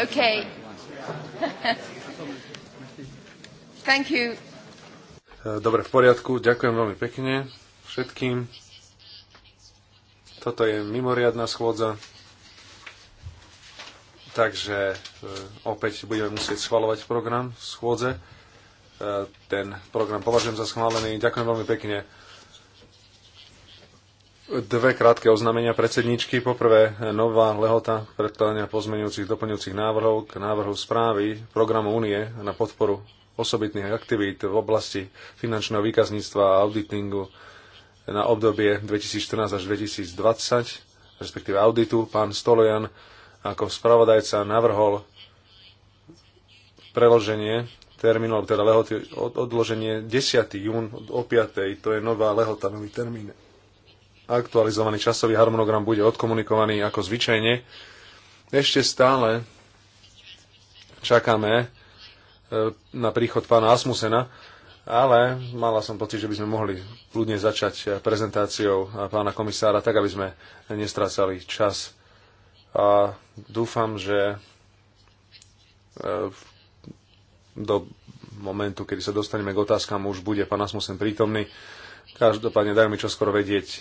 Okay. Thank you. Dobre, v poriadku. Ďakujem veľmi pekne všetkým. Toto je mimoriadná schôdza. Takže e, opäť budeme musieť schvalovať program v schôdze. E, ten program považujem za schválený. Ďakujem veľmi pekne. Dve krátke oznámenia predsedničky. Poprvé, nová lehota predkladania pozmenujúcich doplňujúcich návrhov k návrhu správy programu Únie na podporu osobitných aktivít v oblasti finančného výkazníctva a auditingu na obdobie 2014 až 2020, respektíve auditu. Pán Stolojan ako spravodajca navrhol preloženie termínu, alebo teda lehoty, odloženie 10. jún o 5. To je nová lehota, nový termín Aktualizovaný časový harmonogram bude odkomunikovaný ako zvyčajne. Ešte stále čakáme e, na príchod pána Asmusena, ale mala som pocit, že by sme mohli kľudne začať e, prezentáciou e, pána komisára, tak aby sme nestrácali čas. A dúfam, že do momentu, kedy sa dostaneme k otázkam, už bude pán Asmusen prítomný Každopádne dajme čo skoro vedieť. E,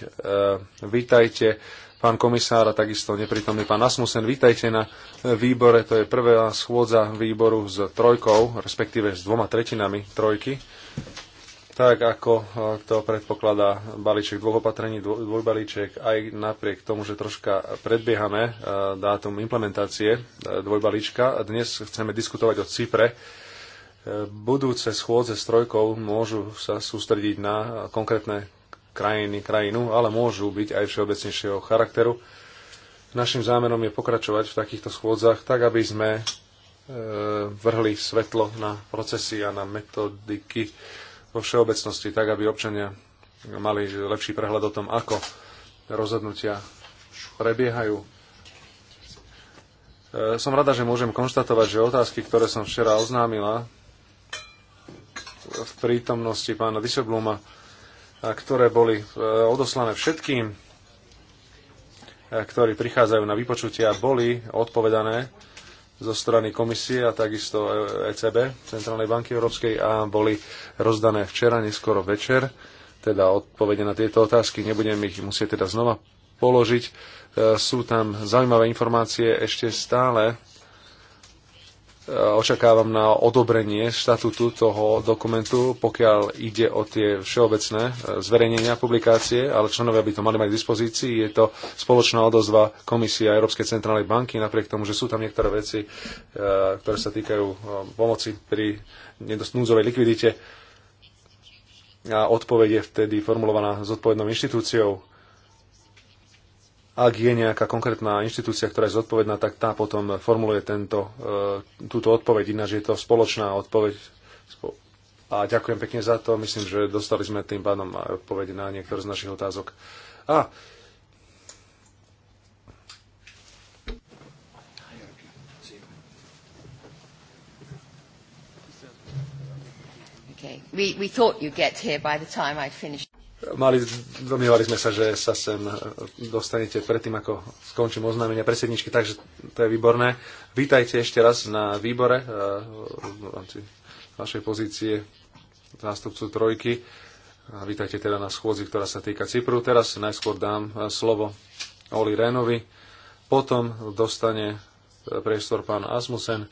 vítajte, pán komisár a takisto neprítomný pán Asmusen. Vítajte na výbore, to je prvá schôdza výboru s trojkou, respektíve s dvoma tretinami trojky tak, ako e, to predpokladá balíček dvoch opatrení, dvojbalíček, aj napriek tomu, že troška predbiehame e, dátum implementácie dvojbalíčka. Dnes chceme diskutovať o Cypre budúce schôdze s trojkou môžu sa sústrediť na konkrétne krajiny, krajinu, ale môžu byť aj všeobecnejšieho charakteru. Našim zámenom je pokračovať v takýchto schôdzach tak, aby sme e, vrhli svetlo na procesy a na metodiky vo všeobecnosti, tak aby občania mali lepší prehľad o tom, ako rozhodnutia prebiehajú. E, som rada, že môžem konštatovať, že otázky, ktoré som včera oznámila, v prítomnosti pána Vysobluma, ktoré boli e, odoslané všetkým, e, ktorí prichádzajú na vypočutia, boli odpovedané zo strany komisie a takisto ECB, e Centrálnej banky Európskej, a boli rozdané včera, neskoro večer. Teda odpovede na tieto otázky, nebudem ich musieť teda znova položiť. Sú tam zaujímavé informácie ešte stále Eh, očakávam na odobrenie štatútu toho dokumentu, pokiaľ ide o tie všeobecné eh, zverejnenia publikácie, ale členovia by to mali mať k dispozícii. Je to spoločná odozva Komisia Európskej centrálnej banky, napriek tomu, že sú tam niektoré veci, eh, ktoré sa týkajú pomoci pri núdzovej likvidite. A odpoveď je vtedy formulovaná s odpovednou inštitúciou ak je nejaká konkrétna inštitúcia, ktorá je zodpovedná, tak tá potom formuluje tento, e, túto odpoveď, ináč je to spoločná odpoveď. A ďakujem pekne za to. Myslím, že dostali sme tým pádom aj odpovede na niektoré z našich otázok. A We, we thought you'd get here by the time I'd finished. Mali, domnievali sme sa, že sa sem dostanete predtým, ako skončím oznámenia predsedničky, takže to je výborné. Vítajte ešte raz na výbore eh, v rámci vašej pozície zástupcu trojky. Vítajte teda na schôdzi, ktorá sa týka Cypru. Teraz najskôr dám eh, slovo Oli Renovi. potom dostane eh, priestor pán Asmusen,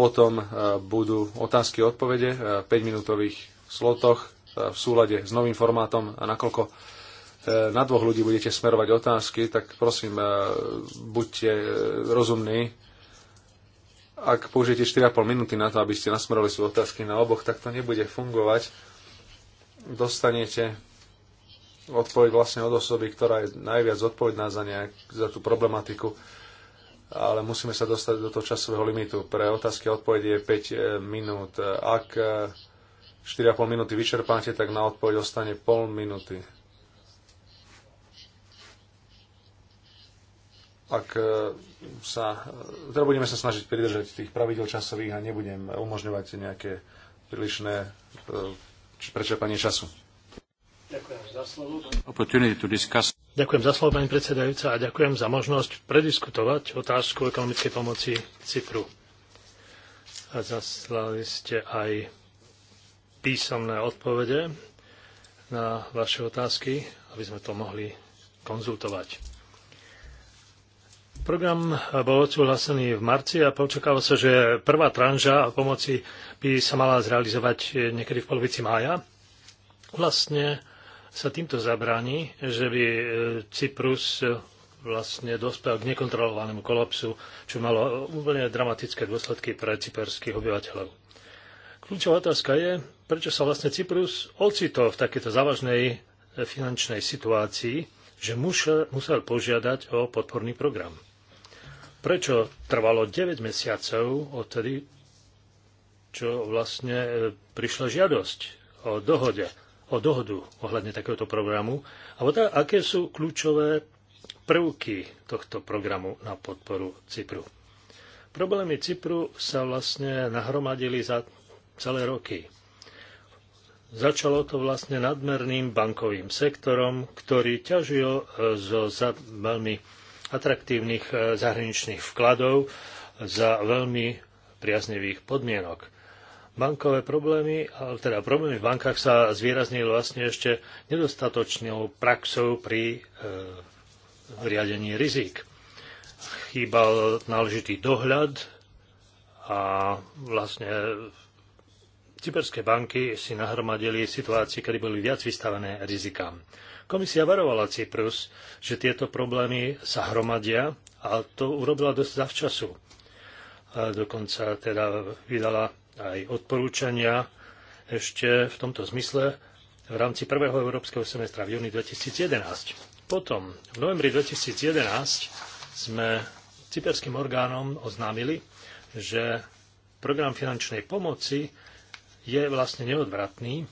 potom budú otázky a odpovede v 5-minútových slotoch v súlade s novým formátom a nakoľko e, na dvoch ľudí budete smerovať otázky, tak prosím, e, buďte e, rozumní. Ak použijete 4,5 minúty na to, aby ste nasmerovali svoje otázky na oboch, tak to nebude fungovať. Dostanete odpoveď vlastne od osoby, ktorá je najviac zodpovedná za, nejak, za tú problematiku, ale musíme sa dostať do toho časového limitu. Pre otázky a odpovede je 5 minút. Ak 4,5 minúty vyčerpáte, tak na odpoveď ostane pol minúty. ak e, sa, e, teda budeme sa snažiť pridržať tých pravidel časových a nebudem umožňovať nejaké prílišné e, prečerpanie času. Ďakujem za slovo. pani predsedajúca, a ďakujem za možnosť prediskutovať otázku ekonomickej pomoci Cypru. A zaslali ste aj písomné odpovede na vaše otázky, aby sme to mohli konzultovať. Program bol odsúhlasený v marci a počakalo sa, že prvá tranža pomoci by sa mala zrealizovať niekedy v polovici mája. Vlastne sa týmto zabráni, že by e, Cyprus vlastne dospel k nekontrolovanému kolapsu, čo malo úplne dramatické dôsledky pre cyperských obyvateľov. Kľúčová otázka je, prečo sa vlastne Cyprus ocitol v takéto závažnej e, finančnej situácii, že musel, musel požiadať o podporný program. Prečo trvalo 9 mesiacov odtedy, čo vlastne e, prišla žiadosť o dohode, o dohodu ohľadne takéhoto programu a teda, aké sú kľúčové prvky tohto programu na podporu Cypru. Problémy Cypru sa vlastne nahromadili za celé roky. Začalo to vlastne nadmerným bankovým sektorom, ktorý ťažil e, zo za veľmi atraktívnych e, zahraničných vkladov za veľmi priaznivých podmienok. Bankové problémy, teda problémy v bankách sa zvýraznili vlastne ešte nedostatočnou praxou pri e, riadení rizik. Chýbal náležitý dohľad a vlastne Cyperské banky si nahromadili situácii, kedy boli viac vystavené rizikám. Komisia varovala Cyprus, že tieto problémy sa hromadia a to urobila dosť zavčasu. A dokonca teda vydala aj odporúčania ešte v tomto zmysle v rámci prvého európskeho semestra v júni 2011. Potom v novembri 2011 sme cyperským orgánom oznámili, že program finančnej pomoci je vlastne neodvratný,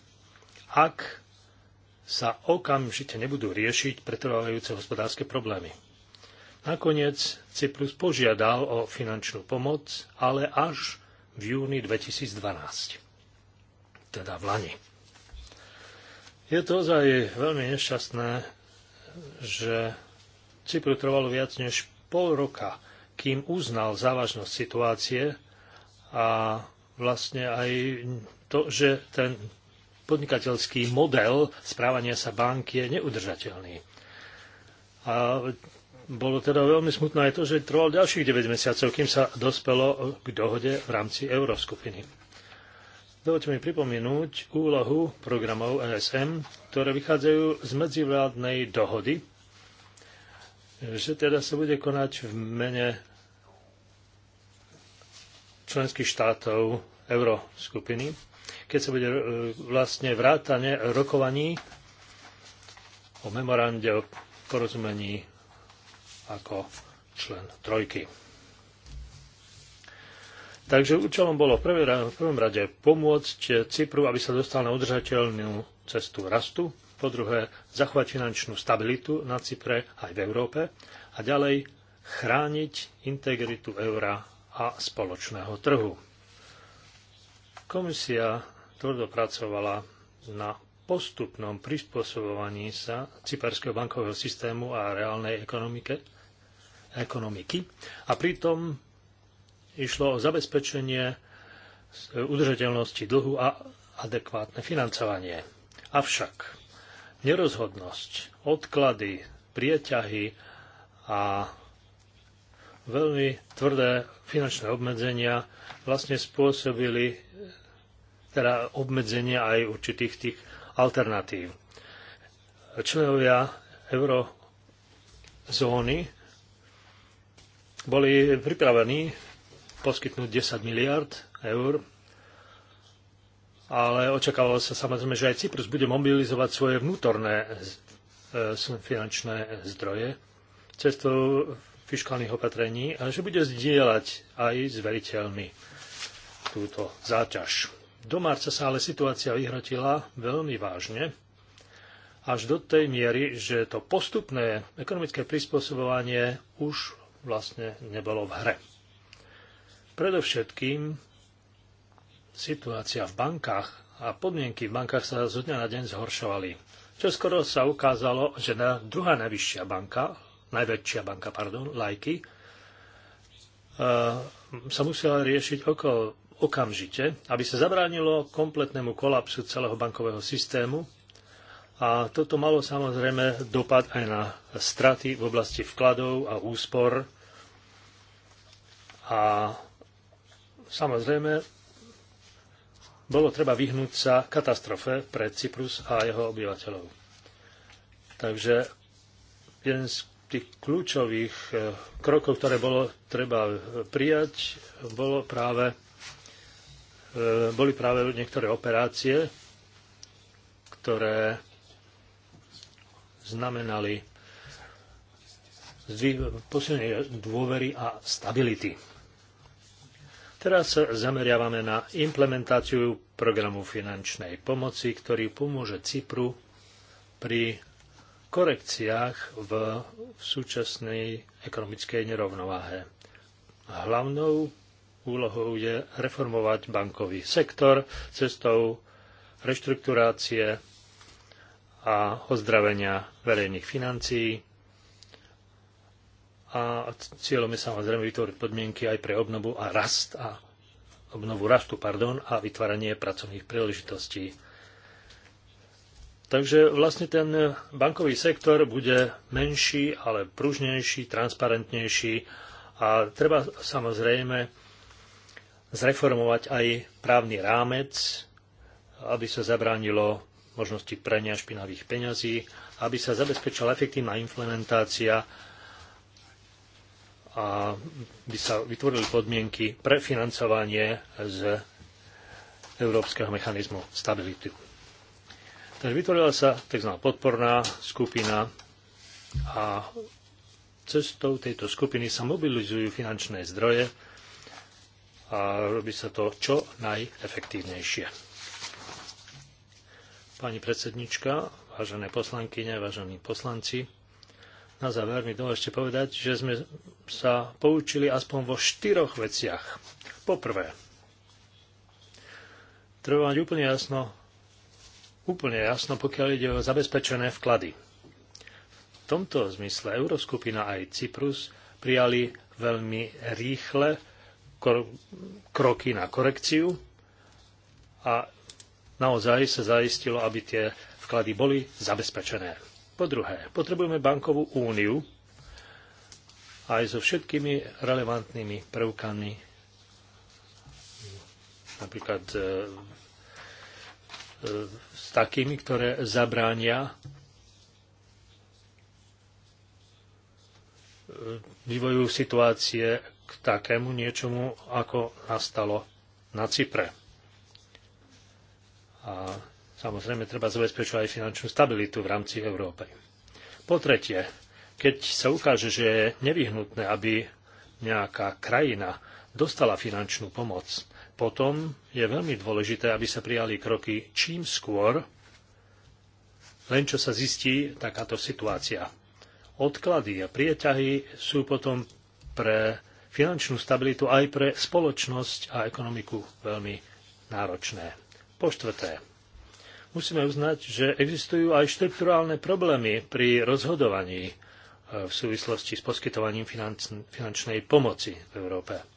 ak sa okamžite nebudú riešiť pretrvávajúce hospodárske problémy. Nakoniec Cyprus požiadal o finančnú pomoc, ale až v júni 2012, teda v Lani. Je to ozaj veľmi nešťastné, že Cypru trvalo viac než pol roka, kým uznal závažnosť situácie a vlastne aj to, že ten podnikateľský model správania sa bank je neudržateľný. A bolo teda veľmi smutné aj to, že trvalo ďalších 9 mesiacov, kým sa dospelo k dohode v rámci Euroskupiny. Dovolte mi pripomenúť úlohu programov NSM, e ktoré vychádzajú z medzivládnej dohody, že teda sa bude konať v mene členských štátov Euroskupiny keď sa bude e, vlastne vrátane rokovaní o memorande o porozumení ako člen trojky. Takže účelom bolo v prvom rade pomôcť Cypru, aby sa dostal na udržateľnú cestu rastu, po druhé zachovať finančnú stabilitu na Cypre aj v Európe a ďalej chrániť integritu eura a spoločného trhu. Komisia tvrdo pracovala na postupnom prispôsobovaní sa cyperského bankového systému a reálnej ekonomike, ekonomiky a pritom išlo o zabezpečenie udržateľnosti dlhu a adekvátne financovanie. Avšak nerozhodnosť, odklady, prieťahy a veľmi tvrdé finančné obmedzenia vlastne spôsobili teda obmedzenia aj určitých tých alternatív. Členovia eurozóny boli pripravení poskytnúť 10 miliard eur, ale očakávalo sa samozrejme, že aj Cyprus bude mobilizovať svoje vnútorné e, finančné zdroje cestou fiskálnych opatrení a že bude zdieľať aj s veriteľmi túto záťaž. Do marca sa ale situácia vyhrotila veľmi vážne, až do tej miery, že to postupné ekonomické prispôsobovanie už vlastne nebolo v hre. Predovšetkým situácia v bankách a podmienky v bankách sa zo dňa na deň zhoršovali. Čo skoro sa ukázalo, že na druhá najvyššia banka, najväčšia banka, pardon, Lajky, e, sa musela riešiť oko, okamžite, aby sa zabránilo kompletnému kolapsu celého bankového systému. A toto malo samozrejme dopad aj na straty v oblasti vkladov a úspor. A samozrejme bolo treba vyhnúť sa katastrofe pre Cyprus a jeho obyvateľov. Takže jeden z tých kľúčových e, krokov, ktoré bolo treba e, prijať, bolo práve, e, boli práve niektoré operácie, ktoré znamenali posilnenie dôvery a stability. Teraz sa zameriavame na implementáciu programu finančnej pomoci, ktorý pomôže Cypru pri korekciách v, v súčasnej ekonomickej nerovnováhe. Hlavnou úlohou je reformovať bankový sektor cestou reštrukturácie a ozdravenia verejných financií. A cieľom je samozrejme vytvoriť podmienky aj pre obnovu a rast a obnovu rastu pardon, a vytváranie pracovných príležitostí. Takže vlastne ten bankový sektor bude menší, ale pružnejší, transparentnejší a treba samozrejme zreformovať aj právny rámec, aby sa zabránilo možnosti prania špinavých peňazí, aby sa zabezpečila efektívna implementácia a by sa vytvorili podmienky pre financovanie z Európskeho mechanizmu stability. Takže vytvorila sa tzv. podporná skupina a cestou tejto skupiny sa mobilizujú finančné zdroje a robí sa to čo najefektívnejšie. Pani predsednička, vážené poslankyne, vážení poslanci, na záver mi dovolte povedať, že sme sa poučili aspoň vo štyroch veciach. Poprvé, treba mať úplne jasno, úplne jasno, pokiaľ ide o zabezpečené vklady. V tomto zmysle Euroskupina aj Cyprus prijali veľmi rýchle kroky na korekciu a naozaj sa zaistilo, aby tie vklady boli zabezpečené. Po druhé, potrebujeme bankovú úniu aj so všetkými relevantnými prvkami, napríklad e, E, s takými, ktoré zabránia e, vývoju situácie k takému niečomu, ako nastalo na Cypre. A samozrejme treba zabezpečovať aj finančnú stabilitu v rámci Európy. Po tretie, keď sa ukáže, že je nevyhnutné, aby nejaká krajina dostala finančnú pomoc, potom je veľmi dôležité, aby sa prijali kroky čím skôr, len čo sa zistí takáto situácia. Odklady a prieťahy sú potom pre finančnú stabilitu aj pre spoločnosť a ekonomiku veľmi náročné. Po štvrté, musíme uznať, že existujú aj štrukturálne problémy pri rozhodovaní e, v súvislosti s poskytovaním finančnej pomoci v Európe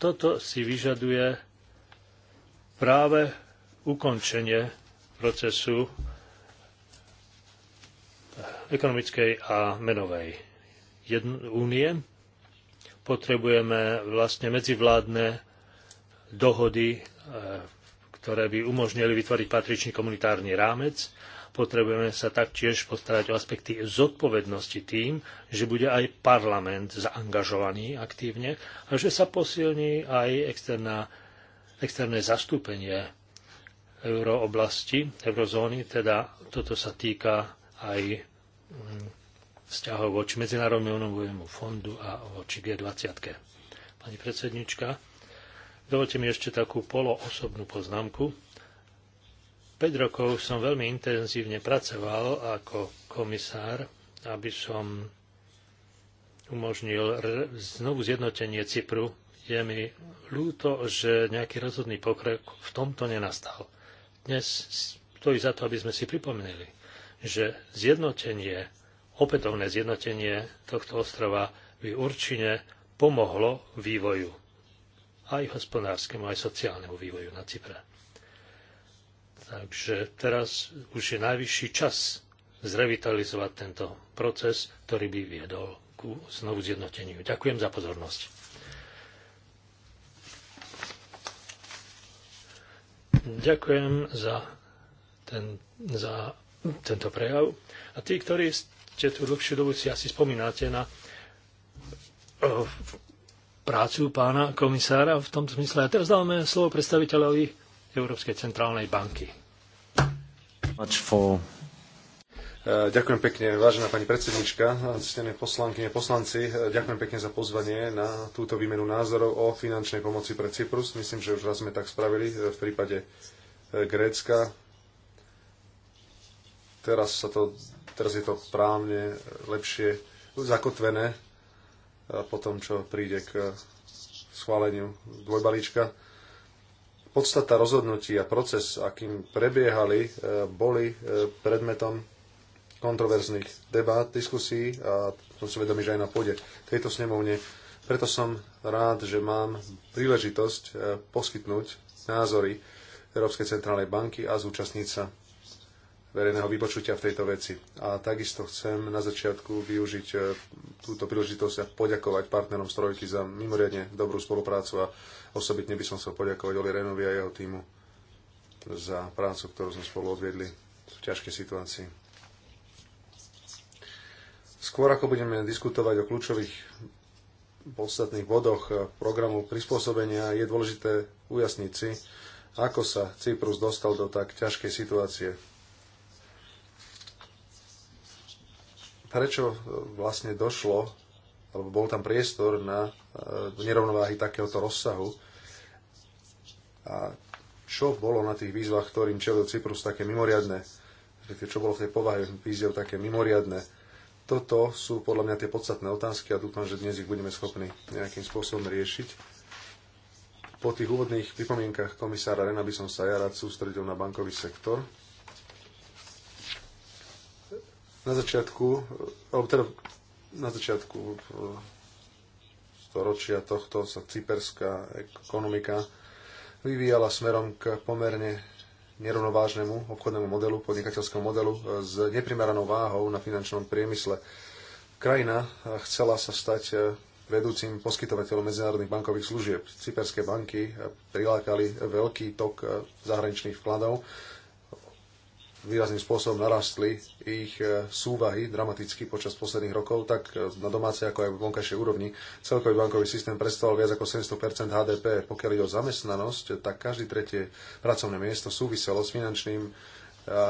toto si vyžaduje práve ukončenie procesu ekonomickej a menovej únie. Potrebujeme vlastne medzivládne dohody, e, ktoré by umožnili vytvoriť patričný komunitárny rámec potrebujeme sa taktiež postarať o aspekty zodpovednosti tým, že bude aj parlament zaangažovaný aktívne a že sa posilní aj externá, externé zastúpenie eurooblasti, eurozóny, teda toto sa týka aj mm, vzťahov voči Medzinárodnému novému fondu a voči G20. Pani predsednička, dovolte mi ešte takú poloosobnú poznámku. 5 rokov som veľmi intenzívne pracoval ako komisár, aby som umožnil znovu zjednotenie Cypru. Je mi ľúto, že nejaký rozhodný pokrok v tomto nenastal. Dnes stojí za to, aby sme si pripomenuli, že zjednotenie, opätovné zjednotenie tohto ostrova by určite pomohlo vývoju aj hospodárskemu, aj sociálnemu vývoju na Cypre. Takže teraz už je najvyšší čas zrevitalizovať tento proces, ktorý by viedol ku znovu zjednoteniu. Ďakujem za pozornosť. Ďakujem za, ten, za tento prejav. A tí, ktorí ste tu dlhšiu dobu, si asi spomínate na eh, prácu pána komisára v tomto zmysle. A teraz dáme slovo predstaviteľovi Európskej centrálnej banky. E, ďakujem pekne, vážená pani predsednička, ctené poslankyne, poslanci. E, ďakujem pekne za pozvanie na túto výmenu názorov o finančnej pomoci pre Cyprus. Myslím, že už raz sme tak spravili e, v prípade Grécka. Teraz, sa to, teraz je to právne lepšie zakotvené po tom, čo príde k schváleniu dvojbalíčka podstata rozhodnutí a proces, akým prebiehali, e, boli e, predmetom kontroverzných debát, diskusí a som si vedomý, že aj na pôde tejto snemovne. Preto som rád, že mám príležitosť e, poskytnúť názory Európskej centrálnej banky a zúčastniť sa verejného vypočutia v tejto veci. A takisto chcem na začiatku využiť e, túto príležitosť a poďakovať partnerom z Trojky za mimoriadne dobrú spoluprácu a osobitne by som chcel poďakovať Oli Renovi a jeho týmu za prácu, ktorú sme spolu odviedli v ťažkej situácii. Skôr ako budeme diskutovať o kľúčových podstatných bodoch e, programu prispôsobenia, je dôležité ujasniť si, ako sa Cyprus dostal do tak ťažkej situácie. prečo vlastne došlo, alebo bol tam priestor na e, nerovnováhy takéhoto rozsahu a čo bolo na tých výzvach, ktorým čelil Cyprus také mimoriadne, čo bolo v tej povahe výziev také mimoriadne. Toto sú podľa mňa tie podstatné otázky a dúfam, že dnes ich budeme schopní nejakým spôsobom riešiť. Po tých úvodných pripomienkach komisára Rena by som sa ja rád sústredil na bankový sektor. na začiatku, e, alebo teda na začiatku e, storočia tohto sa cyperská ekonomika vyvíjala smerom k pomerne nerovnovážnemu obchodnému modelu, podnikateľskému modelu e, s neprimeranou váhou na finančnom priemysle. Krajina chcela sa stať vedúcim poskytovateľom medzinárodných bankových služieb. Cyperské banky prilákali veľký tok zahraničných vkladov výrazným spôsobom narastli ich e, súvahy dramaticky počas posledných rokov, tak e, na domácej ako aj v vonkajšej úrovni celkový bankový systém predstavoval viac ako 700 HDP. Pokiaľ ide o zamestnanosť, tak každé tretie pracovné miesto súviselo s finančným, e,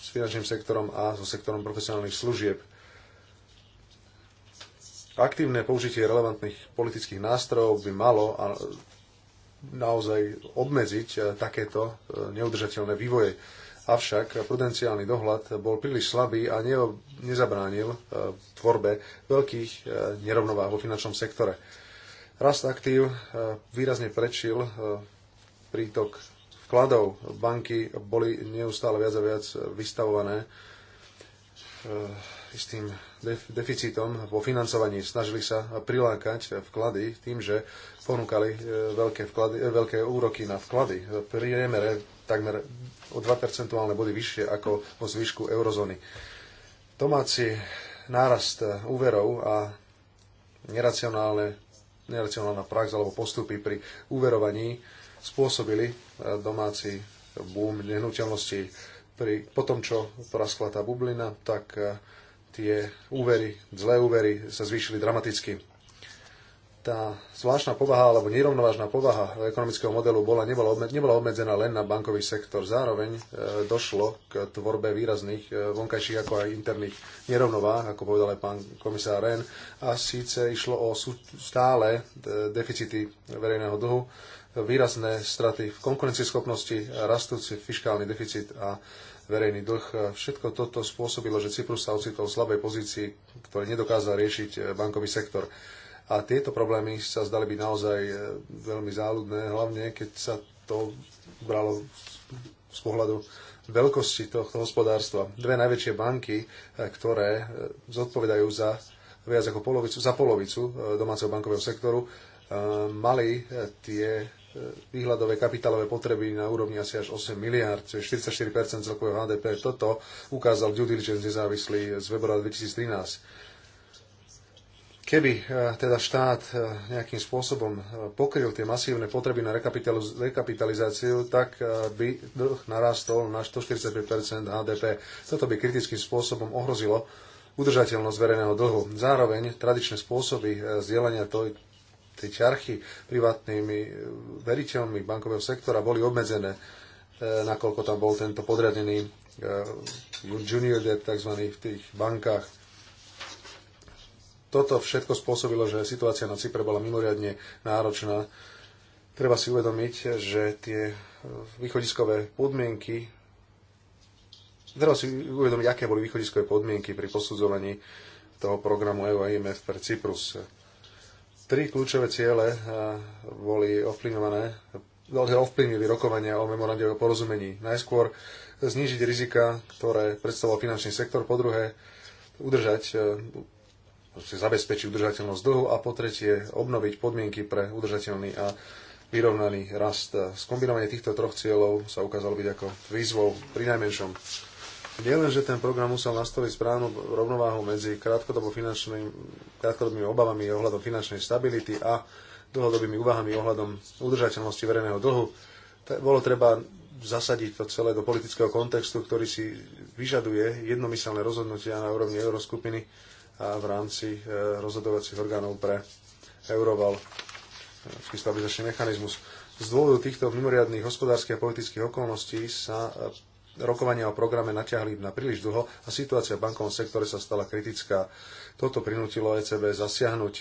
s finančným sektorom a so sektorom profesionálnych služieb. Aktívne použitie relevantných politických nástrojov by malo naozaj obmedziť takéto neudržateľné vývoje Avšak prudenciálny dohľad bol príliš slabý a nezabránil e, tvorbe veľkých e, nerovnováh vo finančnom sektore. Rast aktív e, výrazne prečil prítok vkladov. Banky boli neustále viac a viac vystavované istým deficitom vo financovaní. Snažili sa prilákať vklady tým, že ponúkali veľké, vklady, veľké úroky na vklady. V priemere takmer o 2 percentuálne body vyššie ako vo zvýšku eurozóny. Domáci nárast úverov a neracionálne, neracionálna prax alebo postupy pri úverovaní spôsobili e, domáci boom nehnuteľnosti. Pri, po tom, čo praskla tá bublina, tak e, tie úvery, zlé úvery sa zvýšili dramaticky tá zvláštna povaha alebo nerovnovážna povaha ekonomického modelu bola, nebola, obmed, nebola obmedzená len na bankový sektor. Zároveň e, došlo k tvorbe výrazných e, vonkajších ako aj interných nerovnováh, ako povedal aj pán komisár Ren. A síce išlo o sú, stále de, deficity verejného dlhu, výrazné straty v konkurencieschopnosti, rastúci fiskálny deficit a verejný dlh. E, všetko toto spôsobilo, že Cyprus sa ocitol v slabej pozícii, ktorý nedokázal riešiť e, bankový sektor a tieto problémy sa zdali byť naozaj e, veľmi záľudné, hlavne keď sa to bralo z pohľadu veľkosti tohto hospodárstva. Dve najväčšie banky, e, ktoré e, zodpovedajú za viac ako polovicu, za polovicu domáceho bankového sektoru, mali tie výhľadové kapitálové potreby na úrovni asi až 8 miliard, čo je 44% celkového HDP. Toto ukázal due diligence nezávislý z februára 2013 Keby eh, teda štát eh, nejakým spôsobom eh, pokryl tie masívne potreby na rekapitalizáciu, tak by dlh narastol na 145 HDP. Toto by kritickým spôsobom ohrozilo udržateľnosť verejného dlhu. Zároveň tradičné spôsoby zdieľania tej, tej ťarchy privátnymi veriteľmi bankového sektora boli obmedzené, nakoľko tam bol tento podriadený junior debt, tzv. v tých bankách toto všetko spôsobilo, že situácia na Cypre bola mimoriadne náročná. Treba si uvedomiť, že tie e, východiskové podmienky treba si uvedomiť, aké boli východiskové podmienky pri posudzovaní toho programu EU a IMF pre Cyprus. Tri kľúčové ciele e, boli ovplyvňované, ovplyvnili rokovania o memorande o porozumení. Najskôr znížiť rizika, ktoré predstavoval finančný sektor, po druhé udržať e, zabezpečí udržateľnosť dlhu a po tretie obnoviť podmienky pre udržateľný a vyrovnaný rast. Skombinovanie týchto troch cieľov sa ukázalo byť ako výzvou pri najmenšom. Nie len, že ten program musel nastaviť správnu rovnováhu medzi krátkodobými obavami ohľadom finančnej stability a dlhodobými úvahami ohľadom udržateľnosti verejného dlhu, bolo treba zasadiť to celé do politického kontextu, ktorý si vyžaduje jednomyselné rozhodnutia na úrovni euroskupiny, v rámci e, rozhodovacích orgánov pre Euroval, e, stabilizačný mechanizmus. Z dôvodu týchto mimoriadných hospodárskych a politických okolností sa e, rokovania o programe natiahli na príliš dlho a situácia v bankovom sektore sa stala kritická. Toto prinútilo ECB zasiahnuť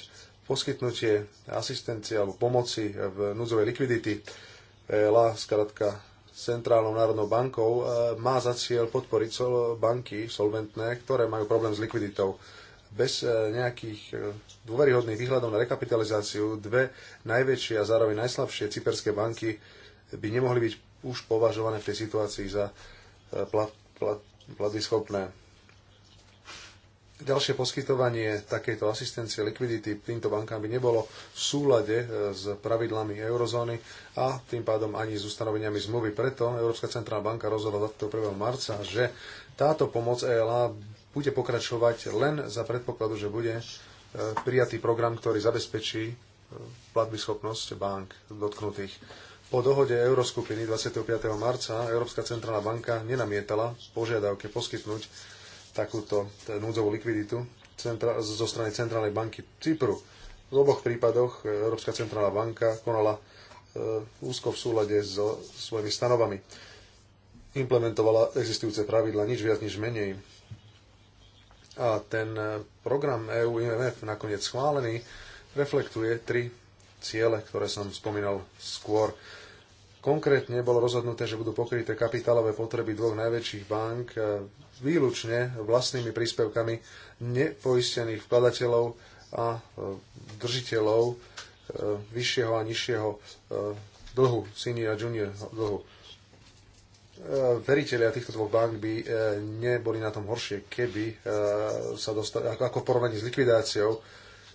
poskytnutie asistencie alebo pomoci v núdzovej likvidity. ELA, skratka Centrálnou národnou bankou, má za cieľ podporiť banky solventné, ktoré majú problém s likviditou bez e, nejakých e, dôveryhodných výhľadov na rekapitalizáciu dve najväčšie a zároveň najslabšie cyperské banky by nemohli byť už považované v tej situácii za e, plat, schopné. platyschopné. Ďalšie poskytovanie takejto asistencie likvidity týmto bankám by nebolo v súlade s pravidlami eurozóny a tým pádom ani s ustanoveniami zmluvy. Preto Európska centrálna banka rozhodla 21. marca, že táto pomoc ELA bude pokračovať len za predpokladu, že bude e, prijatý program, ktorý zabezpečí e, platby schopnosť bank dotknutých. Po dohode Euroskupiny 25. marca Európska centrálna banka nenamietala požiadavke poskytnúť takúto núdzovú likviditu zo strany Centrálnej banky Cypru. V oboch prípadoch Európska centrálna banka konala e, úzko v súlade so svojimi stanovami. Implementovala existujúce pravidla, nič viac, nič menej a ten e, program EU IMF nakoniec schválený reflektuje tri ciele, ktoré som spomínal skôr. Konkrétne bolo rozhodnuté, že budú pokryté kapitálové potreby dvoch najväčších bank e, výlučne vlastnými príspevkami nepoistených vkladateľov a e, držiteľov vyššieho a nižšieho dlhu, senior a junior dlhu. Eh, veriteľia týchto dvoch bank by eh, neboli na tom horšie, keby eh, sa dostali, ako v porovnaní s likvidáciou,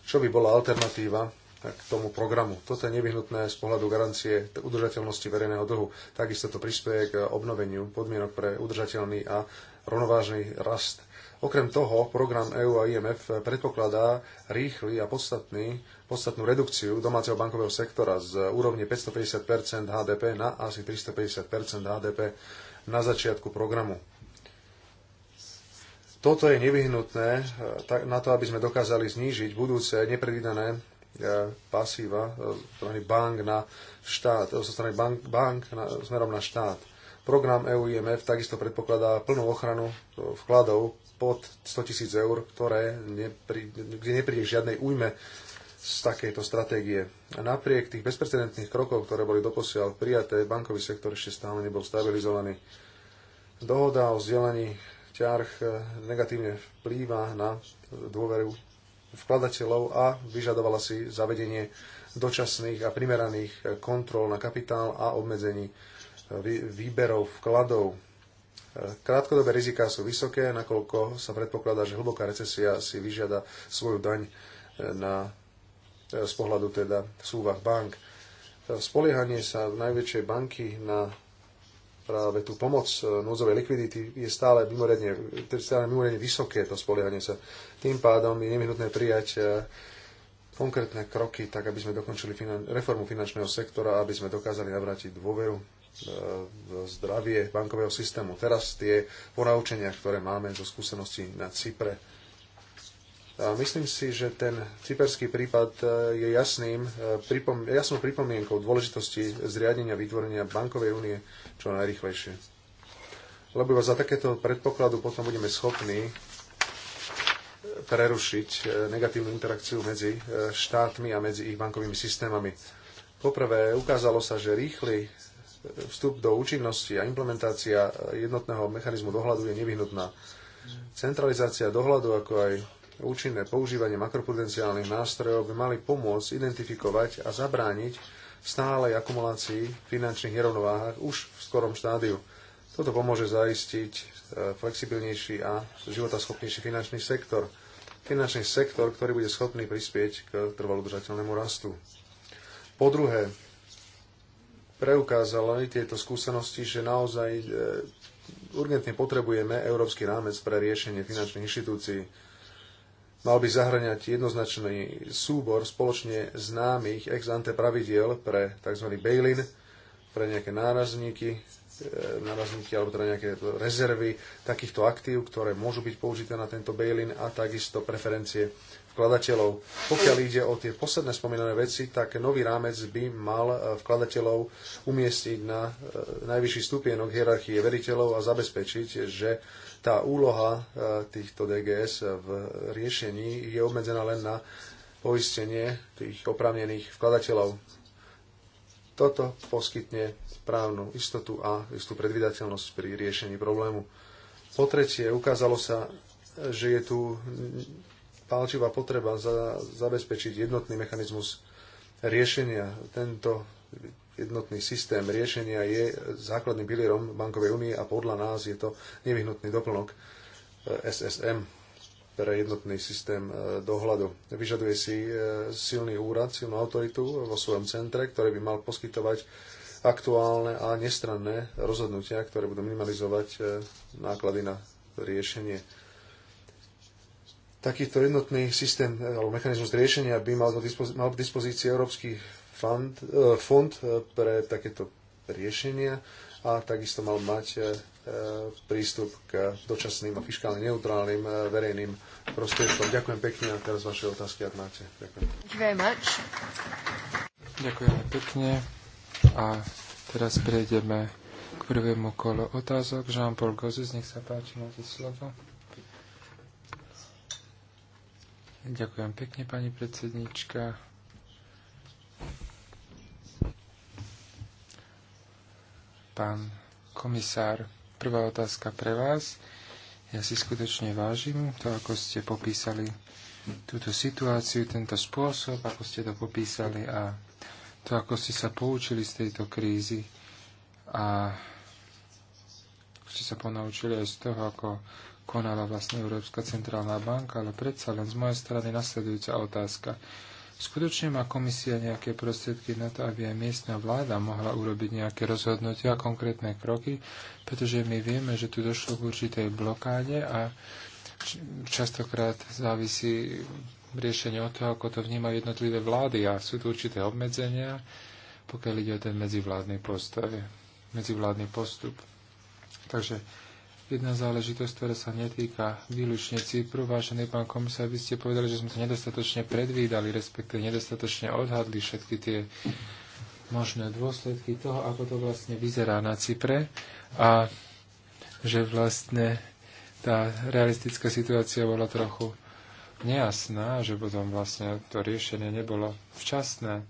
čo by bola alternatíva k tomu programu. Toto je nevyhnutné z pohľadu garancie udržateľnosti verejného dlhu. Takisto to prispieje k obnoveniu podmienok pre udržateľný a rovnovážny rast. Okrem toho, program EU a IMF predpokladá rýchly a podstatný podstatnú redukciu domáceho bankového sektora z úrovne 550 HDP na asi 350 HDP na začiatku programu. Toto je nevyhnutné eh, na to, aby sme dokázali znížiť budúce nepredvídané eh, pasíva strany eh, bank na štát, zo strany bank, bank na, smerom na štát. Program EU IMF takisto predpokladá plnú ochranu vkladov pod 100 tisíc eur, ktoré nepri, kde nepríde žiadnej újme z takejto stratégie. A napriek tých bezprecedentných krokov, ktoré boli doposiaľ prijaté, bankový sektor ešte stále nebol stabilizovaný. Dohoda o zdieľaní ťarch eh, negatívne vplýva na dôveru vkladateľov a vyžadovala si zavedenie dočasných a primeraných eh, kontrol na kapitál a obmedzení eh, výberov vkladov. Krátkodobé riziká sú vysoké, nakoľko sa predpokladá, že hlboká recesia si vyžiada svoju daň na z pohľadu teda súvah bank. Spoliehanie sa v najväčšej banky na práve tú pomoc e, núdzovej likvidity je stále mimoriadne, e, stále mimoriadne vysoké to spoliehanie sa. Tým pádom je nevyhnutné prijať e, konkrétne kroky, tak aby sme dokončili finan- reformu finančného sektora, aby sme dokázali navrátiť dôveru v zdravie bankového systému. Teraz tie ponaučenia, ktoré máme zo skúseností na Cypre, Myslím si, že ten cyperský prípad e, je jasným, e, pripom, jasnou pripomienkou dôležitosti zriadenia vytvorenia bankovej únie čo najrychlejšie. Lebo iba za takéto predpokladu potom budeme schopní e, prerušiť negatívnu interakciu medzi štátmi a medzi ich bankovými systémami. Poprvé, ukázalo sa, že rýchly vstup do účinnosti a implementácia jednotného mechanizmu dohľadu je nevyhnutná. Centralizácia dohľadu, ako aj účinné používanie makropotenciálnych nástrojov by mali pomôcť identifikovať a zabrániť stálej akumulácii finančných nerovnováh už v skorom štádiu. Toto pomôže zaistiť e, flexibilnejší a životaschopnejší finančný sektor. Finančný sektor, ktorý bude schopný prispieť k trvalodržateľnému rastu. Po druhé, preukázali tieto skúsenosti, že naozaj e, urgentne potrebujeme európsky rámec pre riešenie finančných inštitúcií mal by zahrňať jednoznačný súbor spoločne známych ex ante pravidiel pre tzv. bail-in, pre nejaké nárazníky, e, nárazníky alebo teda nejaké rezervy takýchto aktív, ktoré môžu byť použité na tento bail-in a takisto preferencie vkladateľov. Pokiaľ ide o tie posledné spomínané veci, tak nový rámec by mal e, vkladateľov umiestniť na e, najvyšší stupienok hierarchie veriteľov a zabezpečiť, že tá úloha e, týchto DGS v riešení je obmedzená len na poistenie tých oprávnených vkladateľov. Toto poskytne právnu istotu a istú predvydateľnosť pri riešení problému. Po tretie, ukázalo sa, že je tu pálčivá potreba za, zabezpečiť jednotný mechanizmus riešenia. Tento jednotný systém riešenia je základným pilierom bankovej únie a podľa nás je to nevyhnutný doplnok eh, SSM pre jednotný systém eh, dohľadu. Vyžaduje si eh, silný úrad, silnú autoritu vo svojom centre, ktorý by mal poskytovať aktuálne a nestranné rozhodnutia, ktoré budú minimalizovať náklady na riešenie takýto jednotný systém alebo mechanizmus riešenia by mal, mal k dispozícii Európsky fund, eh, fond eh, pre takéto riešenia a takisto mal mať eh, prístup k dočasným a fiskálne neutrálnym verejným prostriedkom. Ďakujem pekne a teraz vaše otázky, ak máte. Ďakujem. Ďakujem pekne a teraz prejdeme k prvému kolu otázok. Jean-Paul Gozis, nech sa páči, máte slovo. Ďakujem pekne, pani predsednička. Pán komisár, prvá otázka pre vás. Ja si skutočne vážim to, ako ste popísali túto situáciu, tento spôsob, ako ste to popísali a to, ako ste sa poučili z tejto krízy a ste sa ponaučili aj z toho, ako konala vlastne Európska centrálna banka, ale predsa len z mojej strany nasledujúca otázka. Skutočne má komisia nejaké prostriedky na to, aby aj miestna vláda mohla urobiť nejaké rozhodnutia a konkrétne kroky, pretože my vieme, že tu došlo k určitej blokáde a častokrát závisí riešenie od toho, ako to vnímajú jednotlivé vlády a sú tu určité obmedzenia, pokiaľ ide o ten medzivládny postoj, medzivládny postup. Takže Jedna záležitosť, ktorá sa netýka výlučne Cypru. Vážený pán komisár, vy ste povedali, že sme sa nedostatočne predvídali, respektíve nedostatočne odhadli všetky tie možné dôsledky toho, ako to vlastne vyzerá na Cypre a že vlastne tá realistická situácia bola trochu nejasná, že potom vlastne to riešenie nebolo včasné.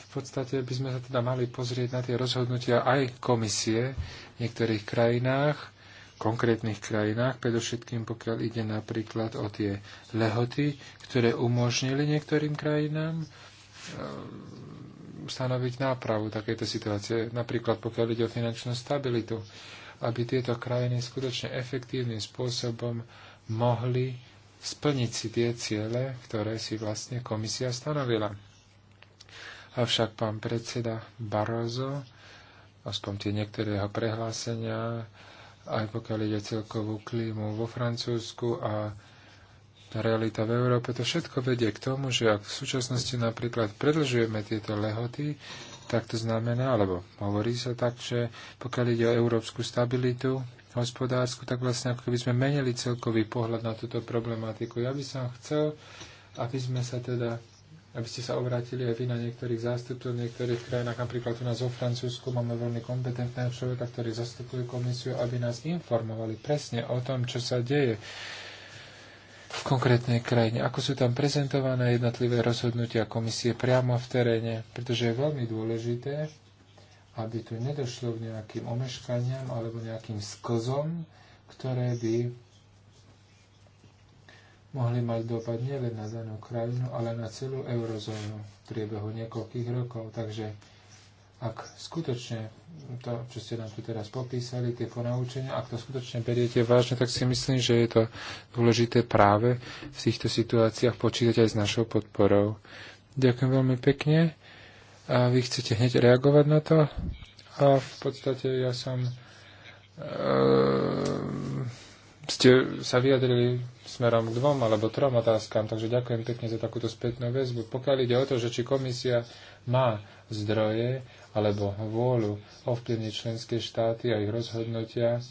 V podstate by sme sa teda mali pozrieť na tie rozhodnutia aj komisie v niektorých krajinách, konkrétnych krajinách, predovšetkým pokiaľ ide napríklad o tie lehoty, ktoré umožnili niektorým krajinám eh, stanoviť nápravu takéto situácie, napríklad pokiaľ ide o finančnú stabilitu, aby tieto krajiny skutočne efektívnym spôsobom mohli splniť si tie ciele, ktoré si vlastne komisia stanovila. Avšak pán predseda Barozo, aspoň tie niektoré jeho prehlásenia, aj pokiaľ ide celkovú klímu vo Francúzsku a tá realita v Európe, to všetko vedie k tomu, že ak v súčasnosti napríklad predlžujeme tieto lehoty, tak to znamená, alebo hovorí sa tak, že pokiaľ ide o európsku stabilitu hospodársku, tak vlastne ako keby sme menili celkový pohľad na túto problematiku. Ja by som chcel, aby sme sa teda aby ste sa obrátili aj vy na niektorých zástupcov v niektorých krajinách, napríklad u nás vo Francúzsku máme veľmi kompetentného človeka, ktorý zastupuje komisiu, aby nás informovali presne o tom, čo sa deje v konkrétnej krajine, ako sú tam prezentované jednotlivé rozhodnutia komisie priamo v teréne, pretože je veľmi dôležité, aby tu nedošlo k nejakým omeškaniam alebo nejakým sklzom, ktoré by mohli mať dopad nielen na danú krajinu, ale na celú eurozónu v priebehu niekoľkých rokov. Takže ak skutočne to, čo ste nám tu teraz popísali, tie ponaučenia, ak to skutočne beriete vážne, tak si myslím, že je to dôležité práve v týchto situáciách počítať aj s našou podporou. Ďakujem veľmi pekne. A vy chcete hneď reagovať na to? A v podstate ja som... E ste sa vyjadrili smerom k dvom alebo trom otázkam, takže ďakujem pekne za takúto spätnú väzbu. Pokiaľ ide o to, že či komisia má zdroje alebo vôľu ovplyvniť členské štáty a ich rozhodnutia,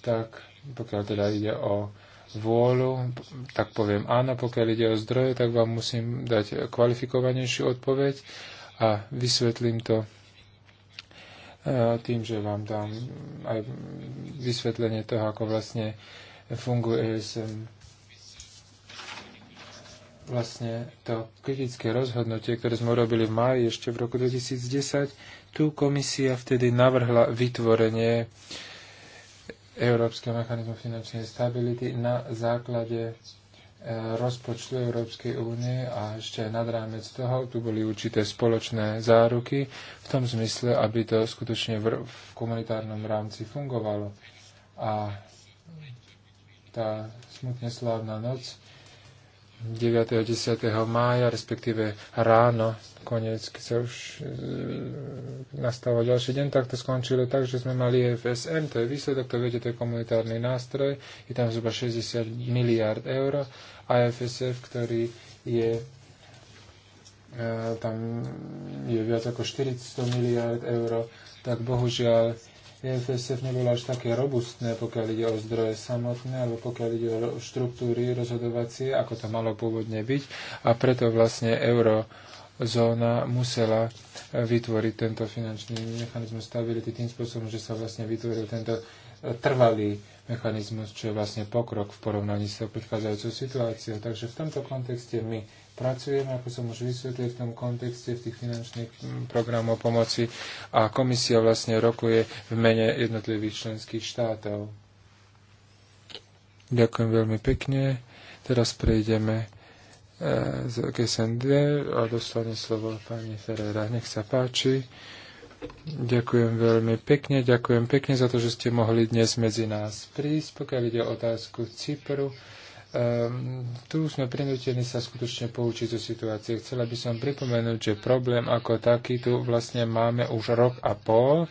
tak pokiaľ teda ide o vôľu, tak poviem áno, pokiaľ ide o zdroje, tak vám musím dať kvalifikovanejšiu odpoveď a vysvetlím to e, tým, že vám dám aj vysvetlenie toho, ako vlastne funguje ESM. Vlastne to kritické rozhodnutie, ktoré sme urobili v máji ešte v roku 2010, tu komisia vtedy navrhla vytvorenie Európskeho mechanizmu finančnej stability na základe e, rozpočtu Európskej únie a ešte aj nad rámec toho tu boli určité spoločné záruky v tom zmysle, aby to skutočne v, v komunitárnom rámci fungovalo. A tá smutne slávna noc 9. a 10. mája, respektíve ráno, koniec, keď sa už e, nastával ďalší deň, tak to skončilo tak, že sme mali FSM, to je výsledok, to viete, to je komunitárny nástroj, je tam zhruba 60 miliard eur a FSF, ktorý je e, tam je viac ako 400 miliard eur, tak bohužiaľ EFSF nebolo až také robustné, pokiaľ ide o zdroje samotné, alebo pokiaľ ide o štruktúry rozhodovacie, ako to malo pôvodne byť. A preto vlastne eurozóna musela vytvoriť tento finančný mechanizmus stability tým spôsobom, že sa vlastne vytvoril tento trvalý mechanizmus, čo je vlastne pokrok v porovnaní s tou predchádzajúcou situáciou. Takže v tomto kontexte my pracujeme, ako som už vysvetlil, v tom kontexte v tých finančných mm, programov pomoci a komisia vlastne rokuje v mene jednotlivých členských štátov. Ďakujem veľmi pekne. Teraz prejdeme eh, z SND a dostane slovo pani Ferreira. Nech sa páči. Ďakujem veľmi pekne, ďakujem pekne za to, že ste mohli dnes medzi nás prísť. Pokiaľ ide o otázku Cypru, Um, tu sme prinútení sa skutočne poučiť zo situácie. Chcela by som pripomenúť, že problém ako taký tu vlastne máme už rok a pol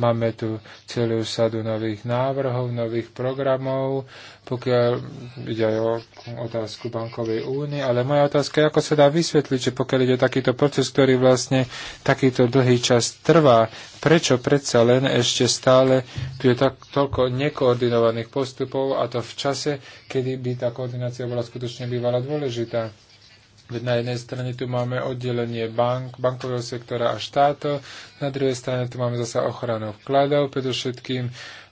Máme tu celú sadu nových návrhov, nových programov, pokiaľ ide o otázku bankovej únie, ale moja otázka je, ako sa dá vysvetliť, že pokiaľ ide o takýto proces, ktorý vlastne takýto dlhý čas trvá, prečo predsa len ešte stále tu je tak, toľko nekoordinovaných postupov a to v čase, kedy by tá koordinácia bola skutočne bývala dôležitá. Na jednej strane tu máme oddelenie bank, bankového sektora a štátov, na druhej strane tu máme zase ochranu vkladov, predovšetkým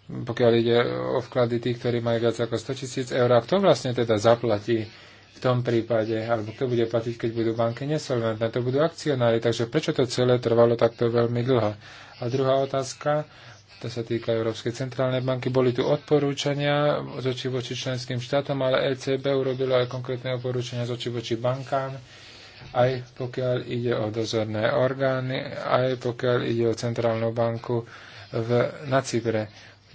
pokiaľ ide o vklady tých, ktorí majú viac ako 100 tisíc eur. A kto vlastne teda zaplatí v tom prípade, alebo kto bude platiť, keď budú banky nesolventné, to budú akcionári, takže prečo to celé trvalo takto veľmi dlho? A druhá otázka, to sa týka Európskej centrálnej banky. Boli tu odporúčania z oči voči členským štátom, ale ECB urobilo aj konkrétne odporúčania z oči voči bankám, aj pokiaľ ide o dozorné orgány, aj pokiaľ ide o centrálnu banku v, na Cypre.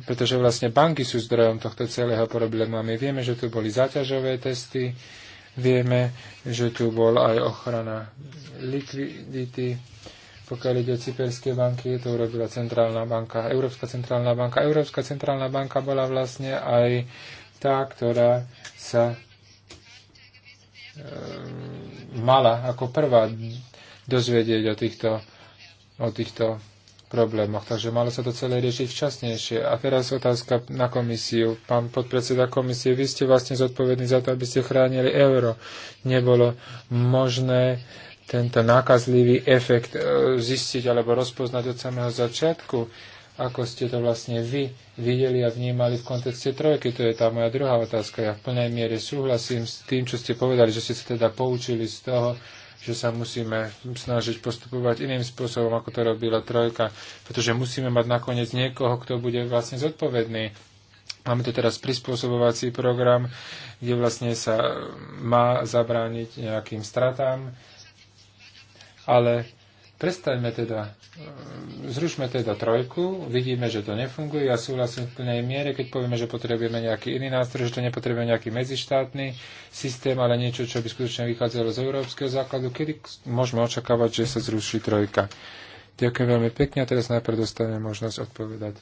Pretože vlastne banky sú zdrojom tohto celého problému. My vieme, že tu boli záťažové testy, vieme, že tu bol aj ochrana likvidity pokiaľ ide o cyperské banky, to urobila Centrálna banka, Európska Centrálna banka. Európska Centrálna banka bola vlastne aj tá, ktorá sa e, mala ako prvá dozvedieť o týchto, o týchto problémoch. Takže malo sa to celé riešiť včasnejšie. A teraz otázka na komisiu. Pán podpredseda komisie, vy ste vlastne zodpovední za to, aby ste chránili euro. Nebolo možné tento nákazlivý efekt e, zistiť alebo rozpoznať od samého začiatku, ako ste to vlastne vy videli a vnímali v kontexte trojky. To je tá moja druhá otázka. Ja v plnej miere súhlasím s tým, čo ste povedali, že ste sa teda poučili z toho, že sa musíme snažiť postupovať iným spôsobom, ako to robila trojka, pretože musíme mať nakoniec niekoho, kto bude vlastne zodpovedný Máme tu teraz prispôsobovací program, kde vlastne sa má zabrániť nejakým stratám ale prestaňme teda, eh, zrušme teda trojku, vidíme, že to nefunguje, ja súhlasím v plnej miere, keď povieme, že potrebujeme nejaký iný nástroj, že to nepotrebujeme nejaký medzištátny systém, ale niečo, čo by skutočne vychádzalo z európskeho základu, kedy môžeme očakávať, že sa zruší trojka. Ďakujem veľmi pekne a teraz najprv dostaneme možnosť odpovedať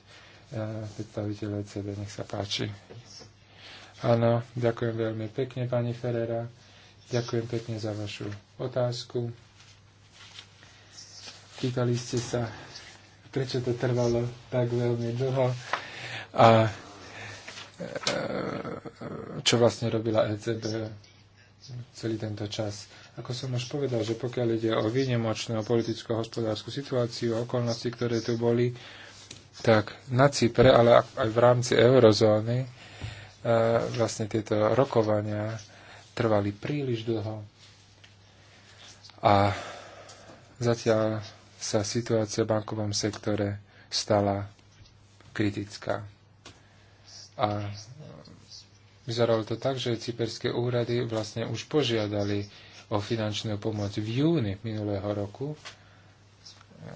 eh, predstaviteľe CB, nech sa páči. Áno, ďakujem veľmi pekne, pani Ferrera. Ďakujem pekne za vašu otázku. Pýtali ste sa, prečo to trvalo tak veľmi dlho a e, čo vlastne robila ECB celý tento čas. Ako som už povedal, že pokiaľ ide o výnimočnú politickú a hospodárskú situáciu okolnosti, ktoré tu boli, tak na Cypre, ale aj v rámci eurozóny, e, vlastne tieto rokovania trvali príliš dlho. A zatiaľ sa situácia v bankovom sektore stala kritická. A vyzeralo to tak, že cyperské úrady vlastne už požiadali o finančnú pomoc v júni minulého roku.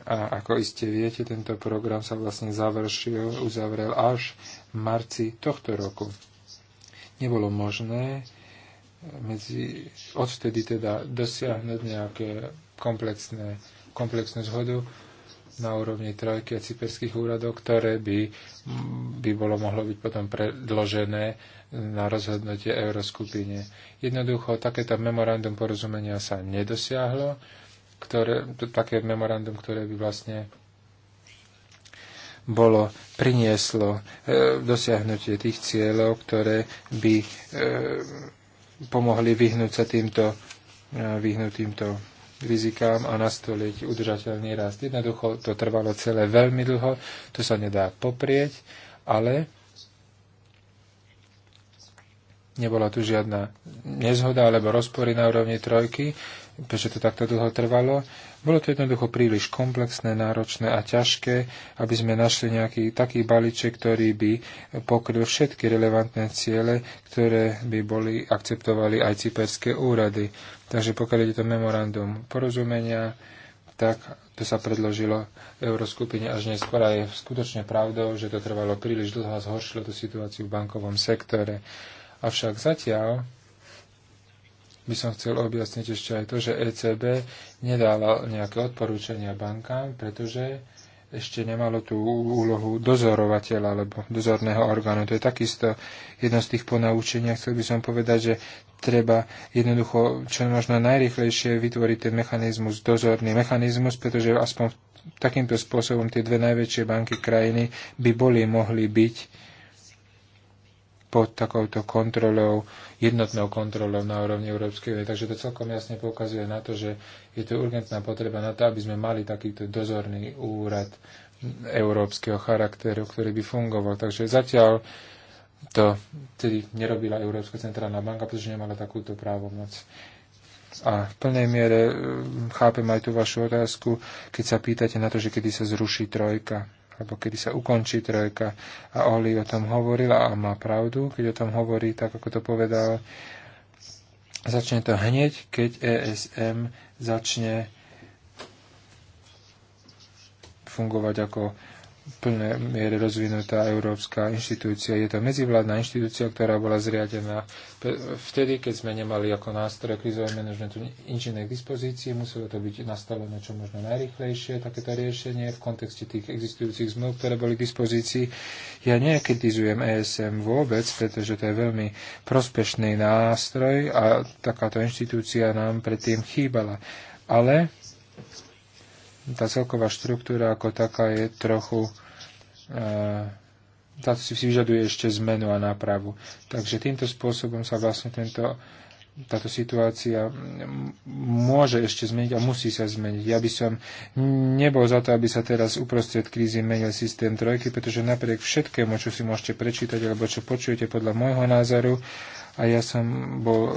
A ako iste viete, tento program sa vlastne završil, uzavrel až v marci tohto roku. Nebolo možné medzi, odvtedy teda dosiahnuť nejaké komplexné komplexnú zhodu na úrovni trojky a cyperských úradov, ktoré by, mm, by bolo mohlo byť potom predložené e, na rozhodnutie euroskupine. Jednoducho, takéto memorandum porozumenia sa nedosiahlo, ktoré, také memorandum, ktoré by vlastne bolo, prinieslo e, dosiahnutie tých cieľov, ktoré by e, pomohli vyhnúť sa týmto, e, vyhnúť týmto rizikám a nastoliť udržateľný rast. Jednoducho to trvalo celé veľmi dlho, to sa nedá poprieť, ale nebola tu žiadna nezhoda alebo rozpory na úrovni trojky, prečo to takto dlho trvalo. Bolo to jednoducho príliš komplexné, náročné a ťažké, aby sme našli nejaký taký balíček, ktorý by pokryl všetky relevantné ciele, ktoré by boli akceptovali aj cyperské úrady. Takže pokiaľ je to memorandum porozumenia, tak to sa predložilo Euroskupine až neskôr a je skutočne pravdou, že to trvalo príliš dlho a zhoršilo tú situáciu v bankovom sektore. Avšak zatiaľ by som chcel objasniť ešte aj to, že ECB nedala nejaké odporúčania bankám, pretože ešte nemalo tú úlohu dozorovateľa alebo dozorného orgánu. To je takisto jedno z tých ponaučení. Chcel by som povedať, že treba jednoducho čo možno najrychlejšie vytvoriť ten mechanizmus, dozorný mechanizmus, pretože aspoň takýmto spôsobom tie dve najväčšie banky krajiny by boli mohli byť pod takouto kontrolou, jednotnou kontrolou na úrovni Európskej únie. Takže to celkom jasne poukazuje na to, že je to urgentná potreba na to, aby sme mali takýto dozorný úrad európskeho charakteru, ktorý by fungoval. Takže zatiaľ to tedy nerobila Európska centrálna banka, pretože nemala takúto právomoc. A v plnej miere e, chápem aj tú vašu otázku, keď sa pýtate na to, že kedy sa zruší trojka alebo kedy sa ukončí trojka. A Oli o tom hovorila a má pravdu, keď o tom hovorí, tak ako to povedal. Začne to hneď, keď ESM začne fungovať ako plné miere rozvinutá európska inštitúcia. Je to medzivládna inštitúcia, ktorá bola zriadená vtedy, keď sme nemali ako nástroj krizového manažmentu nič iné k dispozícii. Muselo to byť nastavené čo možno najrychlejšie, takéto riešenie v kontexte tých existujúcich zmluv, ktoré boli k dispozícii. Ja nekritizujem ESM vôbec, pretože to je veľmi prospešný nástroj a takáto inštitúcia nám predtým chýbala. Ale tá celková štruktúra ako taká je trochu e, táto si vyžaduje ešte zmenu a nápravu. Takže týmto spôsobom sa vlastne tento táto situácia môže ešte zmeniť a musí sa zmeniť. Ja by som nebol za to, aby sa teraz uprostred krízy menil systém trojky, pretože napriek všetkému, čo si môžete prečítať alebo čo počujete podľa môjho názoru, a ja som bol e,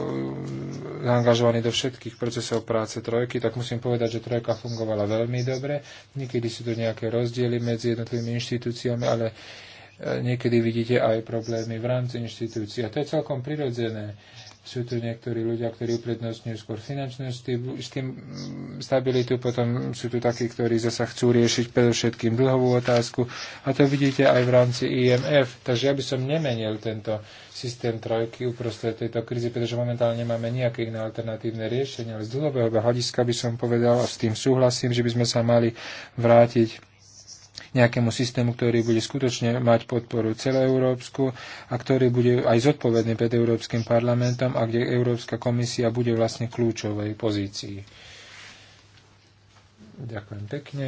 zaangažovaný do všetkých procesov práce trojky, tak musím povedať, že trojka fungovala veľmi dobre. Niekedy sú to nejaké rozdiely medzi jednotlivými inštitúciami, ale e, niekedy vidíte aj problémy v rámci inštitúcií. A to je celkom prirodzené sú tu niektorí ľudia, ktorí uprednostňujú skôr finančnú stabilitu, potom sú tu takí, ktorí zasa chcú riešiť predovšetkým dlhovú otázku a to vidíte aj v rámci IMF. Takže ja by som nemenil tento systém trojky uprostred tejto krízy, pretože momentálne nemáme nejaké iné alternatívne riešenie, ale z dlhového hľadiska by som povedal a s tým súhlasím, že by sme sa mali vrátiť nejakému systému, ktorý bude skutočne mať podporu celoeurópsku a ktorý bude aj zodpovedný pred Európskym parlamentom a kde Európska komisia bude vlastne kľúčovej pozícii. Ďakujem pekne.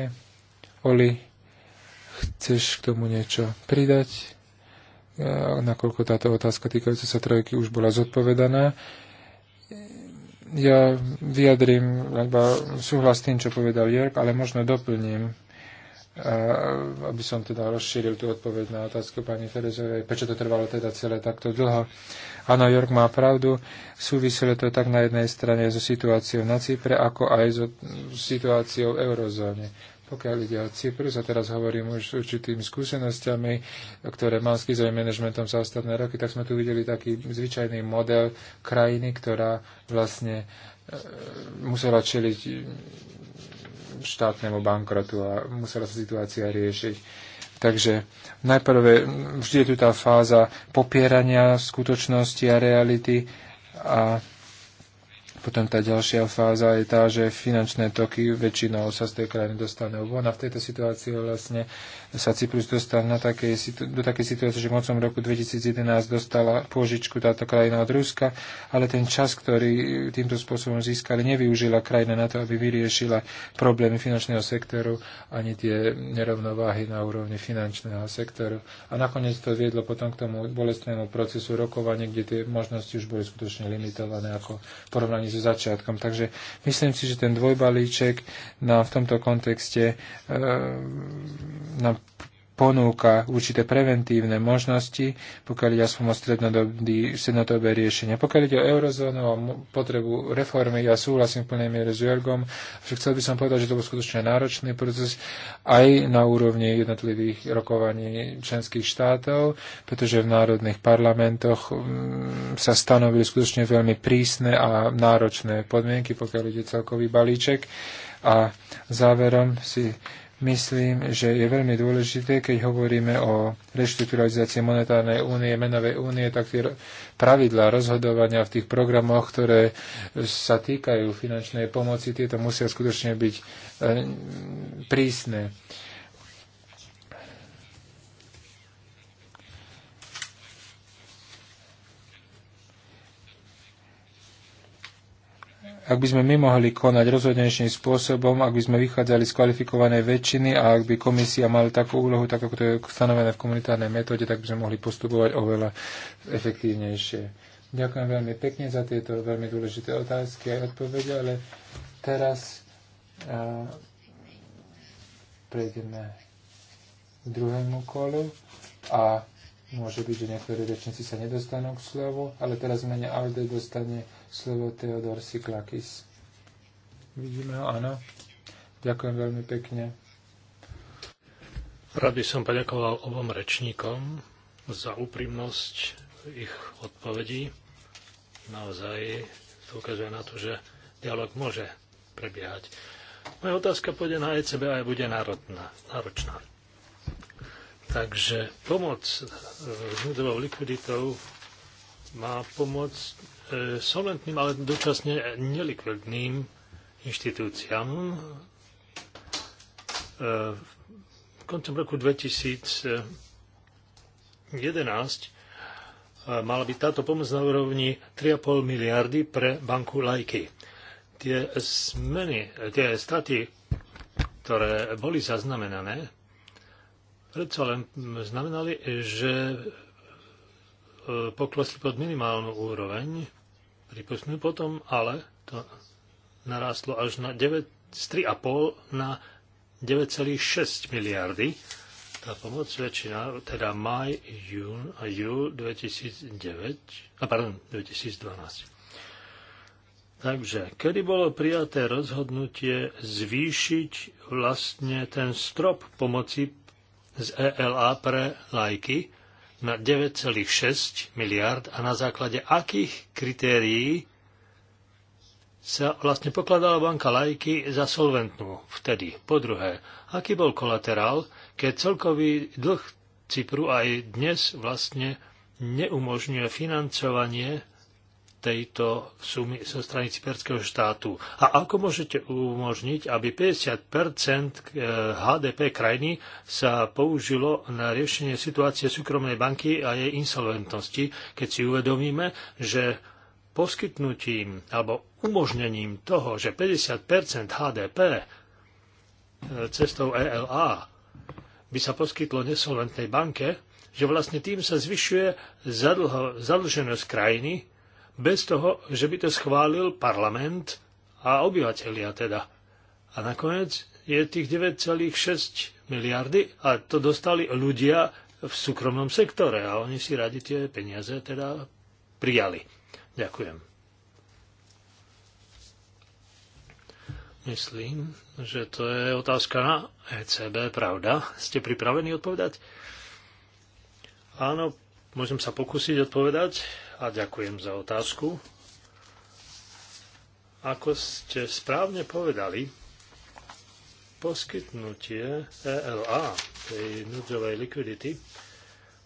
Oli, chceš k tomu niečo pridať? E, nakoľko táto otázka týkajúca sa trojky už bola zodpovedaná ja vyjadrím iba súhlas s tým, čo povedal Jörg, ale možno doplním aby som teda rozšíril tú odpoveď na otázku pani Ferezovej, prečo to trvalo teda celé takto dlho. Áno, Jork má pravdu, súviselo to tak na jednej strane so situáciou na Cypre, ako aj so situáciou v eurozóne. Pokiaľ ide o Cyprus, a teraz hovorím už s určitými skúsenostiami, ktoré mám s kýzovým manažmentom za ostatné roky, tak sme tu videli taký zvyčajný model krajiny, ktorá vlastne e, musela čeliť štátnemu bankrotu a musela sa situácia riešiť. Takže najprv vždy je tu tá fáza popierania skutočnosti a reality a potom tá ďalšia fáza je tá, že finančné toky väčšinou sa z tej krajiny dostane. von a v tejto situácii vlastne sa Cyprus dostal na takej, do takej situácie, že v mocom roku 2011 dostala pôžičku táto krajina od Ruska, ale ten čas, ktorý týmto spôsobom získali, nevyužila krajina na to, aby vyriešila problémy finančného sektoru ani tie nerovnováhy na úrovni finančného sektoru. A nakoniec to viedlo potom k tomu bolestnému procesu rokovania, kde tie možnosti už boli skutočne limitované ako porovnaní so začiatkom. Takže myslím si, že ten dvojbalíček nám v tomto kontexte e, nám ponúka určité preventívne možnosti, pokiaľ ide aspoň o strednodobé riešenia. Pokiaľ ide o eurozónu a potrebu reformy, ja súhlasím v plnej miere s Jörgom, však chcel by som povedať, že to bol skutočne náročný proces aj na úrovni jednotlivých rokovaní členských štátov, pretože v národných parlamentoch mm, sa stanovili skutočne veľmi prísne a náročné podmienky, pokiaľ ide celkový balíček. A záverom si Myslím, že je veľmi dôležité, keď hovoríme o reštrukturalizácii monetárnej únie, menovej únie, tak tie pravidlá rozhodovania v tých programoch, ktoré sa týkajú finančnej pomoci, tieto musia skutočne byť eh, prísne. Ak by sme my mohli konať rozhodnejším spôsobom, ak by sme vychádzali z kvalifikovanej väčšiny a ak by komisia mala takú úlohu, tak ako to je stanovené v komunitárnej metóde, tak by sme mohli postupovať oveľa efektívnejšie. Ďakujem veľmi pekne za tieto veľmi dôležité otázky a odpovede, ale teraz a, prejdeme k druhému kolu a Môže byť, že niektorí rečníci sa nedostanú k slovu, ale teraz mene Alde dostane slovo Teodor Siklakis. Vidíme ho, áno. Ďakujem veľmi pekne. Rád by som poďakoval obom rečníkom za úprimnosť ich odpovedí. Naozaj to ukazuje na to, že dialog môže prebiehať. Moja otázka pôjde na ECB a bude národná, náročná. Takže pomoc eh, s núdovou likviditou má pomoc eh, solventným, ale dočasne nelikvidným inštitúciám. Eh, v koncom roku 2011 mala byť táto pomoc na úrovni 3,5 miliardy pre banku Lajky. Tie zmeny, tie straty, ktoré boli zaznamenané, predsa len znamenali, že e, poklesli pod minimálnu úroveň, pripustnú potom, ale to narástlo až na 9, z 3,5 na 9,6 miliardy. Tá pomoc väčšina, teda maj, jún a júl 2009, a pardon, 2012. Takže, kedy bolo prijaté rozhodnutie zvýšiť vlastne ten strop pomoci z ELA pre lajky na 9,6 miliard a na základe akých kritérií sa vlastne pokladala banka lajky za solventnú vtedy. Po druhé, aký bol kolaterál, keď celkový dlh Cypru aj dnes vlastne neumožňuje financovanie tejto sumy zo strany cyperského štátu. A ako môžete umožniť, aby 50 eh, HDP krajiny sa použilo na riešenie situácie súkromnej banky a jej insolventnosti, keď si uvedomíme, že poskytnutím alebo umožnením toho, že 50 HDP eh, cestou ELA by sa poskytlo nesolventnej banke, že vlastne tým sa zvyšuje zadlženosť krajiny bez toho, že by to schválil parlament a obyvateľia teda. A nakoniec je tých 9,6 miliardy a to dostali ľudia v súkromnom sektore a oni si radi tie peniaze teda prijali. Ďakujem. Myslím, že to je otázka na ECB, pravda? Ste pripravení odpovedať? Áno, môžem sa pokúsiť odpovedať a ďakujem za otázku. Ako ste správne povedali, poskytnutie ELA, tej núdzovej likvidity,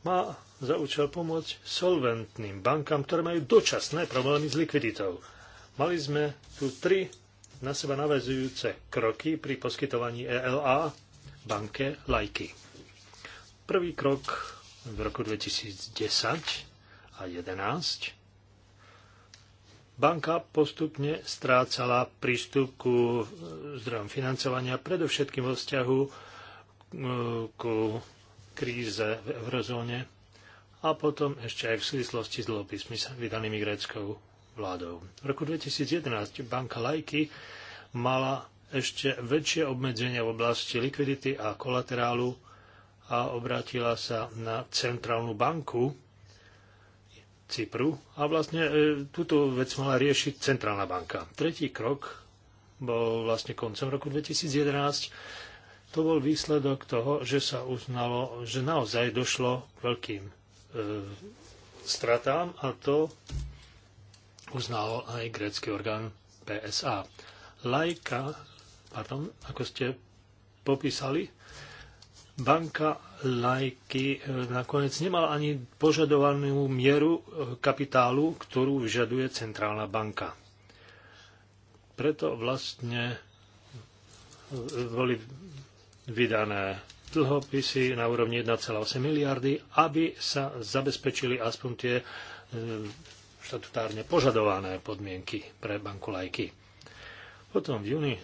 má za účel pomôcť solventným bankám, ktoré majú dočasné problémy s likviditou. Mali sme tu tri na seba navezujúce kroky pri poskytovaní ELA banke Lajky. Prvý krok v roku 2010 a 11. banka postupne strácala prístup ku zdrojom financovania, predovšetkým vo vzťahu e, ku kríze v eurozóne a potom ešte aj v súvislosti s dlhopismi vydanými gréckou vládou. V roku 2011 banka Lajky mala ešte väčšie obmedzenia v oblasti likvidity a kolaterálu a obrátila sa na centrálnu banku Cypru a vlastne e, túto vec mala riešiť Centrálna banka. Tretí krok bol vlastne koncom roku 2011. To bol výsledok toho, že sa uznalo, že naozaj došlo k veľkým e, stratám a to uznal aj grécky orgán PSA. Lajka, pardon, ako ste popísali, banka Lajky e, nakoniec nemala ani požadovanú mieru e, kapitálu, ktorú vyžaduje centrálna banka. Preto vlastne e, boli vydané dlhopisy na úrovni 1,8 miliardy, aby sa zabezpečili aspoň tie štatutárne požadované podmienky pre banku Lajky. Potom v júni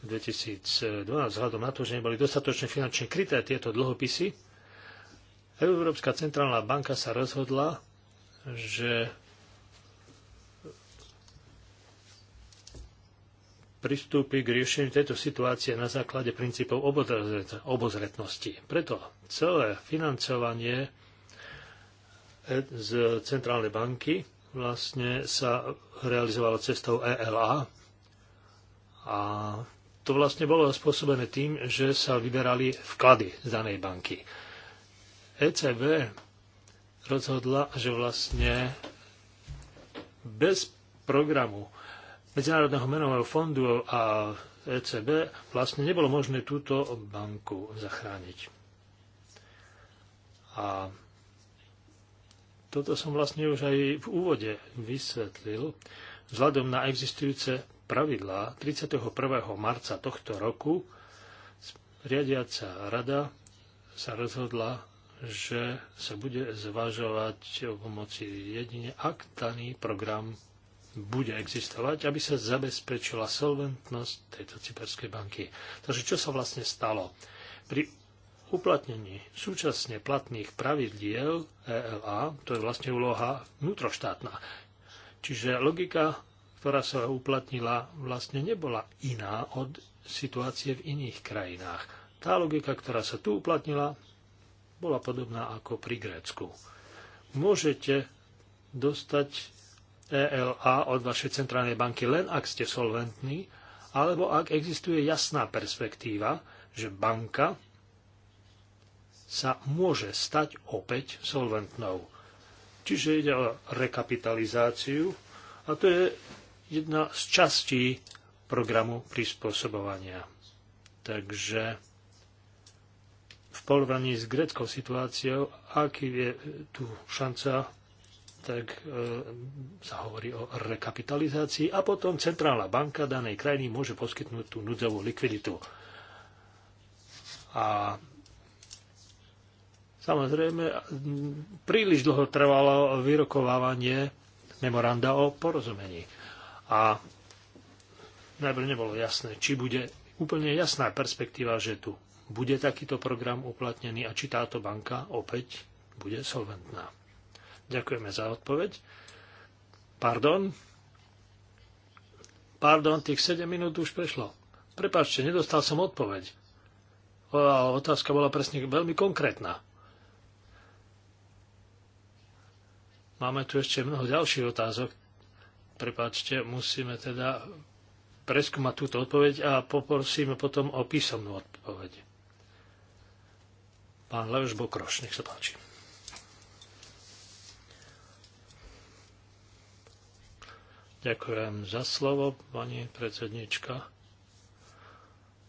2012 vzhľadom na to, že neboli dostatočne finančne kryté tieto dlhopisy, Európska centrálna banka sa rozhodla, že pristúpi k riešeniu tejto situácie na základe princípov obozretnosti. Preto celé financovanie z centrálnej banky vlastne sa realizovalo cestou ELA a to vlastne bolo spôsobené tým, že sa vyberali vklady z danej banky. ECB rozhodla, že vlastne bez programu Medzinárodného menového fondu a ECB vlastne nebolo možné túto banku zachrániť. A toto som vlastne už aj v úvode vysvetlil, vzhľadom na existujúce pravidlá 31. marca tohto roku riadiaca rada sa rozhodla, že sa bude zvažovať o pomoci jedine, ak daný program bude existovať, aby sa zabezpečila solventnosť tejto cyperskej banky. Takže čo sa vlastne stalo? Pri uplatnení súčasne platných pravidiel ELA, to je vlastne úloha vnútroštátna. Čiže logika ktorá sa uplatnila, vlastne nebola iná od situácie v iných krajinách. Tá logika, ktorá sa tu uplatnila, bola podobná ako pri Grécku. Môžete dostať ELA od vašej centrálnej banky len ak ste solventní, alebo ak existuje jasná perspektíva, že banka sa môže stať opäť solventnou. Čiže ide o rekapitalizáciu a to je jedna z častí programu prispôsobovania. Takže v porovnaní s greckou situáciou, aký je tu šanca, tak e, sa hovorí o rekapitalizácii a potom centrálna banka danej krajiny môže poskytnúť tú núdzovú likviditu. A samozrejme príliš dlho trvalo vyrokovávanie memoranda o porozumení a najprv nebolo jasné, či bude úplne jasná perspektíva, že tu bude takýto program uplatnený a či táto banka opäť bude solventná. Ďakujeme za odpoveď. Pardon? Pardon, tých 7 minút už prešlo. Prepačte, nedostal som odpoveď. O, ale otázka bola presne veľmi konkrétna. Máme tu ešte mnoho ďalších otázok, prepáčte, musíme teda preskúmať túto odpoveď a poprosíme potom o písomnú odpoveď. Pán Leoš Bokroš, nech sa páči. Ďakujem za slovo, pani predsednička.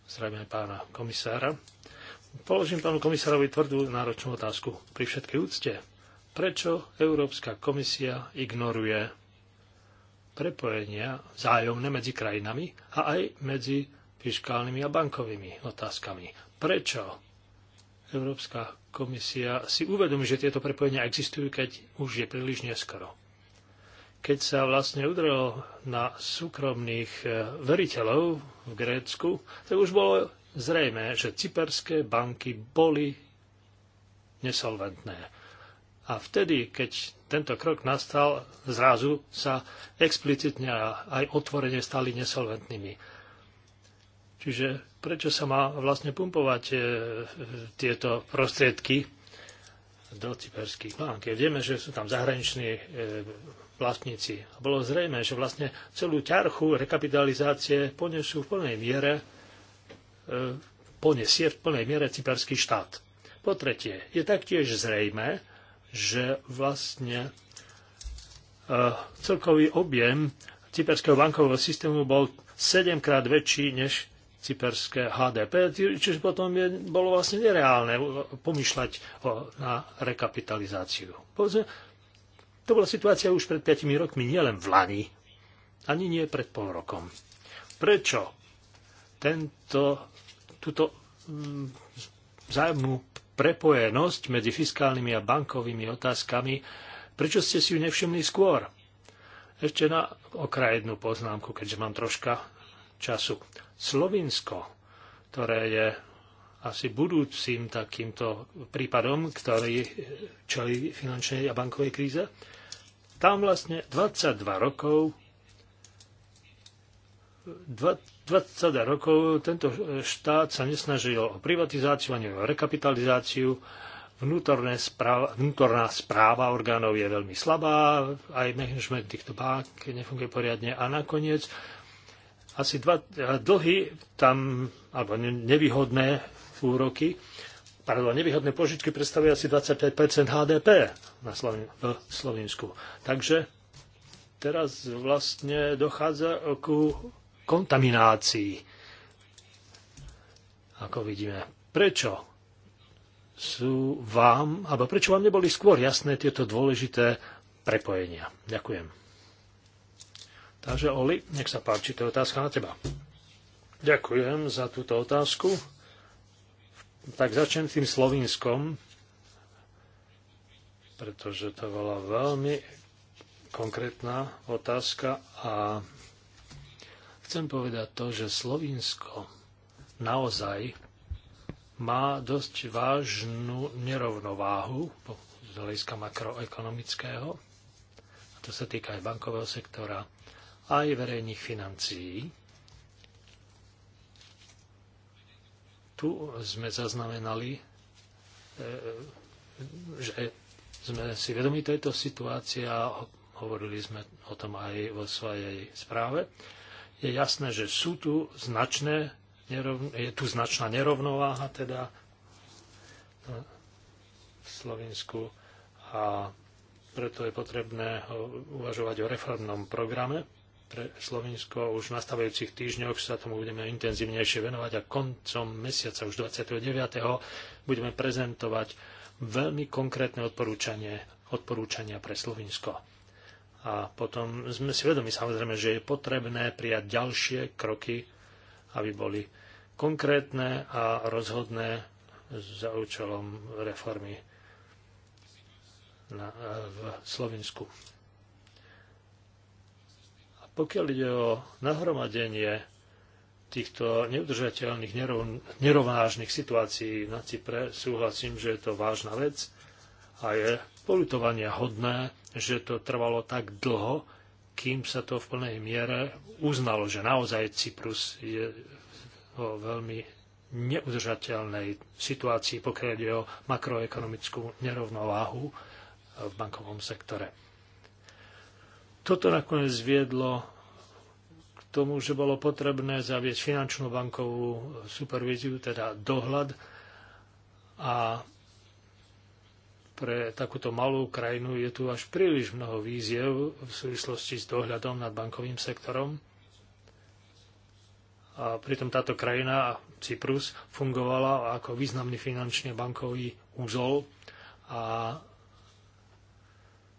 Zdravím aj pána komisára. Položím pánu komisárovi tvrdú náročnú otázku. Pri všetkej úcte, prečo Európska komisia ignoruje prepojenia vzájomné medzi krajinami a aj medzi fiskálnymi a bankovými otázkami. Prečo Európska komisia si uvedomí, že tieto prepojenia existujú, keď už je príliš neskoro? Keď sa vlastne udrelo na súkromných e, veriteľov v Grécku, tak už bolo zrejme, že cyperské banky boli nesolventné. A vtedy, keď tento krok nastal, zrazu sa explicitne a aj otvorene stali nesolventnými. Čiže prečo sa má vlastne pumpovať e, tieto prostriedky do cyperských bank? Vieme, že sú tam zahraniční e, vlastníci. A bolo zrejme, že vlastne celú ťarchu rekapitalizácie ponesú v plnej miere e, poniesie v plnej miere cyperský štát. Po tretie, je taktiež zrejme, že vlastne e, celkový objem cyperského bankového systému bol 7 krát väčší než cyperské HDP, čiže potom je, bolo vlastne nereálne pomýšľať o, na rekapitalizáciu. Povedzme, to bola situácia už pred 5 rokmi, nielen v Lani, ani nie pred pol rokom. Prečo tento, túto mm, vzájomnú prepojenosť medzi fiskálnymi a bankovými otázkami, prečo ste si ju nevšimli skôr? Ešte na okraj jednu poznámku, keďže mám troška času. Slovinsko, ktoré je asi budúcim takýmto prípadom, ktorý čeli finančnej a bankovej kríze, tam vlastne 22 rokov 20 rokov tento štát sa nesnažil o privatizáciu ani o rekapitalizáciu. Správa, vnútorná správa orgánov je veľmi slabá, aj management týchto bank nefunguje poriadne a nakoniec asi dva dlhy tam, alebo nevýhodné úroky, pardon, nevýhodné požičky predstavujú asi 25 HDP na Sloven- v Slovensku. Takže teraz vlastne dochádza ku kontaminácií. Ako vidíme, prečo sú vám, alebo prečo vám neboli skôr jasné tieto dôležité prepojenia. Ďakujem. Takže Oli, nech sa páči, to je otázka na teba. Ďakujem za túto otázku. Tak začnem tým Slovinskom, pretože to bola veľmi konkrétna otázka a Chcem povedať to, že Slovinsko naozaj má dosť vážnu nerovnováhu z hľadiska makroekonomického, a to sa týka aj bankového sektora, aj verejných financií. Tu sme zaznamenali, e, že sme si vedomi tejto situácie a hovorili sme o tom aj vo svojej správe je jasné, že sú tu značné, je tu značná nerovnováha teda v Slovensku a preto je potrebné uvažovať o reformnom programe pre Slovensko. Už v nastavujúcich týždňoch sa tomu budeme intenzívnejšie venovať a koncom mesiaca, už 29. budeme prezentovať veľmi konkrétne odporúčanie, odporúčania pre Slovensko. A potom sme si vedomi samozrejme, že je potrebné prijať ďalšie kroky, aby boli konkrétne a rozhodné za účelom reformy na, v Slovensku. A pokiaľ ide o nahromadenie týchto neudržateľných nerovnážnych situácií na Cypre, súhlasím, že je to vážna vec a je spolutovania hodné, že to trvalo tak dlho, kým sa to v plnej miere uznalo, že naozaj Cyprus je vo veľmi neudržateľnej situácii, pokiaľ ide o makroekonomickú nerovnováhu v bankovom sektore. Toto nakoniec viedlo k tomu, že bolo potrebné zaviesť finančnú bankovú supervíziu, teda dohľad a pre takúto malú krajinu je tu až príliš mnoho víziev v súvislosti s dohľadom nad bankovým sektorom. A pritom táto krajina, Cyprus, fungovala ako významný finančne bankový úzol a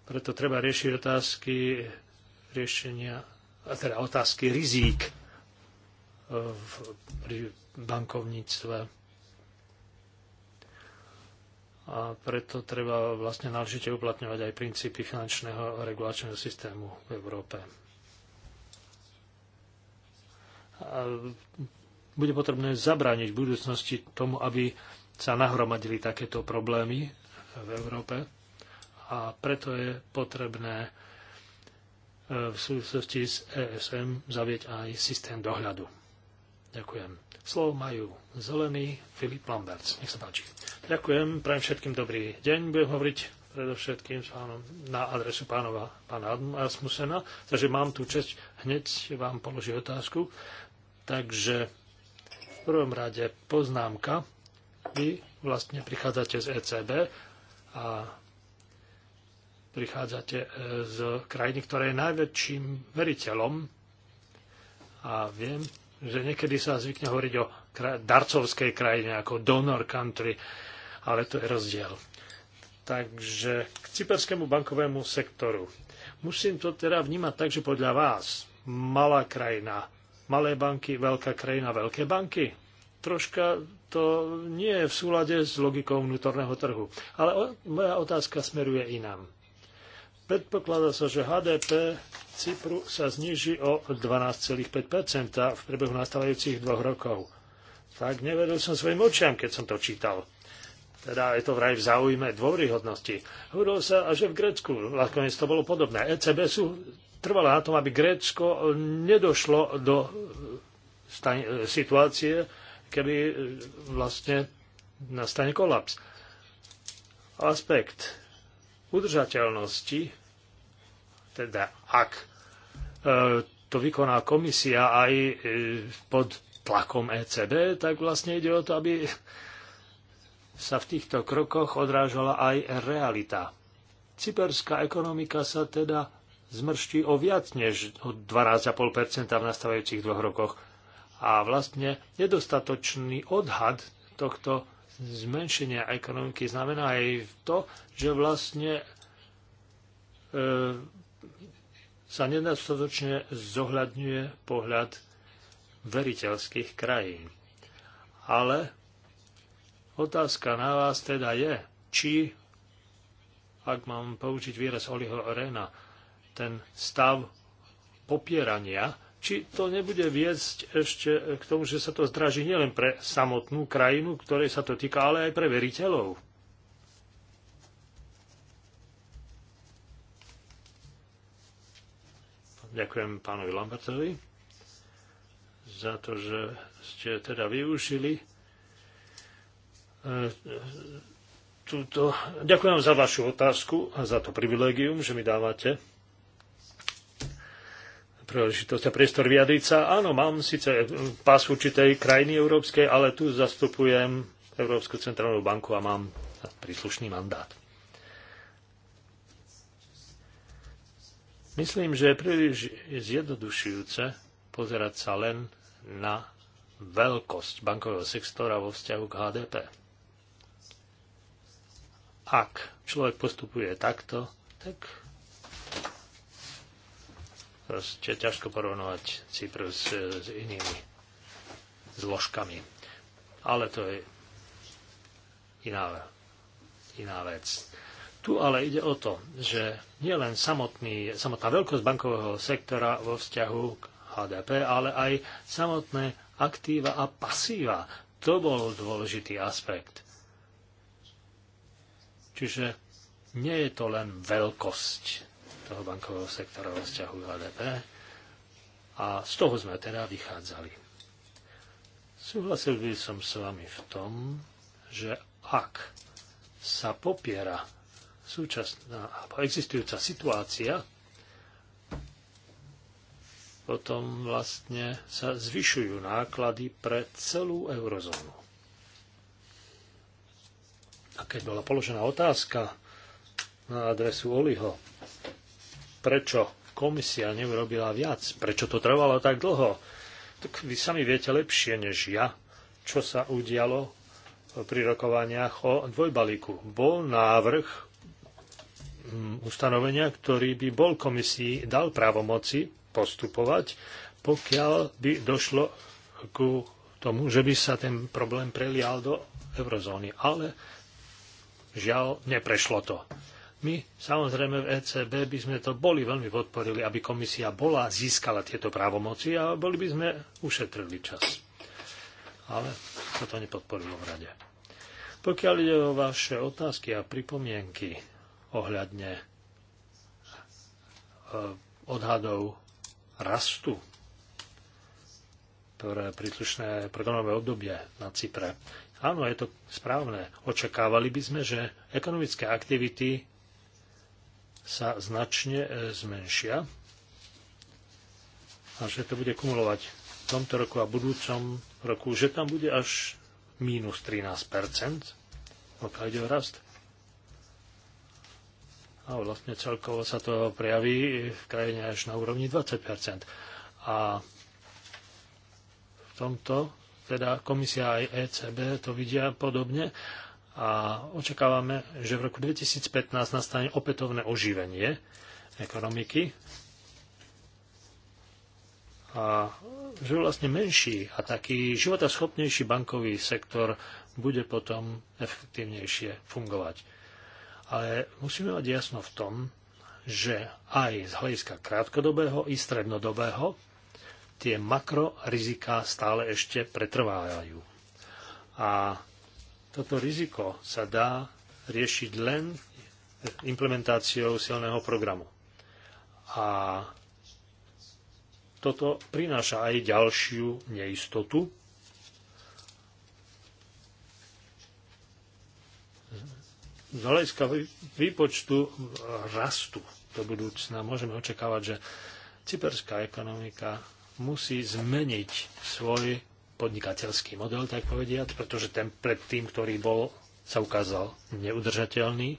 preto treba riešiť otázky riešenia, teda otázky rizík eh, v, pri bankovníctve a preto treba vlastne náležite uplatňovať aj princípy finančného regulačného systému v Európe. A bude potrebné zabrániť v budúcnosti tomu, aby sa nahromadili takéto problémy v Európe a preto je potrebné e, v súvislosti s ESM zavieť aj systém dohľadu. Ďakujem. Slovo majú zelený Filip Lamberts. Nech sa páči. Ďakujem, prajem všetkým dobrý deň. Budem hovoriť predovšetkým s pánom, na adresu pánova, pána Asmusena. Takže mám tú čest hneď vám položiť otázku. Takže v prvom rade poznámka. Vy vlastne prichádzate z ECB a prichádzate e, z krajiny, ktorá je najväčším veriteľom a viem, že niekedy sa zvykne hovoriť o darcovskej krajine ako donor country, ale to je rozdiel. Takže k cyperskému bankovému sektoru. Musím to teda vnímať tak, že podľa vás malá krajina, malé banky, veľká krajina, veľké banky. Troška to nie je v súlade s logikou vnútorného trhu. Ale o, moja otázka smeruje inám. Predpokladá sa, že HDP Cypru sa zniží o 12,5 v priebehu nastávajúcich dvoch rokov. Tak neveril som svojim očiam, keď som to čítal. Teda je to vraj v záujme dôryhodnosti. Hovorilo sa, že v Grécku nakoniec to bolo podobné. ECB sú trvala na tom, aby Grécko nedošlo do e, e, situácie, keby e, vlastne nastane kolaps. Aspekt udržateľnosti, teda ak e, to vykoná komisia aj e, pod tlakom ECB, tak vlastne ide o to, aby sa v týchto krokoch odrážala aj realita. Cyperská ekonomika sa teda zmrští o viac než o 12,5% v nastavajúcich dvoch rokoch. A vlastne nedostatočný odhad tohto zmenšenia ekonomiky znamená aj to, že vlastne e, sa nedostatočne zohľadňuje pohľad veriteľských krajín. Ale otázka na vás teda je, či, ak mám použiť výraz Oliho Rena, ten stav popierania či to nebude viesť ešte k tomu, že sa to zdraží nielen pre samotnú krajinu, ktorej sa to týka, ale aj pre veriteľov. Ďakujem pánovi Lambertovi za to, že ste teda využili e, túto... Ďakujem za vašu otázku a za to privilegium, že mi dávate príležitosť a priestor vyjadriť sa. Áno, mám síce pás určitej krajiny európskej, ale tu zastupujem Európsku centrálnu banku a mám príslušný mandát. Myslím, že je príliš zjednodušujúce pozerať sa len na veľkosť bankového sektora vo vzťahu k HDP. Ak človek postupuje takto, tak Proste ťažko porovnovať Cyprus e, s inými zložkami. Ale to je iná, iná vec. Tu ale ide o to, že nielen samotný, samotná veľkosť bankového sektora vo vzťahu k HDP, ale aj samotné aktíva a pasíva. To bol dôležitý aspekt. Čiže nie je to len veľkosť toho bankového sektora vo vzťahu HDP a z toho sme teda vychádzali. Súhlasil by som s vami v tom, že ak sa popiera súčasná alebo existujúca situácia, potom vlastne sa zvyšujú náklady pre celú eurozónu. A keď bola položená otázka na adresu Oliho, prečo komisia neurobila viac, prečo to trvalo tak dlho, tak vy sami viete lepšie než ja, čo sa udialo pri rokovaniach o dvojbalíku. Bol návrh mm, ustanovenia, ktorý by bol komisii dal právomoci postupovať, pokiaľ by došlo ku tomu, že by sa ten problém prelial do eurozóny. Ale žiaľ, neprešlo to. My samozrejme v ECB by sme to boli veľmi podporili, aby komisia bola, získala tieto právomoci a boli by sme ušetrili čas. Ale sa to nepodporilo v rade. Pokiaľ ide o vaše otázky a pripomienky ohľadne e, odhadov rastu pre príslušné programové obdobie na Cypre, Áno, je to správne. Očakávali by sme, že ekonomické aktivity sa značne e, zmenšia a že to bude kumulovať v tomto roku a budúcom roku, že tam bude až mínus 13%, pokiaľ ide o rast. A vlastne celkovo sa to prejaví v krajine až na úrovni 20%. A v tomto teda komisia aj ECB to vidia podobne a očakávame, že v roku 2015 nastane opätovné oživenie ekonomiky a že vlastne menší a taký životaschopnejší bankový sektor bude potom efektívnejšie fungovať. Ale musíme mať jasno v tom, že aj z hľadiska krátkodobého i strednodobého tie rizika stále ešte pretrvávajú. A toto riziko sa dá riešiť len implementáciou silného programu. A toto prináša aj ďalšiu neistotu. Z hľadiska výpočtu rastu do budúcna môžeme očakávať, že cyperská ekonomika musí zmeniť svoj podnikateľský model, tak povediať, pretože ten predtým, ktorý bol, sa ukázal neudržateľný.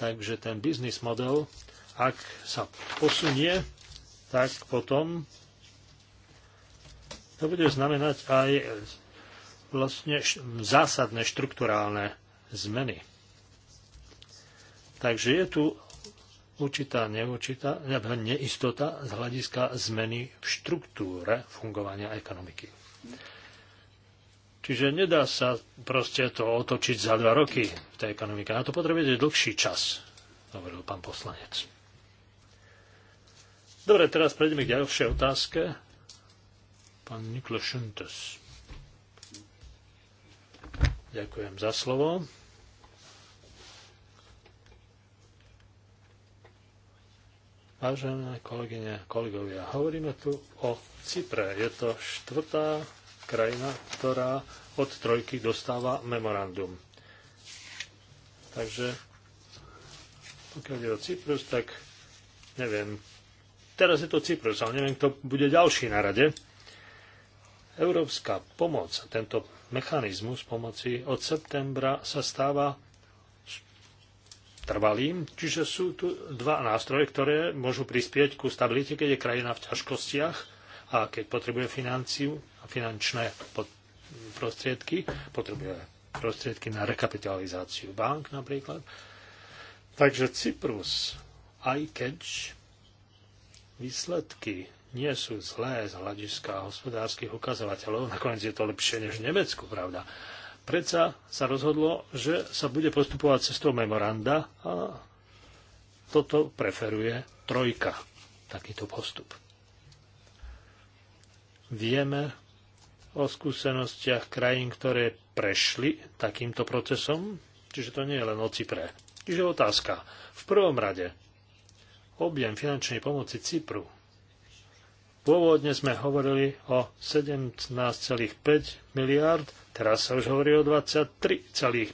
Takže ten biznis model, ak sa posunie, tak potom to bude znamenať aj vlastne zásadné štrukturálne zmeny. Takže je tu určitá neurčitá, neistota z hľadiska zmeny v štruktúre fungovania ekonomiky. Čiže nedá sa proste to otočiť za dva roky v tej ekonomike. Na to potrebujete dlhší čas, hovoril pán poslanec. Dobre, teraz prejdeme k ďalšej otázke. Pán Niklo Šuntes. Ďakujem za slovo. Vážené kolegyne, kolegovia, hovoríme tu o Cypre. Je to štvrtá krajina, ktorá od trojky dostáva memorandum. Takže pokiaľ je o Cyprus, tak neviem. Teraz je to Cyprus, ale neviem, kto bude ďalší na rade. Európska pomoc, tento mechanizmus pomoci od septembra sa stáva trvalým, čiže sú tu dva nástroje, ktoré môžu prispieť ku stabilite, keď je krajina v ťažkostiach a keď potrebuje financiu, finančné prostriedky, potrebuje prostriedky na rekapitalizáciu bank napríklad. Takže Cyprus, aj keď výsledky nie sú zlé z hľadiska hospodárskych ukazovateľov, nakoniec je to lepšie než v Nemecku, pravda, predsa sa rozhodlo, že sa bude postupovať cestou memoranda a toto preferuje trojka, takýto postup. Vieme, o skúsenostiach krajín, ktoré prešli takýmto procesom, čiže to nie je len o Cypre. Čiže otázka. V prvom rade, objem finančnej pomoci Cypru. Pôvodne sme hovorili o 17,5 miliárd, teraz sa už hovorí o 23,5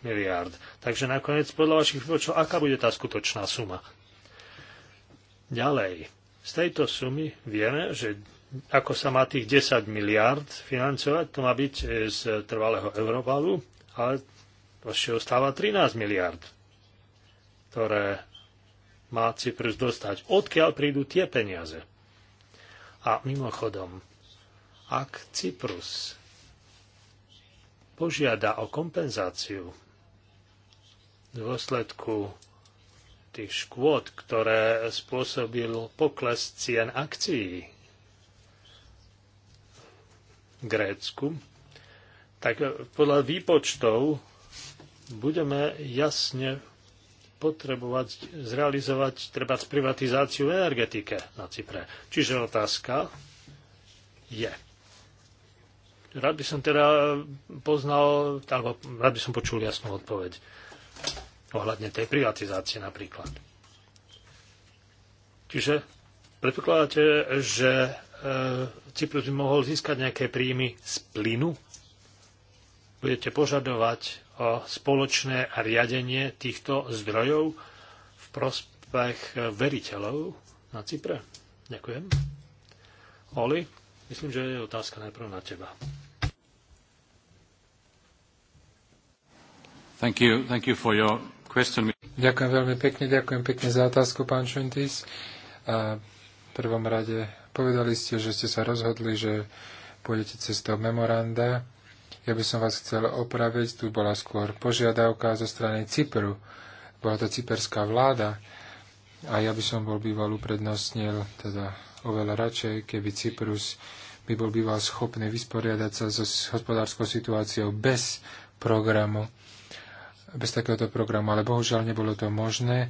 miliárd. Takže nakoniec podľa vašich výpočtov, aká bude tá skutočná suma? Ďalej, z tejto sumy vieme, že ako sa má tých 10 miliard financovať, to má byť e, z trvalého eurovalu, ale ešte ostáva 13 miliard, ktoré má Cyprus dostať. Odkiaľ prídu tie peniaze? A mimochodom, ak Cyprus požiada o kompenzáciu v dôsledku tých škôd, ktoré spôsobil pokles cien akcií Grécku, tak podľa výpočtov budeme jasne potrebovať zrealizovať treba privatizáciu v energetike na Cypre. Čiže otázka je. Rád by som teda poznal, alebo rád by som počul jasnú odpoveď ohľadne tej privatizácie napríklad. Čiže predpokladáte, že E, Cyprus by mohol získať nejaké príjmy z plynu? Budete požadovať o e, spoločné riadenie týchto zdrojov v prospech e, veriteľov na Cypre? Ďakujem. Oli, myslím, že je otázka najprv na teba. Thank you, thank you for your question. Ďakujem veľmi pekne, ďakujem pekne za otázku, pán Šuntis. v prvom rade Povedali ste, že ste sa rozhodli, že pôjdete cestou memoranda. Ja by som vás chcel opraviť. Tu bola skôr požiadavka zo strany Cypru. Bola to cyperská vláda. A ja by som bol býval uprednostnil, teda oveľa radšej, keby Cyprus by bol býval schopný vysporiadať sa so hospodárskou situáciou bez programu, bez takéhoto programu, ale bohužiaľ nebolo to možné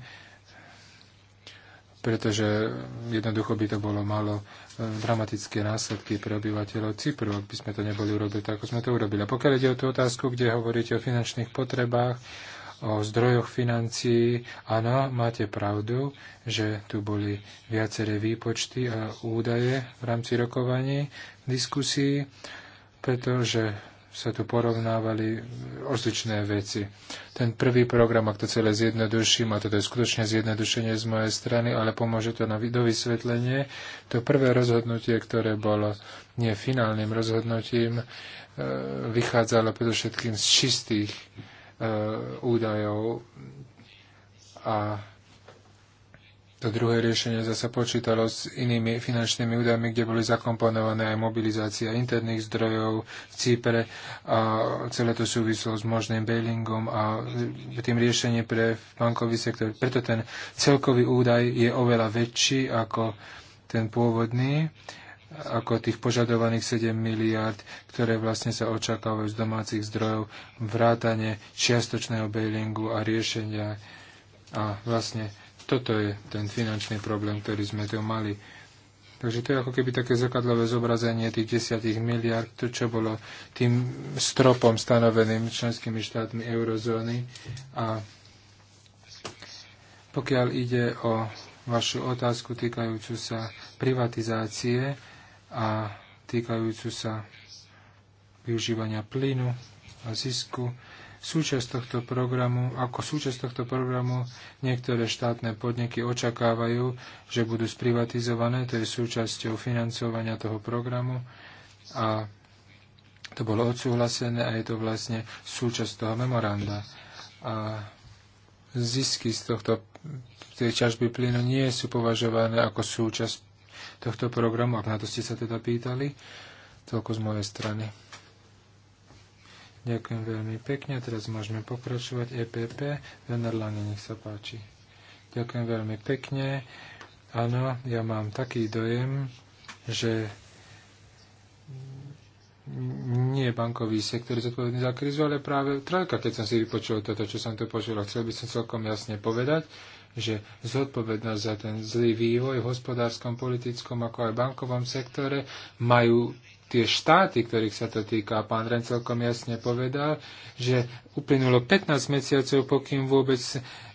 pretože jednoducho by to bolo malo e, dramatické následky pre obyvateľov Cypru, ak by sme to neboli urobili tak, ako sme to urobili. A pokiaľ ide o tú otázku, kde hovoríte o finančných potrebách, o zdrojoch financií, áno, máte pravdu, že tu boli viaceré výpočty a údaje v rámci rokovaní, diskusí, pretože sa tu porovnávali rozličné veci. Ten prvý program, ak to celé zjednoduším, a toto je skutočne zjednodušenie z mojej strany, ale pomôže to na vysvetlenie, to prvé rozhodnutie, ktoré bolo nie finálnym rozhodnutím, e, vychádzalo predovšetkým z čistých e, údajov a to druhé riešenie zase počítalo s inými finančnými údajmi, kde boli zakomponované aj mobilizácia interných zdrojov v Cípre a celé to súvislo s možným bailingom a tým riešením pre bankový sektor. Preto ten celkový údaj je oveľa väčší ako ten pôvodný ako tých požadovaných 7 miliard, ktoré vlastne sa očakávajú z domácich zdrojov, vrátane čiastočného bailingu a riešenia a vlastne toto je ten finančný problém, ktorý sme tu mali. Takže to je ako keby také zrkadlové zobrazenie tých desiatich miliard, to čo bolo tým stropom stanoveným členskými štátmi eurozóny. A pokiaľ ide o vašu otázku týkajúcu sa privatizácie a týkajúcu sa využívania plynu a zisku, Súčasť tohto programu, ako súčasť tohto programu niektoré štátne podniky očakávajú, že budú sprivatizované, to je súčasťou financovania toho programu a to bolo odsúhlasené a je to vlastne súčasť toho memoranda. A zisky z tohto, tej ťažby plynu nie sú považované ako súčasť tohto programu, ak na to ste sa teda pýtali. Toľko z mojej strany. Ďakujem veľmi pekne. Teraz môžeme pokračovať. EPP, Venerlange, nech sa páči. Ďakujem veľmi pekne. Áno, ja mám taký dojem, že nie bankový sektor je zodpovedný za krizu, ale práve trojka, keď som si vypočul toto, čo som tu počul, chcel by som celkom jasne povedať, že zodpovednosť za ten zlý vývoj v hospodárskom, politickom, ako aj bankovom sektore majú tie štáty, ktorých sa to týka, pán Ren celkom jasne povedal, že uplynulo 15 mesiacov, pokým vôbec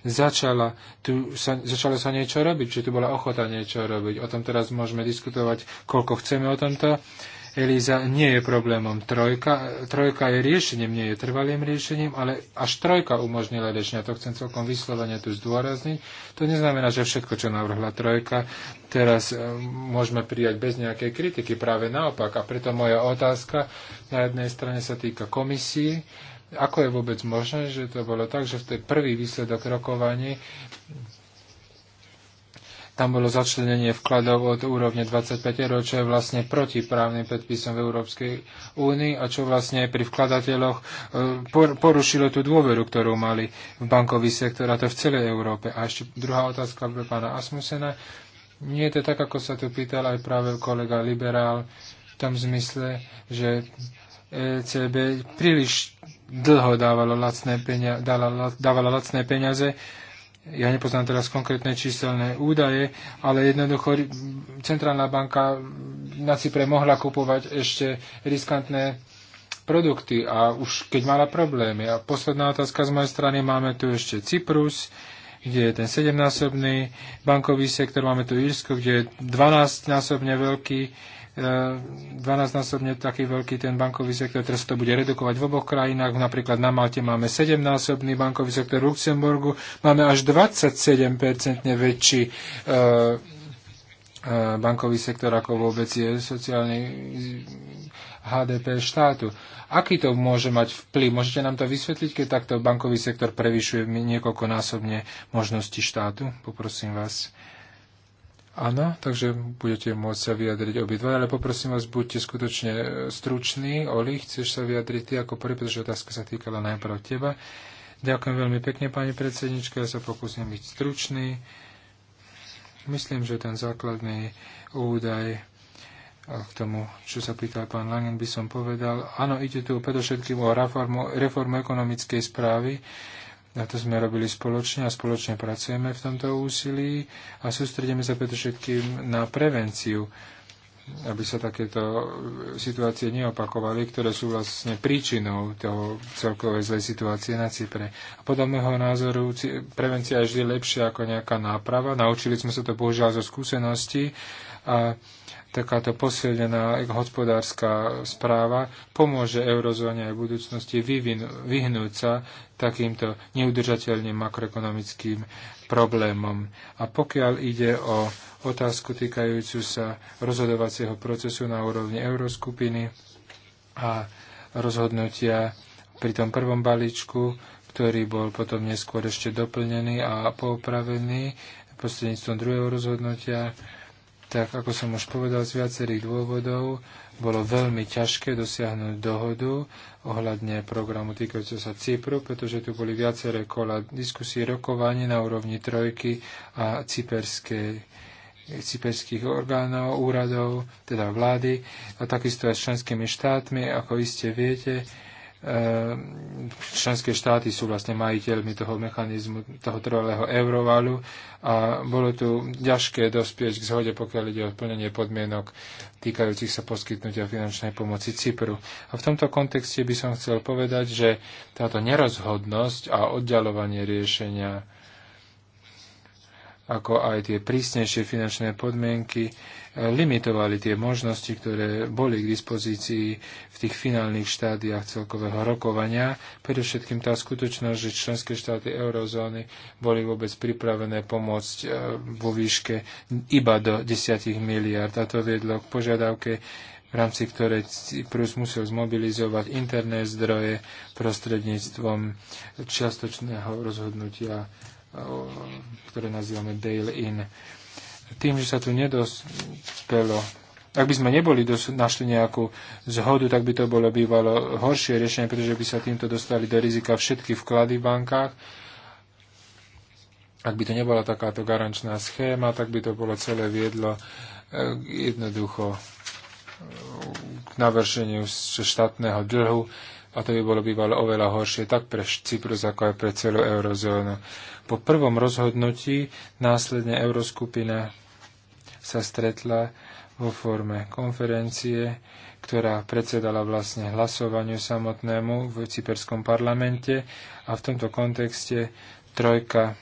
začala, tu sa, začalo sa niečo robiť, že tu bola ochota niečo robiť. O tom teraz môžeme diskutovať, koľko chceme o tomto Eliza nie je problémom trojka. Trojka je riešením, nie je trvalým riešením, ale až trojka umožnila riešenia. To chcem celkom vyslovene tu zdôrazniť. To neznamená, že všetko, čo navrhla trojka, teraz e, môžeme prijať bez nejakej kritiky. Práve naopak. A preto moja otázka na jednej strane sa týka komisii. Ako je vôbec možné, že to bolo tak, že v tej prvý výsledok rokovaní tam bolo začlenenie vkladov od úrovne 25 eur, čo je vlastne proti právnym predpisom v Európskej únii a čo vlastne pri vkladateľoch e, porušilo tú dôveru, ktorú mali v bankový sektor a to v celej Európe. A ešte druhá otázka pre pána Asmusena. Nie je to tak, ako sa tu pýtal aj práve kolega liberál, v tom zmysle, že ECB príliš dlho dávalo lacné peniaze, dávala lacné peniaze ja nepoznám teraz konkrétne číselné údaje, ale jednoducho Centrálna banka na Cypre mohla kupovať ešte riskantné produkty a už keď mala problémy. A posledná otázka z mojej strany, máme tu ešte Cyprus, kde je ten sedemnásobný bankový sektor, máme tu Írsko, kde je 12-násobne veľký 12-násobne taký veľký ten bankový sektor, teraz to bude redukovať v oboch krajinách, napríklad na Malte máme 7-násobný bankový sektor, v Luxemburgu máme až 27-percentne väčší eh, eh, bankový sektor, ako vôbec je sociálny HDP štátu. Aký to môže mať vplyv? Môžete nám to vysvetliť, keď takto bankový sektor prevyšuje niekoľkonásobne možnosti štátu? Poprosím vás. Áno, takže budete môcť sa vyjadriť obidva, ale poprosím vás, buďte skutočne e, struční. Oli, chceš sa vyjadriť ty ako prvý, pretože otázka sa týkala najprv teba. Ďakujem veľmi pekne, pani predsednička, ja sa pokúsim byť stručný. Myslím, že ten základný údaj e, k tomu, čo sa pýtal pán Langen, by som povedal, áno, ide tu predovšetkým o reformu, reformu ekonomickej správy, na to sme robili spoločne a spoločne pracujeme v tomto úsilí a sústredíme sa predovšetkým na prevenciu, aby sa takéto situácie neopakovali, ktoré sú vlastne príčinou toho celkovej zlej situácie na Cypre. A podľa môjho názoru prevencia je vždy lepšia ako nejaká náprava. Naučili sme sa to bohužiaľ zo skúseností a takáto posilnená hospodárska správa pomôže eurozóne aj v budúcnosti vyhnúť sa takýmto neudržateľným makroekonomickým problémom. A pokiaľ ide o otázku týkajúcu sa rozhodovacieho procesu na úrovni euroskupiny a rozhodnutia pri tom prvom balíčku, ktorý bol potom neskôr ešte doplnený a poupravený prostredníctvom druhého rozhodnutia, tak ako som už povedal z viacerých dôvodov, bolo veľmi ťažké dosiahnuť dohodu ohľadne programu týkajúceho sa Cypru, pretože tu boli viaceré kola diskusí, rokovanie na úrovni trojky a cyperskej cyperských orgánov, úradov, teda vlády, a takisto aj s členskými štátmi. Ako iste viete, Ehm, členské štáty sú vlastne majiteľmi toho mechanizmu, toho trvalého eurovalu a bolo tu ťažké dospieť k zhode, pokiaľ ide o plnenie podmienok týkajúcich sa poskytnutia finančnej pomoci Cypru. A v tomto kontexte by som chcel povedať, že táto nerozhodnosť a oddalovanie riešenia ako aj tie prísnejšie finančné podmienky e, limitovali tie možnosti, ktoré boli k dispozícii v tých finálnych štádiách celkového rokovania. Predovšetkým tá skutočnosť, že členské štáty eurozóny boli vôbec pripravené pomôcť e, vo výške iba do 10 miliard. A to viedlo k požiadavke v rámci ktorej Prus musel zmobilizovať interné zdroje prostredníctvom čiastočného rozhodnutia ktoré nazývame Dale In. Tým, že sa tu nedospelo, ak by sme neboli dos- našli nejakú zhodu, tak by to bolo bývalo horšie riešenie, pretože by sa týmto dostali do rizika všetky vklady v bankách. Ak by to nebola takáto garančná schéma, tak by to bolo celé viedlo e, jednoducho k navršeniu štátneho dlhu a to by bolo bývalo oveľa horšie tak pre Cyprus, ako aj pre celú eurozónu. Po prvom rozhodnutí následne euroskupina sa stretla vo forme konferencie, ktorá predsedala vlastne hlasovaniu samotnému v cyperskom parlamente a v tomto kontexte trojka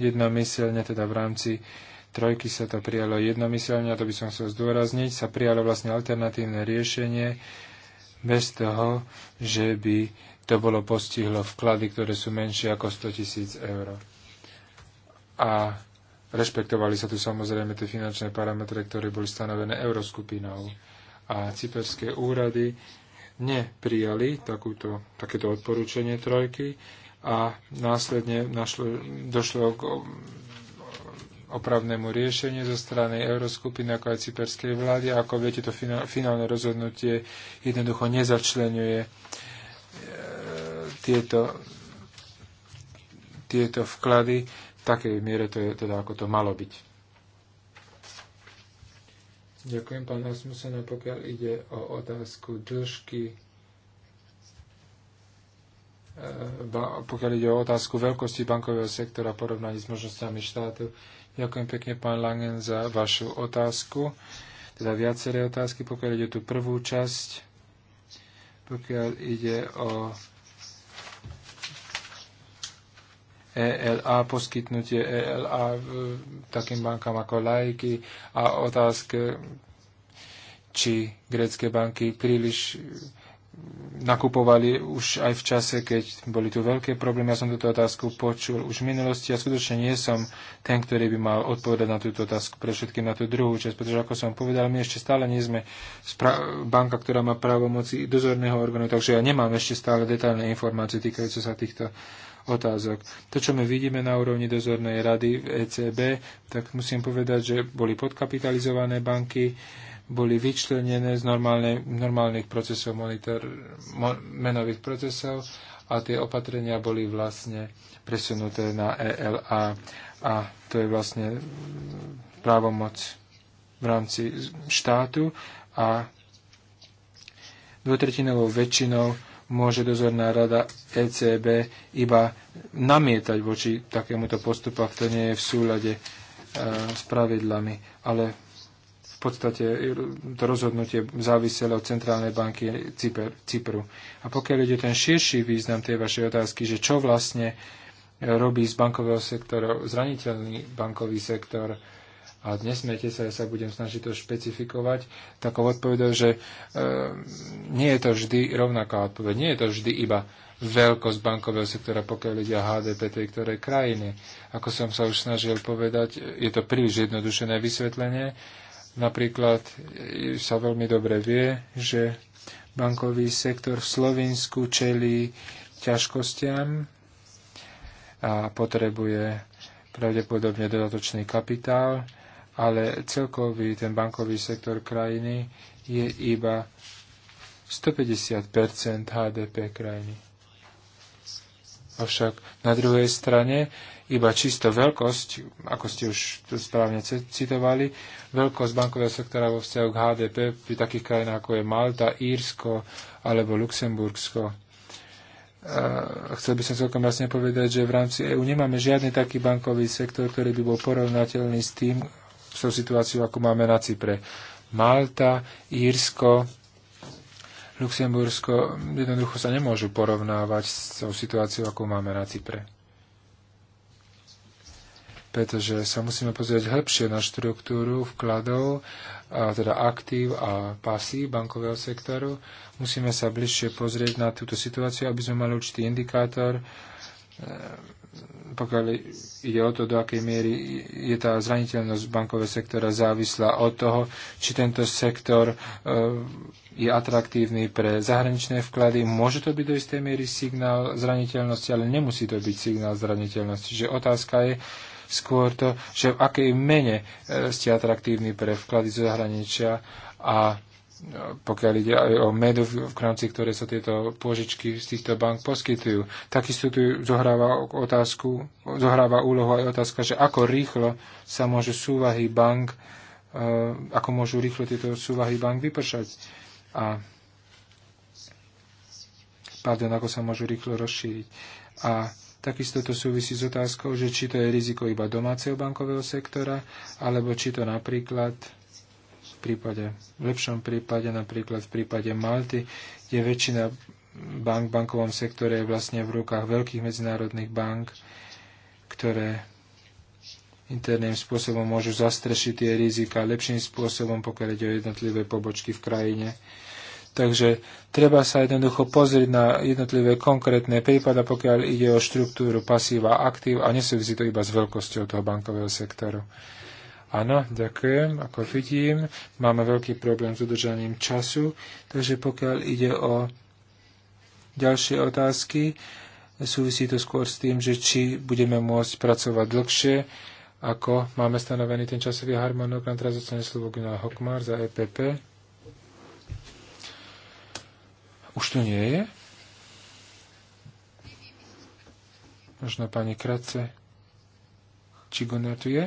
jednomyselne, teda v rámci trojky sa to prijalo jednomyselne, a to by som chcel zdôrazniť, sa prijalo vlastne alternatívne riešenie, bez toho, že by to bolo postihlo vklady, ktoré sú menšie ako 100 tisíc eur. A rešpektovali sa tu samozrejme tie finančné parametre, ktoré boli stanovené euroskupinou. A cyperské úrady neprijali takúto, takéto odporúčanie trojky a následne našlo, došlo k opravnému riešeniu zo strany Euroskupiny ako aj cyperskej vlády. A ako viete, to finálne rozhodnutie jednoducho nezačlenuje e, tieto, tieto vklady v takej miere, to je teda ako to malo byť. Ďakujem, pán Asmusen, pokiaľ ide o otázku dĺžky e, pokiaľ ide o otázku veľkosti bankového sektora porovnaní s možnosťami štátu, Ďakujem pekne, pán Langen, za vašu otázku. Teda viaceré otázky, pokiaľ ide tú prvú časť, pokiaľ ide o ELA, poskytnutie ELA e, takým bankám ako Lajky a otázke, či grecké banky príliš nakupovali už aj v čase, keď boli tu veľké problémy. Ja som túto otázku počul už v minulosti a ja skutočne nie som ten, ktorý by mal odpovedať na túto otázku, pre všetkým na tú druhú časť, pretože ako som povedal, my ešte stále nie sme banka, ktorá má právomoci dozorného orgánu, takže ja nemám ešte stále detailné informácie týkajúce sa týchto otázok. To, čo my vidíme na úrovni dozornej rady v ECB, tak musím povedať, že boli podkapitalizované banky, boli vyčlenené z normálne, normálnych procesov monitor, mo, menových procesov a tie opatrenia boli vlastne presunuté na ELA a to je vlastne právomoc v rámci štátu a dvotretinovou väčšinou môže dozorná rada ECB iba namietať voči takémuto postupu, ak to nie je v súlade e, s pravidlami. Ale podstate to rozhodnutie záviselo od Centrálnej banky Cyper, Cypru. A pokiaľ ide ten širší význam tej vašej otázky, že čo vlastne robí z bankového sektora zraniteľný bankový sektor, a smete sa, ja sa budem snažiť to špecifikovať, takou odpovedou, že e, nie je to vždy rovnaká odpoveď. Nie je to vždy iba veľkosť bankového sektora, pokiaľ ide HDP tej ktorej krajiny. Ako som sa už snažil povedať, je to príliš jednodušené vysvetlenie, Napríklad e, sa veľmi dobre vie, že bankový sektor v Slovensku čelí ťažkostiam a potrebuje pravdepodobne dodatočný kapitál, ale celkový ten bankový sektor krajiny je iba 150 HDP krajiny. Avšak na druhej strane iba čisto veľkosť, ako ste už tu správne citovali, veľkosť bankového sektora vo vzťahu k HDP pri takých krajinách ako je Malta, Írsko alebo Luxembursko. A chcel by som celkom jasne povedať, že v rámci EÚ nemáme žiadny taký bankový sektor, ktorý by bol porovnateľný s tým, s tou situáciou, ako máme na Cypre. Malta, Írsko, Luxembursko jednoducho sa nemôžu porovnávať s tou situáciou, ako máme na Cypre pretože sa musíme pozrieť hĺbšie na štruktúru vkladov, a teda aktív a pasív bankového sektoru. Musíme sa bližšie pozrieť na túto situáciu, aby sme mali určitý indikátor, eh, pokiaľ ide o to, do akej miery je tá zraniteľnosť bankového sektora závislá od toho, či tento sektor eh, je atraktívny pre zahraničné vklady. Môže to byť do istej miery signál zraniteľnosti, ale nemusí to byť signál zraniteľnosti. Čiže otázka je, skôr to, že v akej mene e, ste atraktívni pre vklady zo zahraničia a e, pokiaľ ide aj o medu, v rámci ktoré sa tieto pôžičky z týchto bank poskytujú. Takisto tu zohráva otázku, zohráva úlohu aj otázka, že ako rýchlo sa môžu súvahy bank, e, ako môžu rýchlo tieto súvahy bank vypršať. A pardon, ako sa môžu rýchlo rozšíriť. A Takisto to súvisí s otázkou, že či to je riziko iba domáceho bankového sektora, alebo či to napríklad v prípade, v lepšom prípade, napríklad v prípade Malty, kde väčšina bank v bankovom sektore je vlastne v rukách veľkých medzinárodných bank, ktoré interným spôsobom môžu zastrešiť tie rizika lepším spôsobom, pokiaľ ide o jednotlivé pobočky v krajine. Takže treba sa jednoducho pozrieť na jednotlivé konkrétne prípada, pokiaľ ide o štruktúru pasíva a aktív a nesúvisí to iba s veľkosťou toho bankového sektoru. Áno, ďakujem. Ako vidím, máme veľký problém s udržaním času, takže pokiaľ ide o ďalšie otázky, súvisí to skôr s tým, že či budeme môcť pracovať dlhšie, ako máme stanovený ten časový harmonogram. Teraz zostane slovo Gunnar Hockmar za EPP. Už to nie je? Možno pani Kratce. Čigona tu je?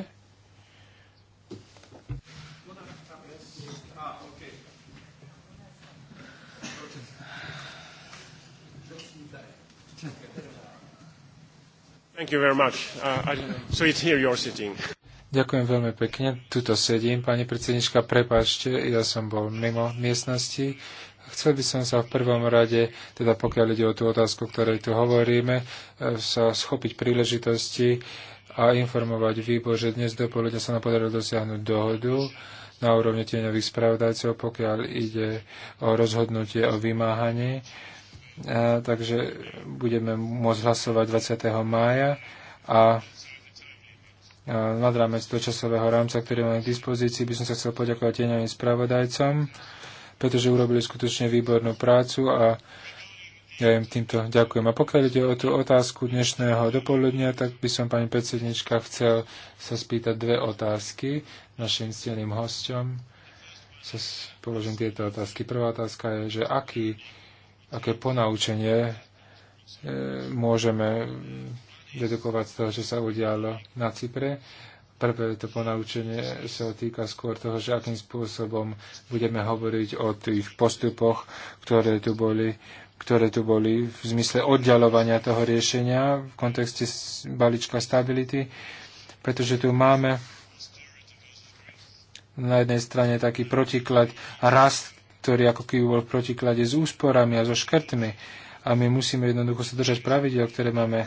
Thank you very much. Uh, I, so it's here you're sitting. Ďakujem veľmi pekne. Tuto sedím, pani predsednička, prepáčte, ja som bol mimo miestnosti. Chcel by som sa v prvom rade, teda pokiaľ ide o tú otázku, o ktorej tu hovoríme, e, sa schopiť príležitosti a informovať výbor, že dnes dopoledne sa nám podarilo dosiahnuť dohodu na úrovni tieňových spravodajcov, pokiaľ ide o rozhodnutie o vymáhaní. A, e, takže budeme môcť hlasovať 20. mája a e, nad rámec do časového rámca, ktorý máme k dispozícii, by som sa chcel poďakovať tieňovým spravodajcom pretože urobili skutočne výbornú prácu a ja im týmto ďakujem. A pokiaľ ide o tú otázku dnešného dopoludnia, tak by som, pani predsednička, chcel sa spýtať dve otázky našim steným hosťom. Sa položím tieto otázky. Prvá otázka je, že aký, aké ponaučenie e, môžeme dedukovať z toho, čo sa udialo na Cypre. Prvé to ponaučenie sa týka skôr toho, že akým spôsobom budeme hovoriť o tých postupoch, ktoré tu boli ktoré tu boli v zmysle oddialovania toho riešenia v kontexte balíčka stability, pretože tu máme na jednej strane taký protiklad rast, ktorý ako keby bol v protiklade s úsporami a so škrtmi. A my musíme jednoducho sa držať pravidel, ktoré máme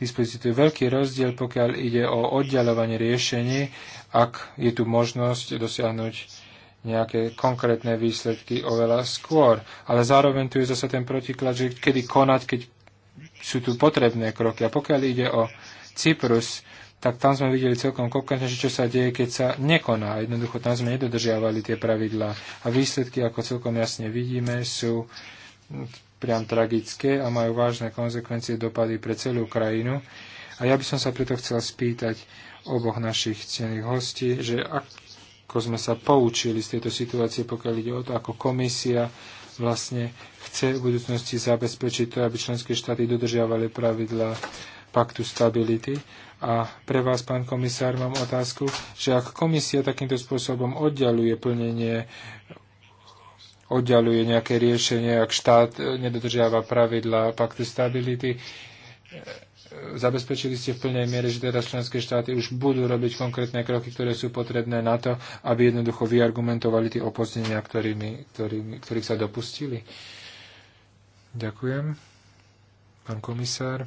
dispozícii. Tu je veľký rozdiel, pokiaľ ide o oddialovanie riešení, ak je tu možnosť dosiahnuť nejaké konkrétne výsledky oveľa skôr. Ale zároveň tu je zase ten protiklad, že kedy konať, keď sú tu potrebné kroky. A pokiaľ ide o Cyprus, tak tam sme videli celkom konkrétne, že čo sa deje, keď sa nekoná. Jednoducho tam sme nedodržiavali tie pravidlá. A výsledky, ako celkom jasne vidíme, sú priam tragické a majú vážne konsekvencie dopady pre celú krajinu. A ja by som sa preto chcel spýtať oboch našich cených hostí, že ako sme sa poučili z tejto situácie, pokiaľ ide o to, ako komisia vlastne chce v budúcnosti zabezpečiť to, aby členské štáty dodržiavali pravidla paktu stability. A pre vás, pán komisár, mám otázku, že ak komisia takýmto spôsobom oddialuje plnenie oddialuje nejaké riešenie, ak štát eh, nedodržiava pravidla paktu stability. Eh, Zabezpečili ste v plnej miere, že teraz členské štáty už budú robiť konkrétne kroky, ktoré sú potrebné na to, aby jednoducho vyargumentovali tie opoznenia, ktorými, ktorými, ktorých sa dopustili. Ďakujem. Pán komisár.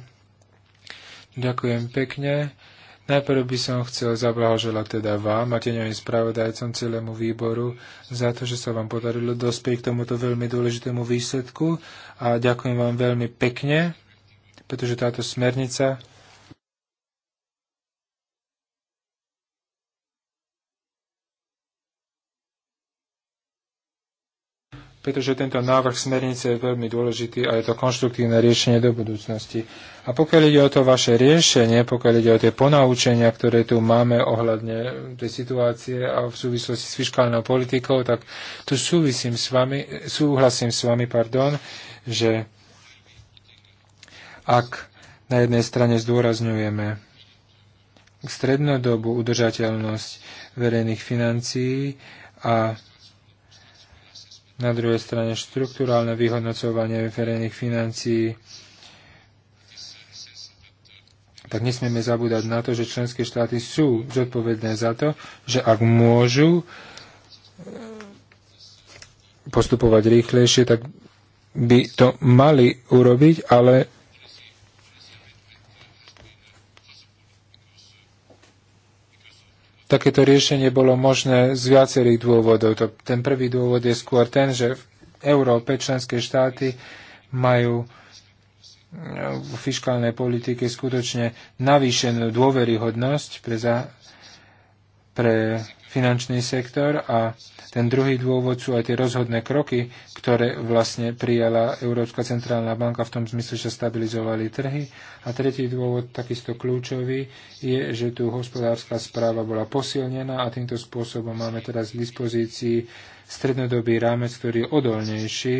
Ďakujem pekne. Najprv by som chcel zablahoželať teda vám a teňovým spravodajcom celému výboru za to, že sa vám podarilo dospieť k tomuto veľmi dôležitému výsledku a ďakujem vám veľmi pekne, pretože táto smernica pretože tento návrh smernice je veľmi dôležitý a je to konštruktívne riešenie do budúcnosti. A pokiaľ ide o to vaše riešenie, pokiaľ ide o tie ponaučenia, ktoré tu máme ohľadne tej situácie a v súvislosti s fiskálnou politikou, tak tu súvisím s vami, súhlasím s vami, pardon, že ak na jednej strane zdôrazňujeme strednodobú udržateľnosť verejných financií a na druhej strane štruktúrálne vyhodnocovanie verejných financií tak nesmieme zabúdať na to, že členské štáty sú zodpovedné za to, že ak môžu e, postupovať rýchlejšie, tak by to mali urobiť, ale takéto riešenie bolo možné z viacerých dôvodov. To, ten prvý dôvod je skôr ten, že v Európe členské štáty majú eh, v fiskálnej politike skutočne navýšenú dôveryhodnosť pre, za, pre finančný sektor a ten druhý dôvod sú aj tie rozhodné kroky, ktoré vlastne prijala Európska centrálna banka v tom zmysle, že stabilizovali trhy. A tretí dôvod, takisto kľúčový, je, že tu hospodárska správa bola posilnená a týmto spôsobom máme teraz k dispozícii strednodobý rámec, ktorý je odolnejší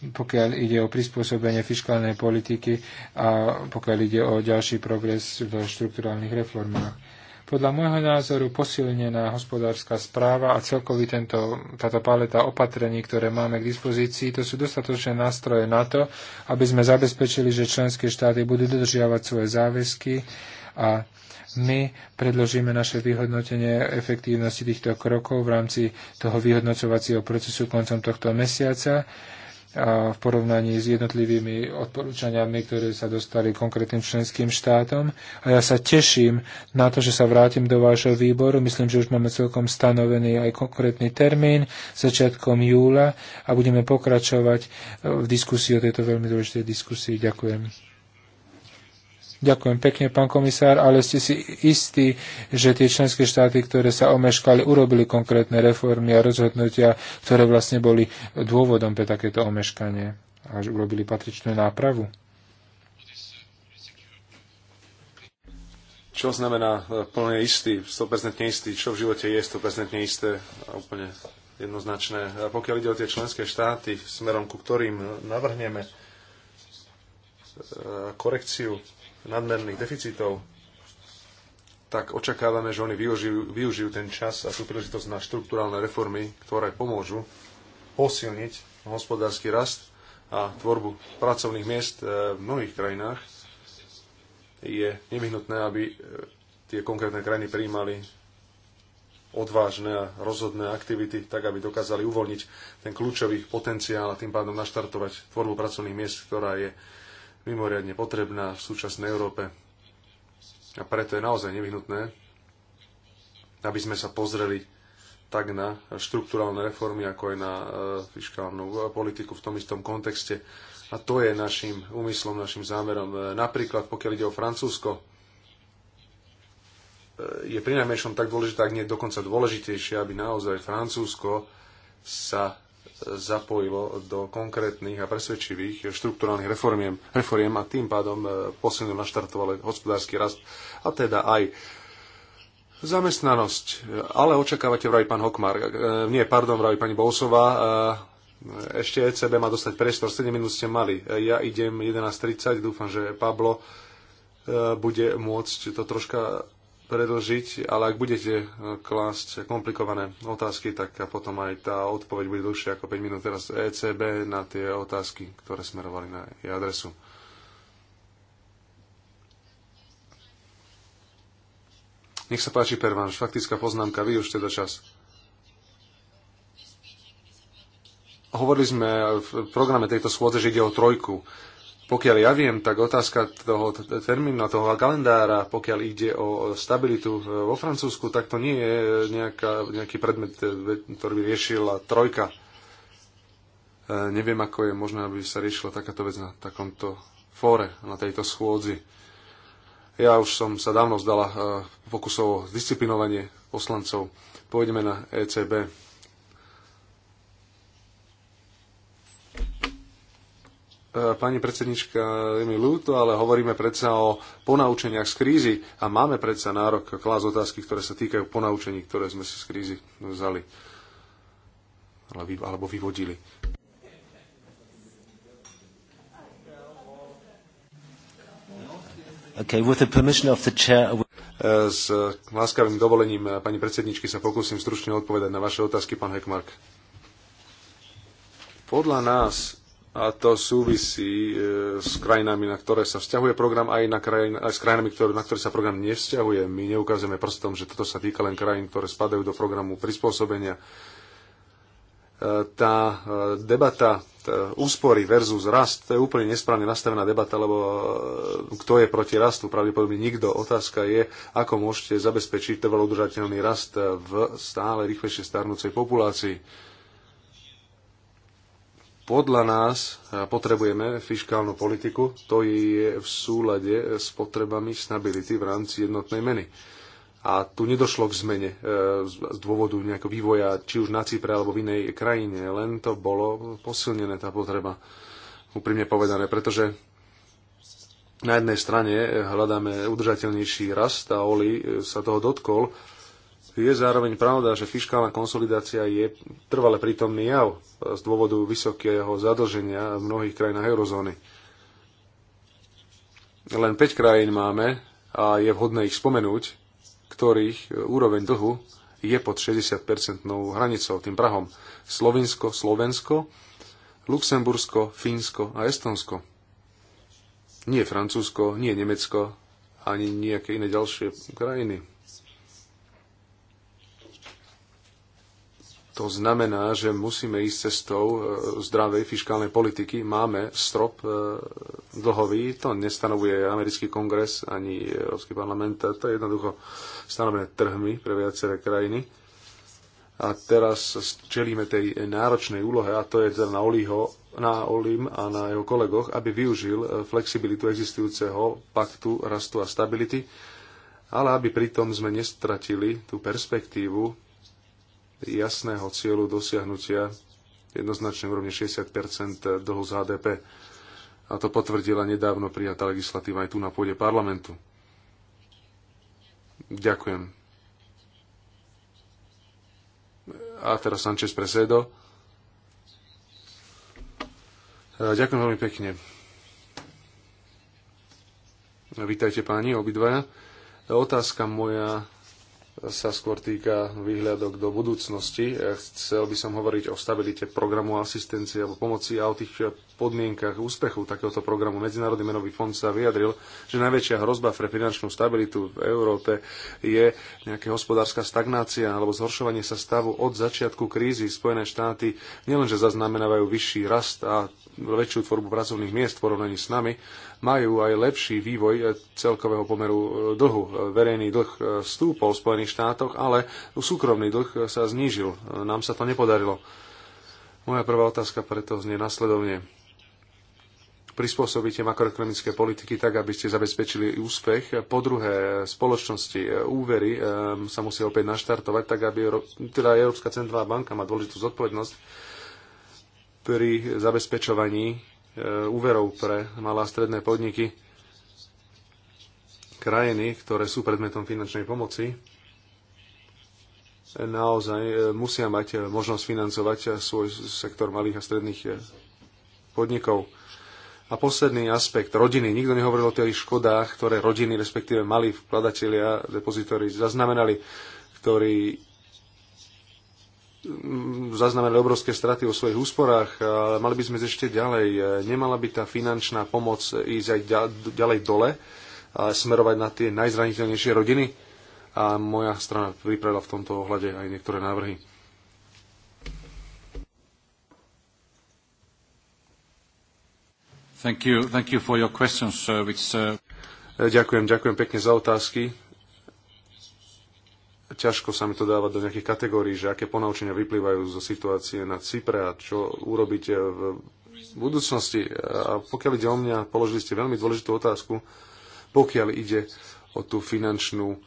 pokiaľ ide o prispôsobenie fiskálnej politiky a pokiaľ ide o ďalší progres v štruktúrálnych reformách. Podľa môjho názoru posilnená hospodárska správa a celkový tento, táto paleta opatrení, ktoré máme k dispozícii, to sú dostatočné nástroje na to, aby sme zabezpečili, že členské štáty budú dodržiavať svoje záväzky a my predložíme naše vyhodnotenie efektívnosti týchto krokov v rámci toho vyhodnocovacieho procesu koncom tohto mesiaca v porovnaní s jednotlivými odporúčaniami, ktoré sa dostali konkrétnym členským štátom. A ja sa teším na to, že sa vrátim do vášho výboru. Myslím, že už máme celkom stanovený aj konkrétny termín začiatkom júla a budeme pokračovať v diskusii o tejto veľmi dôležitej diskusii. Ďakujem. Ďakujem pekne, pán komisár, ale ste si istí, že tie členské štáty, ktoré sa omeškali, urobili konkrétne reformy a rozhodnutia, ktoré vlastne boli dôvodom pre takéto omeškanie a že urobili patričnú nápravu? Čo znamená e, plne istý, 100% istý? Čo v živote je 100% isté? A úplne jednoznačné. A pokiaľ ide o tie členské štáty, smerom ku ktorým e, navrhneme e, korekciu nadmerných deficitov, tak očakávame, že oni využijú, využijú ten čas a tú príležitosť na štruktúralne reformy, ktoré pomôžu posilniť hospodársky rast a tvorbu pracovných miest e, v mnohých krajinách. Je nevyhnutné, aby e, tie konkrétne krajiny prijímali odvážne a rozhodné aktivity, tak aby dokázali uvoľniť ten kľúčový potenciál a tým pádom naštartovať tvorbu pracovných miest, ktorá je mimoriadne potrebná v súčasnej Európe. A preto je naozaj nevyhnutné, aby sme sa pozreli tak na štruktúralne reformy, ako aj na e, fiskálnu e, politiku v tom istom kontexte. A to je našim úmyslom, našim zámerom. E, napríklad, pokiaľ ide o Francúzsko, je pri najmenšom tak dôležité, ak nie dokonca dôležitejšie, aby naozaj Francúzsko sa zapojilo do konkrétnych a presvedčivých štruktúrálnych reformiem, reformiem a tým pádom e, posilnil naštartovali hospodársky rast a teda aj zamestnanosť. Ale očakávate vraj pán Hokmar, e, nie, pardon, vraj pani Bousová, e, ešte ECB má dostať priestor, 7 minút ste mali. Ja idem 11.30, dúfam, že Pablo bude môcť to troška predlžiť, ale ak budete eh, klásť komplikované otázky, tak potom aj tá odpoveď bude dlhšia ako 5 minút teraz ECB na tie otázky, ktoré smerovali na jej adresu. Nech sa páči, Pervanš, faktická poznámka, vy už teda čas. Hovorili sme v programe tejto schôdze, že ide o trojku. Pokiaľ ja viem, tak otázka toho termínu, toho kalendára, pokiaľ ide o stabilitu e, vo Francúzsku, tak to nie je nejaká, nejaký predmet, e, ktorý by riešila trojka. E, neviem, ako je možné, aby sa riešila takáto vec na takomto fóre, na tejto schôdzi. Ja už som sa dávno vzdala pokusov o disciplinovanie poslancov. Pôjdeme na ECB. E, pani predsednička, je mi ľúto, ale hovoríme predsa o ponaučeniach z krízy a máme predsa nárok klásť otázky, ktoré sa týkajú ponaučení, ktoré sme si z krízy vzali alebo vyvodili. Okay, with the permission of the chair... E, s láskavým dovolením e, pani predsedničky sa pokúsim stručne odpovedať na vaše otázky, pán Hekmark. Podľa nás a to súvisí e, s krajinami, na ktoré sa vzťahuje program, aj, na krajin, aj s krajinami, ktoré, na ktoré sa program nevzťahuje. My neukazujeme prstom, že toto sa týka len krajín, ktoré spadajú do programu prispôsobenia. E, tá e, debata tá úspory versus rast, to je úplne nesprávne nastavená debata, lebo kto je proti rastu, pravdepodobne nikto. Otázka je, ako môžete zabezpečiť trvalo udržateľný rast v stále rýchlejšie starnúcej populácii podľa nás e, potrebujeme fiskálnu politiku, to je v súlade s potrebami stability v rámci jednotnej meny. A tu nedošlo k zmene e, z dôvodu nejakého vývoja, či už na Cypre alebo v inej krajine, len to bolo posilnené, tá potreba, úprimne povedané, pretože na jednej strane hľadáme udržateľnejší rast a Oli e, sa toho dotkol, je zároveň pravda, že fiskálna konsolidácia je trvale prítomný jav z dôvodu vysokého zadlženia v mnohých krajinách eurozóny. Len 5 krajín máme a je vhodné ich spomenúť, ktorých úroveň dlhu je pod 60-percentnou hranicou, tým prahom. Slovinsko, Slovensko, Luxembursko, Fínsko a Estonsko. Nie Francúzsko, nie Nemecko, ani nejaké iné ďalšie krajiny To znamená, že musíme ísť cestou e, zdravej fiskálnej politiky. Máme strop e, dlhový, to nestanovuje americký kongres ani Európsky parlament, to je jednoducho stanovené trhmi pre viaceré krajiny. A teraz čelíme tej náročnej úlohe, a to je teda na Oliho, na Olim a na jeho kolegoch, aby využil e, flexibilitu existujúceho paktu rastu a stability, ale aby pritom sme nestratili tú perspektívu jasného cieľu dosiahnutia jednoznačne úrovne 60 dlhu z HDP. A to potvrdila nedávno prijatá legislatíva aj tu na pôde parlamentu. Ďakujem. A teraz Sanchez Presedo. E, ďakujem veľmi pekne. Vítajte páni, obidvaja. E, otázka moja sa skôr týka výhľadok do budúcnosti. E, chcel by som hovoriť o stabilite programu asistencie alebo pomoci a o tých podmienkach úspechu takéhoto programu. Medzinárodný menový fond sa vyjadril, že najväčšia hrozba pre finančnú stabilitu v Európe je nejaká hospodárska stagnácia alebo zhoršovanie sa stavu od začiatku krízy. Spojené štáty nielenže zaznamenávajú vyšší rast a väčšiu tvorbu pracovných miest v porovnaní s nami, majú aj lepší vývoj celkového pomeru e, dlhu. E, verejný dlh e, stúpol v Spojených štátoch, ale súkromný dlh sa znížil. Nám sa to nepodarilo. Moja prvá otázka preto znie nasledovne. Prispôsobíte makroekonomické politiky tak, aby ste zabezpečili úspech. Po druhé, spoločnosti úvery sa musia opäť naštartovať, tak aby teda Európska centrálna banka má dôležitú zodpovednosť pri zabezpečovaní e, úverov pre malé a stredné podniky krajiny, ktoré sú predmetom finančnej pomoci, naozaj e, musia mať e, možnosť financovať svoj sektor malých a stredných podnikov. A posledný aspekt, rodiny. Nikto nehovoril o tých škodách, ktoré rodiny, respektíve malí vkladatelia, depozitóri zaznamenali, ktorí Mm, zaznamenali obrovské straty vo svojich úsporách, ale mali by sme ešte ďalej. E, nemala by tá finančná pomoc ísť aj ďalej dole a smerovať na tie najzraniteľnejšie rodiny? A moja strana pripravila v tomto ohľade aj niektoré návrhy. Thank you, thank you for your questions, sir, which, e, Ďakujem, ďakujem pekne za otázky ťažko sa mi to dávať do nejakých kategórií, že aké ponaučenia vyplývajú zo situácie na Cypre a čo urobíte v budúcnosti. A pokiaľ ide o mňa, položili ste veľmi dôležitú otázku, pokiaľ ide o tú finančnú,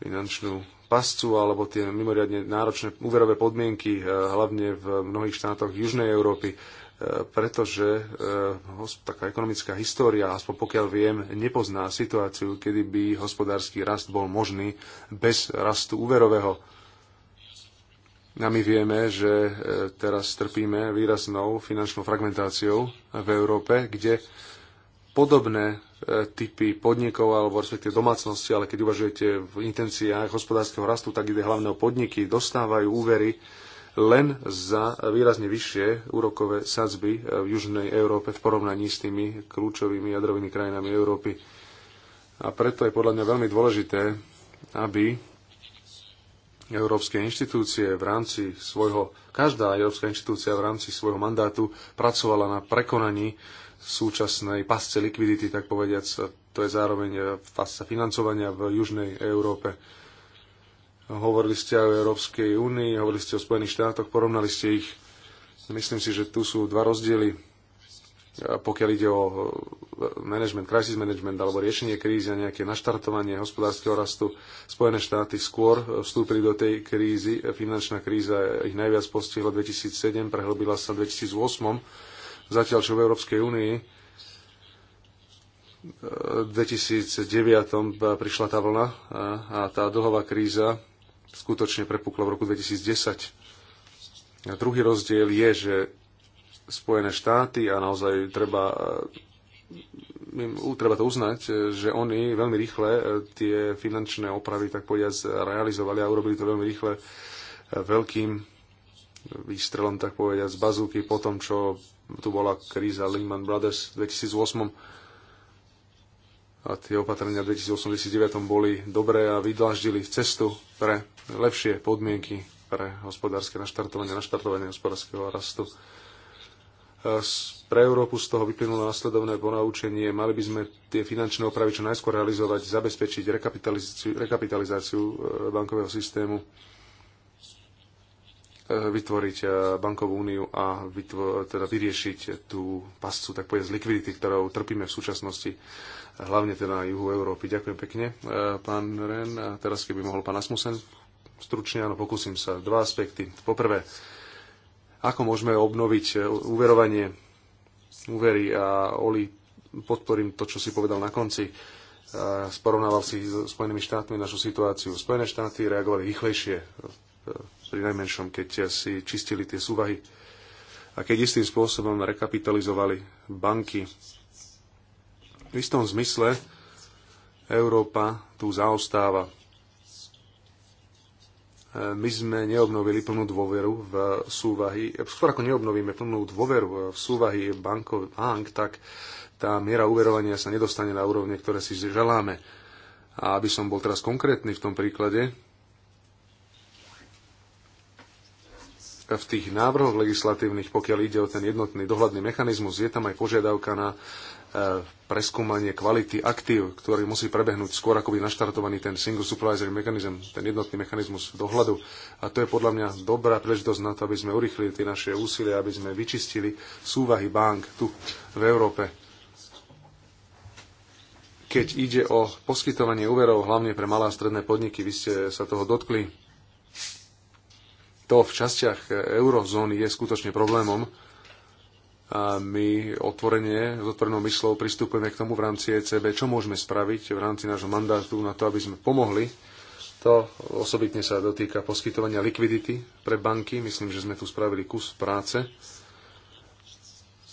finančnú pascu alebo tie mimoriadne náročné úverové podmienky, eh, hlavne v mnohých štátoch Južnej Európy pretože e, taká ekonomická história, aspoň pokiaľ viem, nepozná situáciu, kedy by hospodársky rast bol možný bez rastu úverového. A my vieme, že e, teraz trpíme výraznou finančnou fragmentáciou v Európe, kde podobné e, typy podnikov alebo respektíve domácnosti, ale keď uvažujete v intenciách hospodárskeho rastu, tak ide hlavne o podniky, dostávajú úvery len za výrazne vyššie úrokové sadzby v južnej Európe v porovnaní s tými kľúčovými jadrovými krajinami Európy. A preto je podľa mňa veľmi dôležité, aby európske inštitúcie v rámci svojho, každá európska inštitúcia v rámci svojho mandátu pracovala na prekonaní súčasnej pasce likvidity, tak povediac, to je zároveň pasca financovania v južnej Európe Hovorili ste aj o Európskej únii, hovorili ste o Spojených štátoch, porovnali ste ich. Myslím si, že tu sú dva rozdiely, pokiaľ ide o e, management, crisis management alebo riešenie krízy a nejaké naštartovanie hospodárskeho rastu. Spojené štáty skôr e, vstúpili do tej krízy, e, finančná kríza ich najviac postihla 2007, prehlbila sa 2008, zatiaľ čo v Európskej únii 2009 prišla tá vlna a tá dlhová kríza skutočne prepuklo v roku 2010. A druhý rozdiel je, že Spojené štáty, a naozaj treba, eh, treba to uznať, eh, že oni veľmi rýchle eh, tie finančné opravy, tak povediať, realizovali a urobili to veľmi rýchle veľkým výstrelom, tak povediať, z bazúky po tom, čo tu bola kríza Lehman Brothers v 2008 a tie opatrenia v 2089 boli dobré a vydláždili cestu pre lepšie podmienky pre hospodárske naštartovanie, naštartovanie hospodárskeho rastu. Pre Európu z toho vyplynulo následovné ponaučenie. Mali by sme tie finančné opravy čo najskôr realizovať, zabezpečiť rekapitalizáciu, rekapitalizáciu bankového systému, e, vytvoriť e, bankovú úniu a vytvo- teda vyriešiť tú pascu, tak povedať, z likvidity, ktorou trpíme v súčasnosti hlavne teda na juhu Európy. Ďakujem pekne, e, pán Ren. A teraz, keby mohol pán Asmusen, stručne, áno, pokúsim sa. Dva aspekty. Poprvé, ako môžeme obnoviť uverovanie e, úvery a Oli, podporím to, čo si povedal na konci. Sporovnával e, si s Spojenými štátmi našu situáciu. Spojené štáty reagovali rýchlejšie, pri najmenšom, keď si čistili tie súvahy a keď istým spôsobom rekapitalizovali banky v istom zmysle Európa tu zaostáva. E, my sme neobnovili plnú dôveru v súvahy, e, skôr ako neobnovíme plnú dôveru v súvahy bankov, bank, tak tá miera uverovania sa nedostane na úrovne, ktoré si želáme. A aby som bol teraz konkrétny v tom príklade, v tých návrhoch legislatívnych, pokiaľ ide o ten jednotný dohľadný mechanizmus, je tam aj požiadavka na preskúmanie kvality aktív, ktorý musí prebehnúť skôr, ako by naštartovaný ten single supervisory mechanism, ten jednotný mechanizmus dohľadu. A to je podľa mňa dobrá príležitosť na to, aby sme urychlili tie naše úsilie, aby sme vyčistili súvahy bank tu v Európe. Keď ide o poskytovanie úverov, hlavne pre malé a stredné podniky, vy ste sa toho dotkli, to v častiach eurozóny je skutočne problémom a my otvorene, s otvorenou myslou pristupujeme k tomu v rámci ECB, čo môžeme spraviť v rámci nášho mandátu na to, aby sme pomohli. To osobitne sa dotýka poskytovania likvidity pre banky. Myslím, že sme tu spravili kus práce.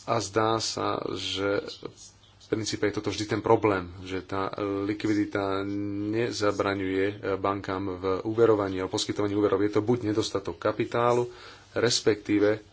A zdá sa, že v princípe je toto vždy ten problém, že tá likvidita nezabraňuje bankám v úverovaní a poskytovaní úverov. Je to buď nedostatok kapitálu, respektíve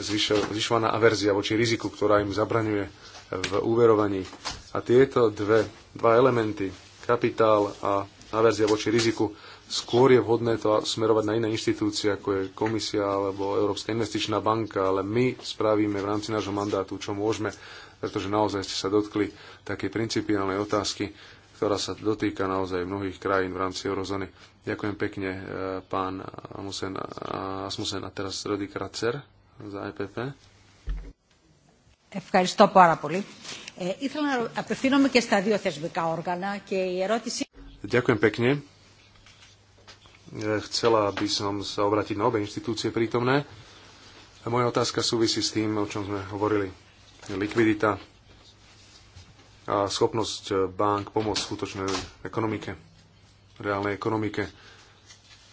zvyšovaná averzia voči riziku, ktorá im zabraňuje v úverovaní. A tieto dve, dva elementy, kapitál a averzia voči riziku, skôr je vhodné to smerovať na iné inštitúcie, ako je komisia alebo Európska investičná banka, ale my spravíme v rámci nášho mandátu, čo môžeme, pretože naozaj ste sa dotkli také principiálnej otázky, ktorá sa dotýka naozaj mnohých krajín v rámci eurozóny. Ďakujem pekne, eh, pán eh, Asmusen a teraz Rodi Kracer za EPP. Ευχαριστώ πάρα πολύ. Ε, ήθελα να απευθύνομαι και στα δύο θεσμικά όργανα και η ερώτηση... Ďakujem pekne. Chcela by som sa obrátiť na obe inštitúcie prítomné. moja otázka súvisí s tým, o čom sme hovorili. Likvidita a schopnosť bank pomôcť skutočnej ekonomike, reálnej ekonomike.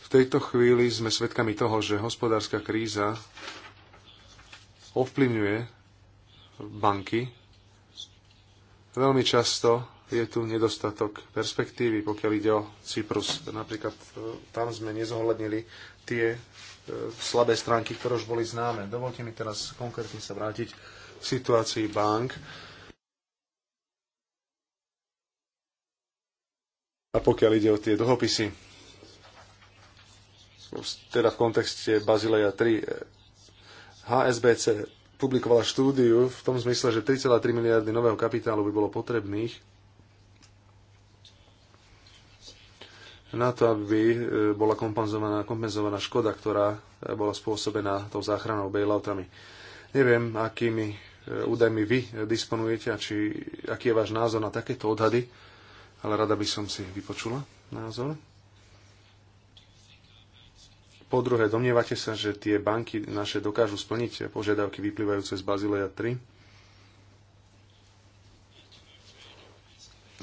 V tejto chvíli sme svedkami toho, že hospodárska kríza ovplyvňuje banky. Veľmi často je tu nedostatok perspektívy, pokiaľ ide o Cyprus. Napríklad e, tam sme nezohľadnili tie e, slabé stránky, ktoré už boli známe. Dovolte mi teraz konkrétne sa vrátiť k situácii bank. A pokiaľ ide o tie dlhopisy, teda v kontexte Bazileja 3 HSBC publikovala štúdiu v tom zmysle, že 3,3 miliardy nového kapitálu by bolo potrebných na to, aby e, bola kompenzovaná, kompenzovaná škoda, ktorá e, bola spôsobená tou záchranou bailoutami. Neviem, akými e, údajmi vy disponujete a či, aký je váš názor na takéto odhady, ale rada by som si vypočula názor. Po druhé, domnievate sa, že tie banky naše dokážu splniť požiadavky vyplývajúce z Bazileja 3?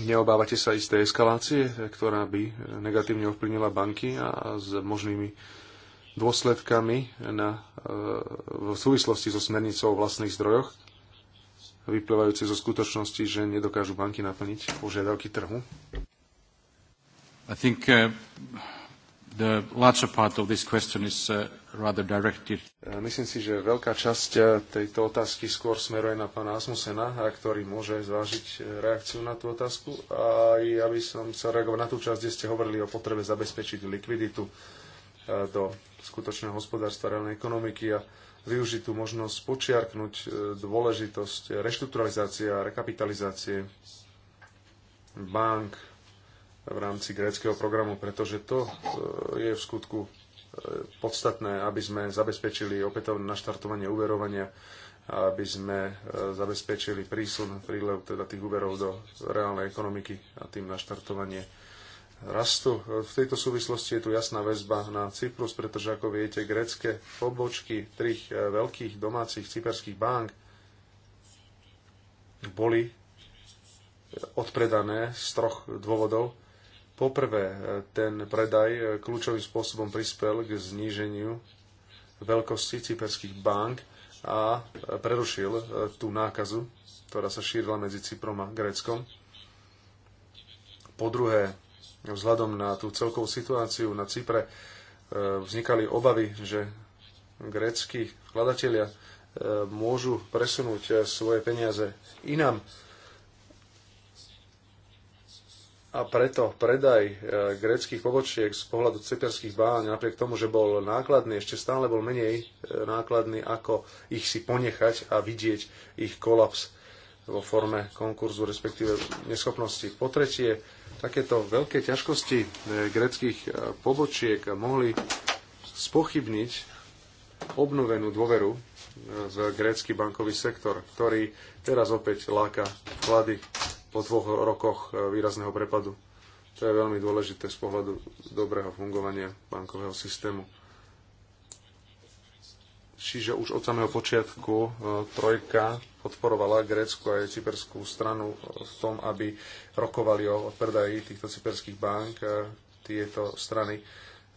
Neobávate sa isté eskalácie, ktorá by negatívne ovplyvnila banky a s možnými dôsledkami na, e, v súvislosti so smernicou o vlastných zdrojoch, vyplývajúce zo skutočnosti, že nedokážu banky naplniť požiadavky trhu? I think, uh... The larger part of this question is uh, rather directed. Myslím si, že veľká časť uh, tejto otázky skôr smeruje na pána Asmusena, ktorý môže zvážiť uh, reakciu na tú otázku. A ja by som chcel reagovať na tú časť, kde ste hovorili o potrebe zabezpečiť likviditu do skutočného hospodárstva reálnej ekonomiky a využiť tú možnosť počiarknúť dôležitosť reštrukturalizácie a rekapitalizácie bank, v rámci gréckého programu, pretože to e, je v skutku e, podstatné, aby sme zabezpečili opätovné naštartovanie uverovania, aby sme e, zabezpečili prísun, prílev teda tých úverov do reálnej ekonomiky a tým naštartovanie rastu. V tejto súvislosti je tu jasná väzba na Cyprus, pretože ako viete, grecké pobočky trých veľkých domácich cyperských bank boli odpredané z troch dôvodov Poprvé, e, ten predaj e, kľúčovým spôsobom prispel k zníženiu veľkosti cyperských bank a e, prerušil tú nákazu, ktorá sa šírila medzi Cyprom a Gréckom. Po druhé, vzhľadom na tú celkovú situáciu na Cypre vznikali obavy, že gréckí vkladatelia môžu presunúť svoje peniaze inám a preto predaj e, gréckých pobočiek z pohľadu cyperských bán, napriek tomu, že bol nákladný, ešte stále bol menej e, nákladný, ako ich si ponechať a vidieť ich kolaps vo forme konkurzu, respektíve neschopnosti. Po tretie, takéto veľké ťažkosti e, greckých pobočiek mohli spochybniť obnovenú dôveru v grécky bankový sektor, ktorý teraz opäť láka vklady po dvoch rokoch e, výrazného prepadu. To je veľmi dôležité z pohľadu dobrého fungovania bankového systému. Čiže už od samého počiatku e, Trojka podporovala grécku aj cyperskú stranu e, v tom, aby rokovali o predaji týchto cyperských bank. Tieto strany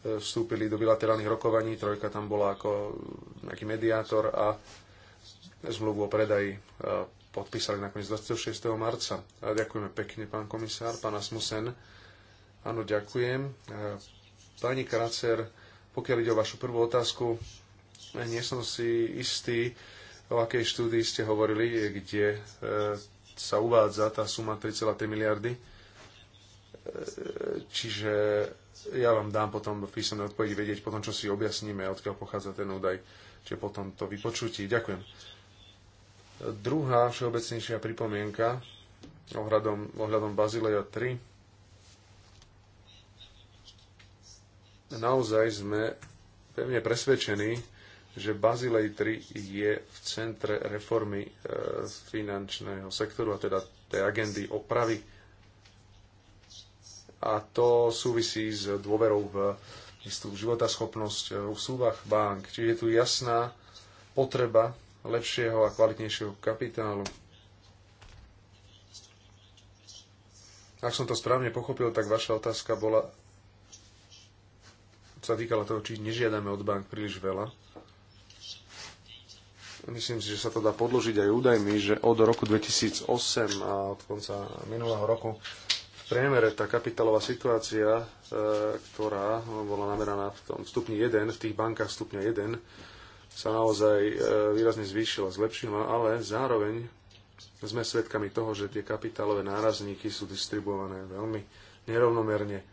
vstúpili do bilaterálnych rokovaní. Trojka tam bola ako nejaký mediátor a zmluvu o predaji podpísali nakoniec 26. marca. A ďakujeme pekne, pán komisár, pán Asmusen. Áno, ďakujem. Pani Kracer, pokiaľ ide o vašu prvú otázku, nie som si istý, o akej štúdii ste hovorili, kde e, sa uvádza tá suma 3,3 miliardy. E, čiže ja vám dám potom v písomnej odpovedi vedieť, potom čo si objasníme, odkiaľ pochádza ten údaj, čiže potom to vypočutí. Ďakujem. Druhá všeobecnejšia pripomienka ohľadom, ohľadom Bazileja 3. Naozaj sme pevne presvedčení, že Bazilej 3 je v centre reformy e, finančného sektoru, a teda tej agendy opravy. A to súvisí s dôverou v istú životaschopnosť v súvach bank. Čiže je tu jasná potreba lepšieho a kvalitnejšieho kapitálu. Ak som to správne pochopil, tak vaša otázka bola, sa týkala toho, či nežiadame od bank príliš veľa. Myslím si, že sa to dá podložiť aj údajmi, že od roku 2008 a od konca minulého roku v priemere tá kapitálová situácia, e, ktorá bola nameraná v tom stupni 1, v tých bankách stupňa 1, sa naozaj e, výrazne zvýšila, zlepšila, ale zároveň sme svedkami toho, že tie kapitálové nárazníky sú distribuované veľmi nerovnomerne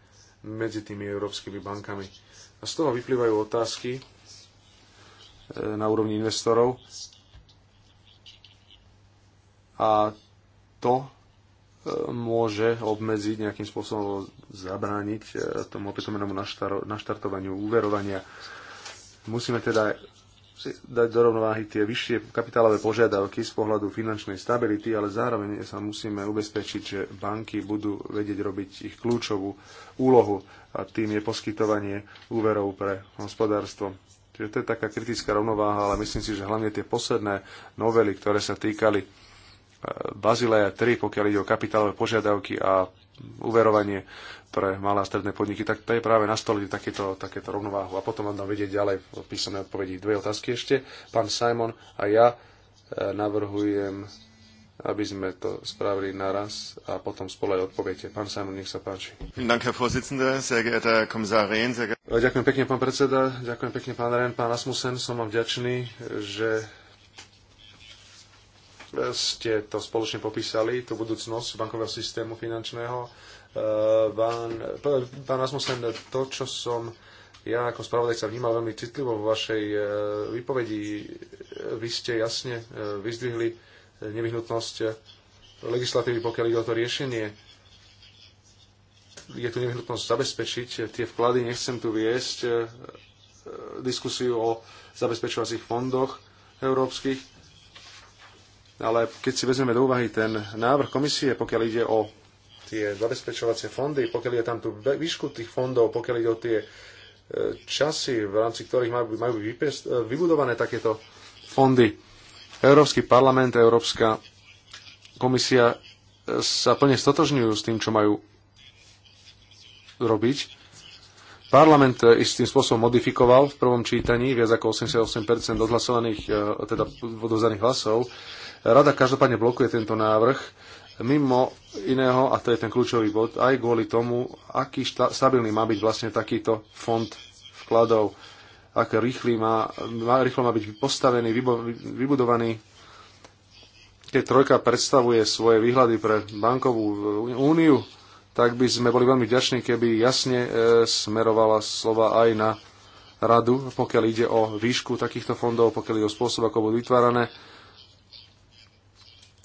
medzi tými európskymi bankami. A z toho vyplývajú otázky e, na úrovni investorov a to e, môže obmedziť nejakým spôsobom zabrániť tomu opätovnému naštartovaniu úverovania. Musíme teda si dať do rovnováhy tie vyššie kapitálové požiadavky z pohľadu finančnej stability, ale zároveň sa musíme ubezpečiť, že banky budú vedieť robiť ich kľúčovú úlohu a tým je poskytovanie úverov pre hospodárstvo. Čiže to je taká kritická rovnováha, ale myslím si, že hlavne tie posledné novely, ktoré sa týkali eh, Bazileja 3, pokiaľ ide o kapitálové požiadavky a uverovanie pre malé a stredné podniky, tak to je práve nastoliť takéto, takéto rovnováhu. A potom vám dám vedieť ďalej v písomnej odpovedi dve otázky ešte. Pán Simon a ja e, navrhujem, aby sme to spravili naraz a potom spolu aj odpoviete. Pán Simon, nech sa páči. Ďakujem pekne, pán predseda, ďakujem pekne, pán Ren, pán Asmusen, som vám vďačný, že ste to spoločne popísali, tú budúcnosť bankového systému finančného. E, pán, pán Rasmussen, to, čo som ja ako spravodajca vnímal veľmi citlivo vo vašej e, výpovedi, e, vy ste jasne vyzdvihli nevyhnutnosť legislatívy, pokiaľ ide o to riešenie je tu nevyhnutnosť zabezpečiť tie vklady. Nechcem tu viesť diskusiu o zabezpečovacích fondoch európskych ale keď si vezmeme do úvahy ten návrh komisie, pokiaľ ide o tie zabezpečovacie fondy, pokiaľ je tam tú výšku tých fondov, pokiaľ ide o tie e, časy, v rámci ktorých majú, majú e, vybudované takéto fondy. Európsky parlament, Európska komisia e, sa plne stotožňujú s tým, čo majú robiť. Parlament istým spôsobom modifikoval v prvom čítaní viac ako 88% odhlasovaných, teda odovzdaných hlasov. Rada každopádne blokuje tento návrh mimo iného, a to je ten kľúčový bod, aj kvôli tomu, aký šta- stabilný má byť vlastne takýto fond vkladov, ak rýchly má, má, rýchlo má byť postavený, vybo- vybudovaný. Keď trojka predstavuje svoje výhľady pre bankovú úniu, tak by sme boli veľmi vďační, keby jasne e, smerovala slova aj na radu, pokiaľ ide o výšku takýchto fondov, pokiaľ ide o spôsob, ako budú vytvárané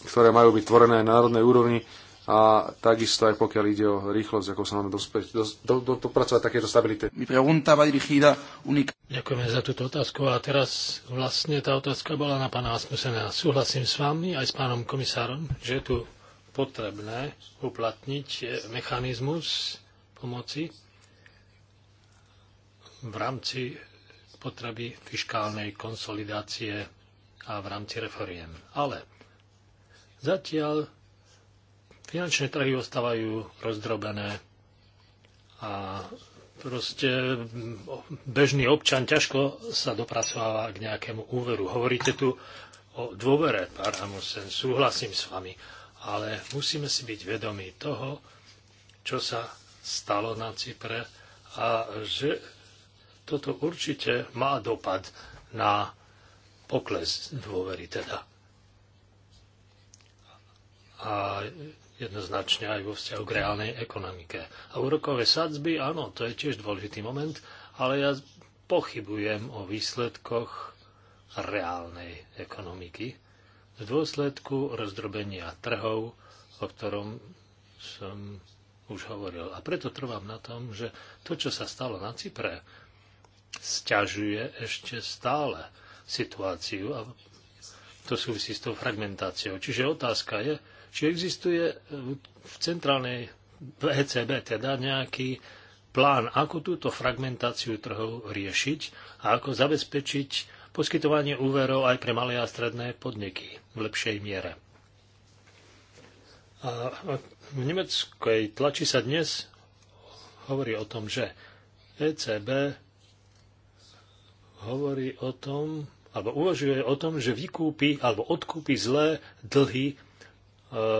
ktoré majú byť tvorené aj na národnej úrovni a takisto aj pokiaľ ide o rýchlosť, ako sa máme dospäť, do, do, do, dopracovať takéto stability. Ďakujeme za túto otázku a teraz vlastne tá otázka bola na pána Asmusena. Súhlasím s vami aj s pánom komisárom, že je tu potrebné uplatniť mechanizmus pomoci v rámci potreby fiskálnej konsolidácie a v rámci reforiem. Ale Zatiaľ finančné trhy ostávajú rozdrobené a proste bežný občan ťažko sa dopracováva k nejakému úveru. Hovoríte tu o dôvere, pán Amusen, súhlasím s vami, ale musíme si byť vedomí toho, čo sa stalo na Cypre a že toto určite má dopad na pokles dôvery teda a jednoznačne aj vo vzťahu k reálnej ekonomike. A úrokové sadzby, áno, to je tiež dôležitý moment, ale ja pochybujem o výsledkoch reálnej ekonomiky v dôsledku rozdrobenia trhov, o ktorom som už hovoril. A preto trvám na tom, že to, čo sa stalo na Cypre, sťažuje ešte stále situáciu a to súvisí s tou fragmentáciou. Čiže otázka je, či existuje eh, v centrálnej v ECB teda nejaký plán, ako túto fragmentáciu trhov riešiť a ako zabezpečiť poskytovanie úverov aj pre malé a stredné podniky v lepšej miere. A v nemeckej tlači sa dnes hovorí o tom, že ECB hovorí o tom, alebo uvažuje o tom, že vykúpi alebo odkúpi zlé dlhy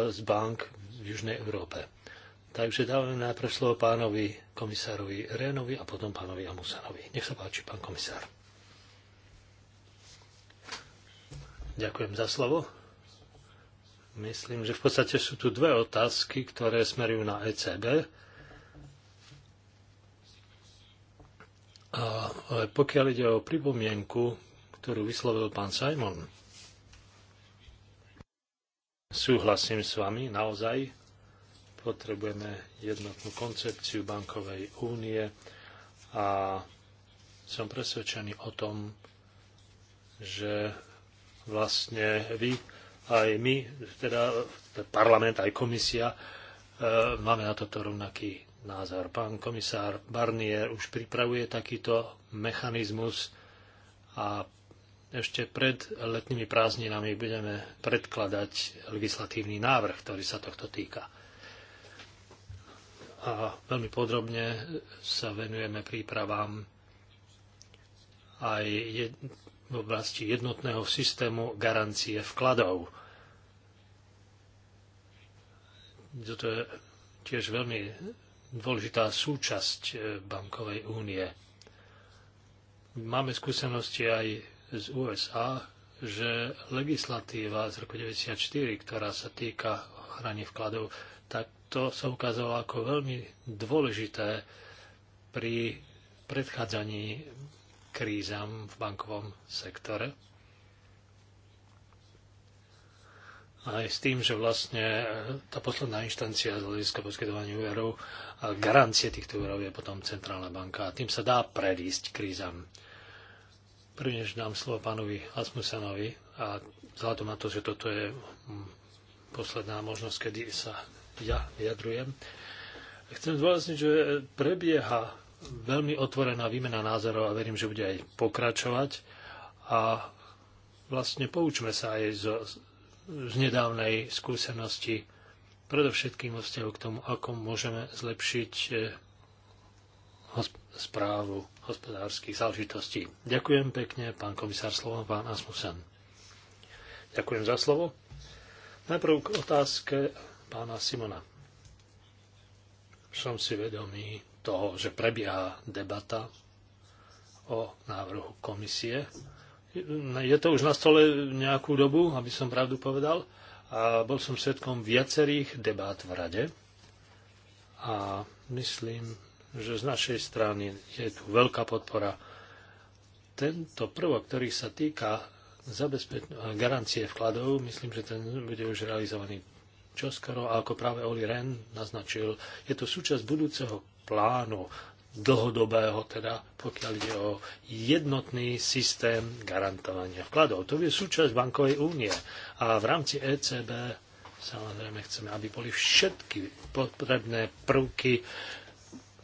z bank v Južnej Európe. Takže dávame najprv slovo pánovi komisárovi Rénovi a potom pánovi Amusanovi. Nech sa páči, pán komisár. Ďakujem za slovo. Myslím, že v podstate sú tu dve otázky, ktoré smerujú na ECB. A, pokiaľ ide o pripomienku, ktorú vyslovil pán Simon, Súhlasím s vami, naozaj potrebujeme jednotnú koncepciu bankovej únie a som presvedčený o tom, že vlastne vy, aj my, teda parlament, aj komisia, e, máme na toto rovnaký názor. Pán komisár Barnier už pripravuje takýto mechanizmus a ešte pred letnými prázdninami budeme predkladať legislatívny návrh, ktorý sa tohto týka. A veľmi podrobne sa venujeme prípravám aj v oblasti jednotného systému garancie vkladov. Toto je tiež veľmi dôležitá súčasť eh, bankovej únie. Máme skúsenosti aj z USA, že legislatíva z roku 1994, ktorá sa týka ochrany vkladov, tak to sa ukázalo ako veľmi dôležité pri predchádzaní krízam v bankovom sektore. Aj s tým, že vlastne tá posledná inštancia z hľadiska poskytovania úverov, a garancie týchto úverov je potom Centrálna banka. A tým sa dá predísť krízam. Prvnež dám slovo pánovi Asmusenovi a vzhľadom na to, že toto je mm, posledná možnosť, kedy sa ja vyjadrujem. Chcem zdôrazniť, že prebieha veľmi otvorená výmena názorov a verím, že bude aj pokračovať. A vlastne poučme sa aj zo, z nedávnej skúsenosti, predovšetkým vo vzťahu k tomu, ako môžeme zlepšiť eh, správu hospodárskych záležitostí. Ďakujem pekne, pán komisár Slovan, pán Asmusen. Ďakujem za slovo. Najprv k otázke pána Simona. Som si vedomý toho, že prebieha debata o návrhu komisie. Je to už na stole nejakú dobu, aby som pravdu povedal, a bol som svetkom viacerých debát v rade a myslím, že z našej strany je tu veľká podpora. Tento prvok, ktorý sa týka zabezpeč- garancie vkladov, myslím, že ten bude už realizovaný čoskoro, a ako práve Oli Ren naznačil, je to súčasť budúceho plánu, dlhodobého teda, pokiaľ ide o jednotný systém garantovania vkladov. To je súčasť bankovej únie a v rámci ECB samozrejme chceme, aby boli všetky potrebné prvky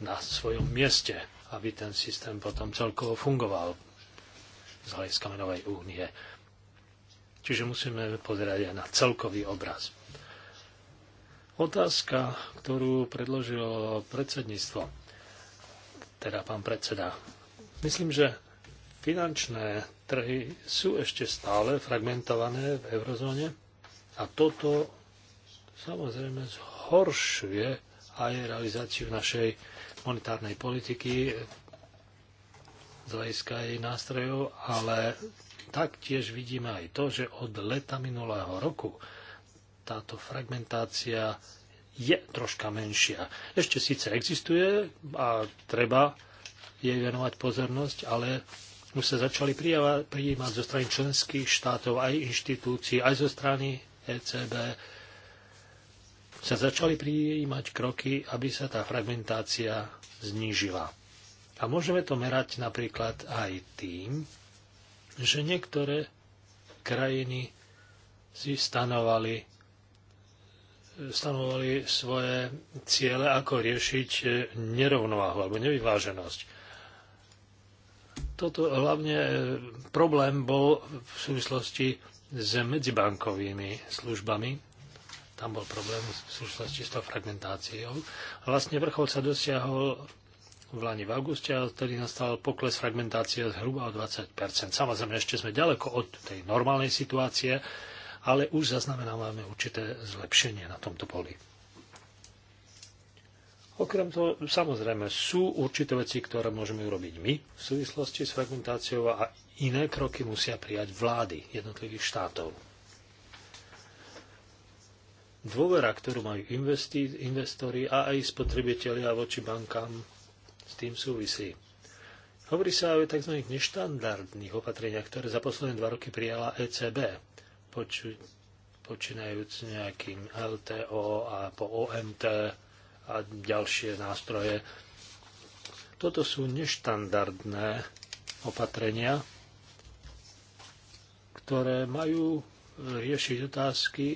na svojom mieste, aby ten systém potom celkovo fungoval z hľadiska menovej únie. Čiže musíme pozerať aj na celkový obraz. Otázka, ktorú predložilo predsedníctvo, teda pán predseda. Myslím, že finančné trhy sú ešte stále fragmentované v eurozóne a toto samozrejme zhoršuje aj realizáciu našej monetárnej politiky z hľadiska jej nástrojov, ale taktiež vidíme aj to, že od leta minulého roku táto fragmentácia je troška menšia. Ešte síce existuje a treba jej venovať pozornosť, ale už sa začali prijímať zo strany členských štátov, aj inštitúcií, aj zo strany ECB, sa začali prijímať kroky, aby sa tá fragmentácia znížila. A môžeme to merať napríklad aj tým, že niektoré krajiny si stanovali, stanovali svoje ciele, ako riešiť nerovnováhu alebo nevyváženosť. Toto hlavne problém bol v súvislosti s medzibankovými službami, tam bol problém v súvislosti s tou fragmentáciou. Vlastne vrchol sa dosiahol v Lani v auguste a vtedy nastal pokles fragmentácie zhruba o 20 Samozrejme, ešte sme ďaleko od tej normálnej situácie, ale už zaznamenávame určité zlepšenie na tomto poli. Okrem toho, samozrejme, sú určité veci, ktoré môžeme urobiť my v súvislosti s fragmentáciou a iné kroky musia prijať vlády jednotlivých štátov dôvera, ktorú majú investi, investori a aj spotrebitelia voči bankám, s tým súvisí. Hovorí sa aj o tzv. neštandardných opatreniach, ktoré za posledné dva roky prijala ECB, poču, počínajúc nejakým LTO a po OMT a ďalšie nástroje. Toto sú neštandardné opatrenia, ktoré majú riešiť otázky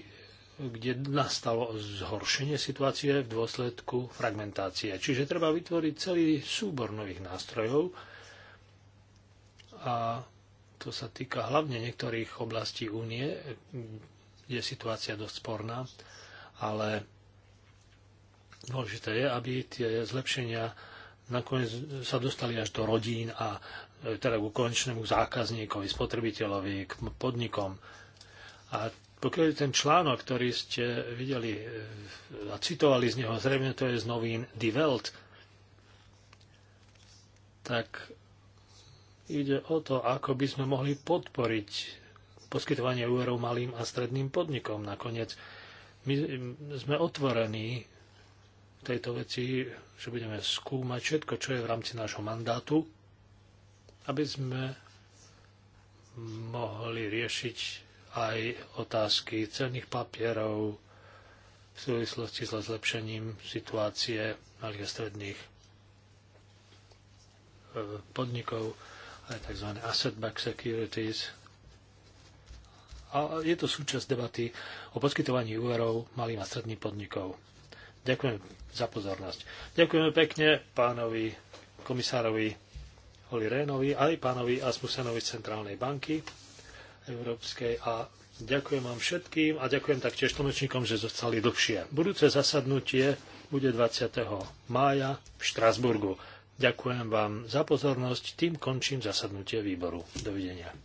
kde nastalo zhoršenie situácie v dôsledku fragmentácie. Čiže treba vytvoriť celý súbor nových nástrojov a to sa týka hlavne niektorých oblastí únie, kde je situácia dosť sporná, ale dôležité je, aby tie zlepšenia nakoniec sa dostali až do rodín a e, teda ku konečnému zákazníkovi, spotrebiteľovi, k podnikom. A pokiaľ je ten článok, ktorý ste videli e, a citovali z neho, zrejme to je z novín Die Welt, tak ide o to, ako by sme mohli podporiť poskytovanie úverov malým a stredným podnikom. Nakoniec my sme otvorení v tejto veci, že budeme skúmať všetko, čo je v rámci nášho mandátu, aby sme mohli riešiť aj otázky cenných papierov v súvislosti so zlepšením situácie malých a stredných e, podnikov, aj tzv. asset-backed securities. A je to súčasť debaty o poskytovaní úverov malým a stredným podnikov. Ďakujem za pozornosť. Ďakujeme pekne pánovi komisárovi Oli Rénovi aj pánovi Asmusenovi z Centrálnej banky. Európskej a ďakujem vám všetkým a ďakujem taktiež tlmečníkom, že zostali dlhšie. Budúce zasadnutie bude 20. mája v Štrasburgu. Ďakujem vám za pozornosť, tým končím zasadnutie výboru. Dovidenia.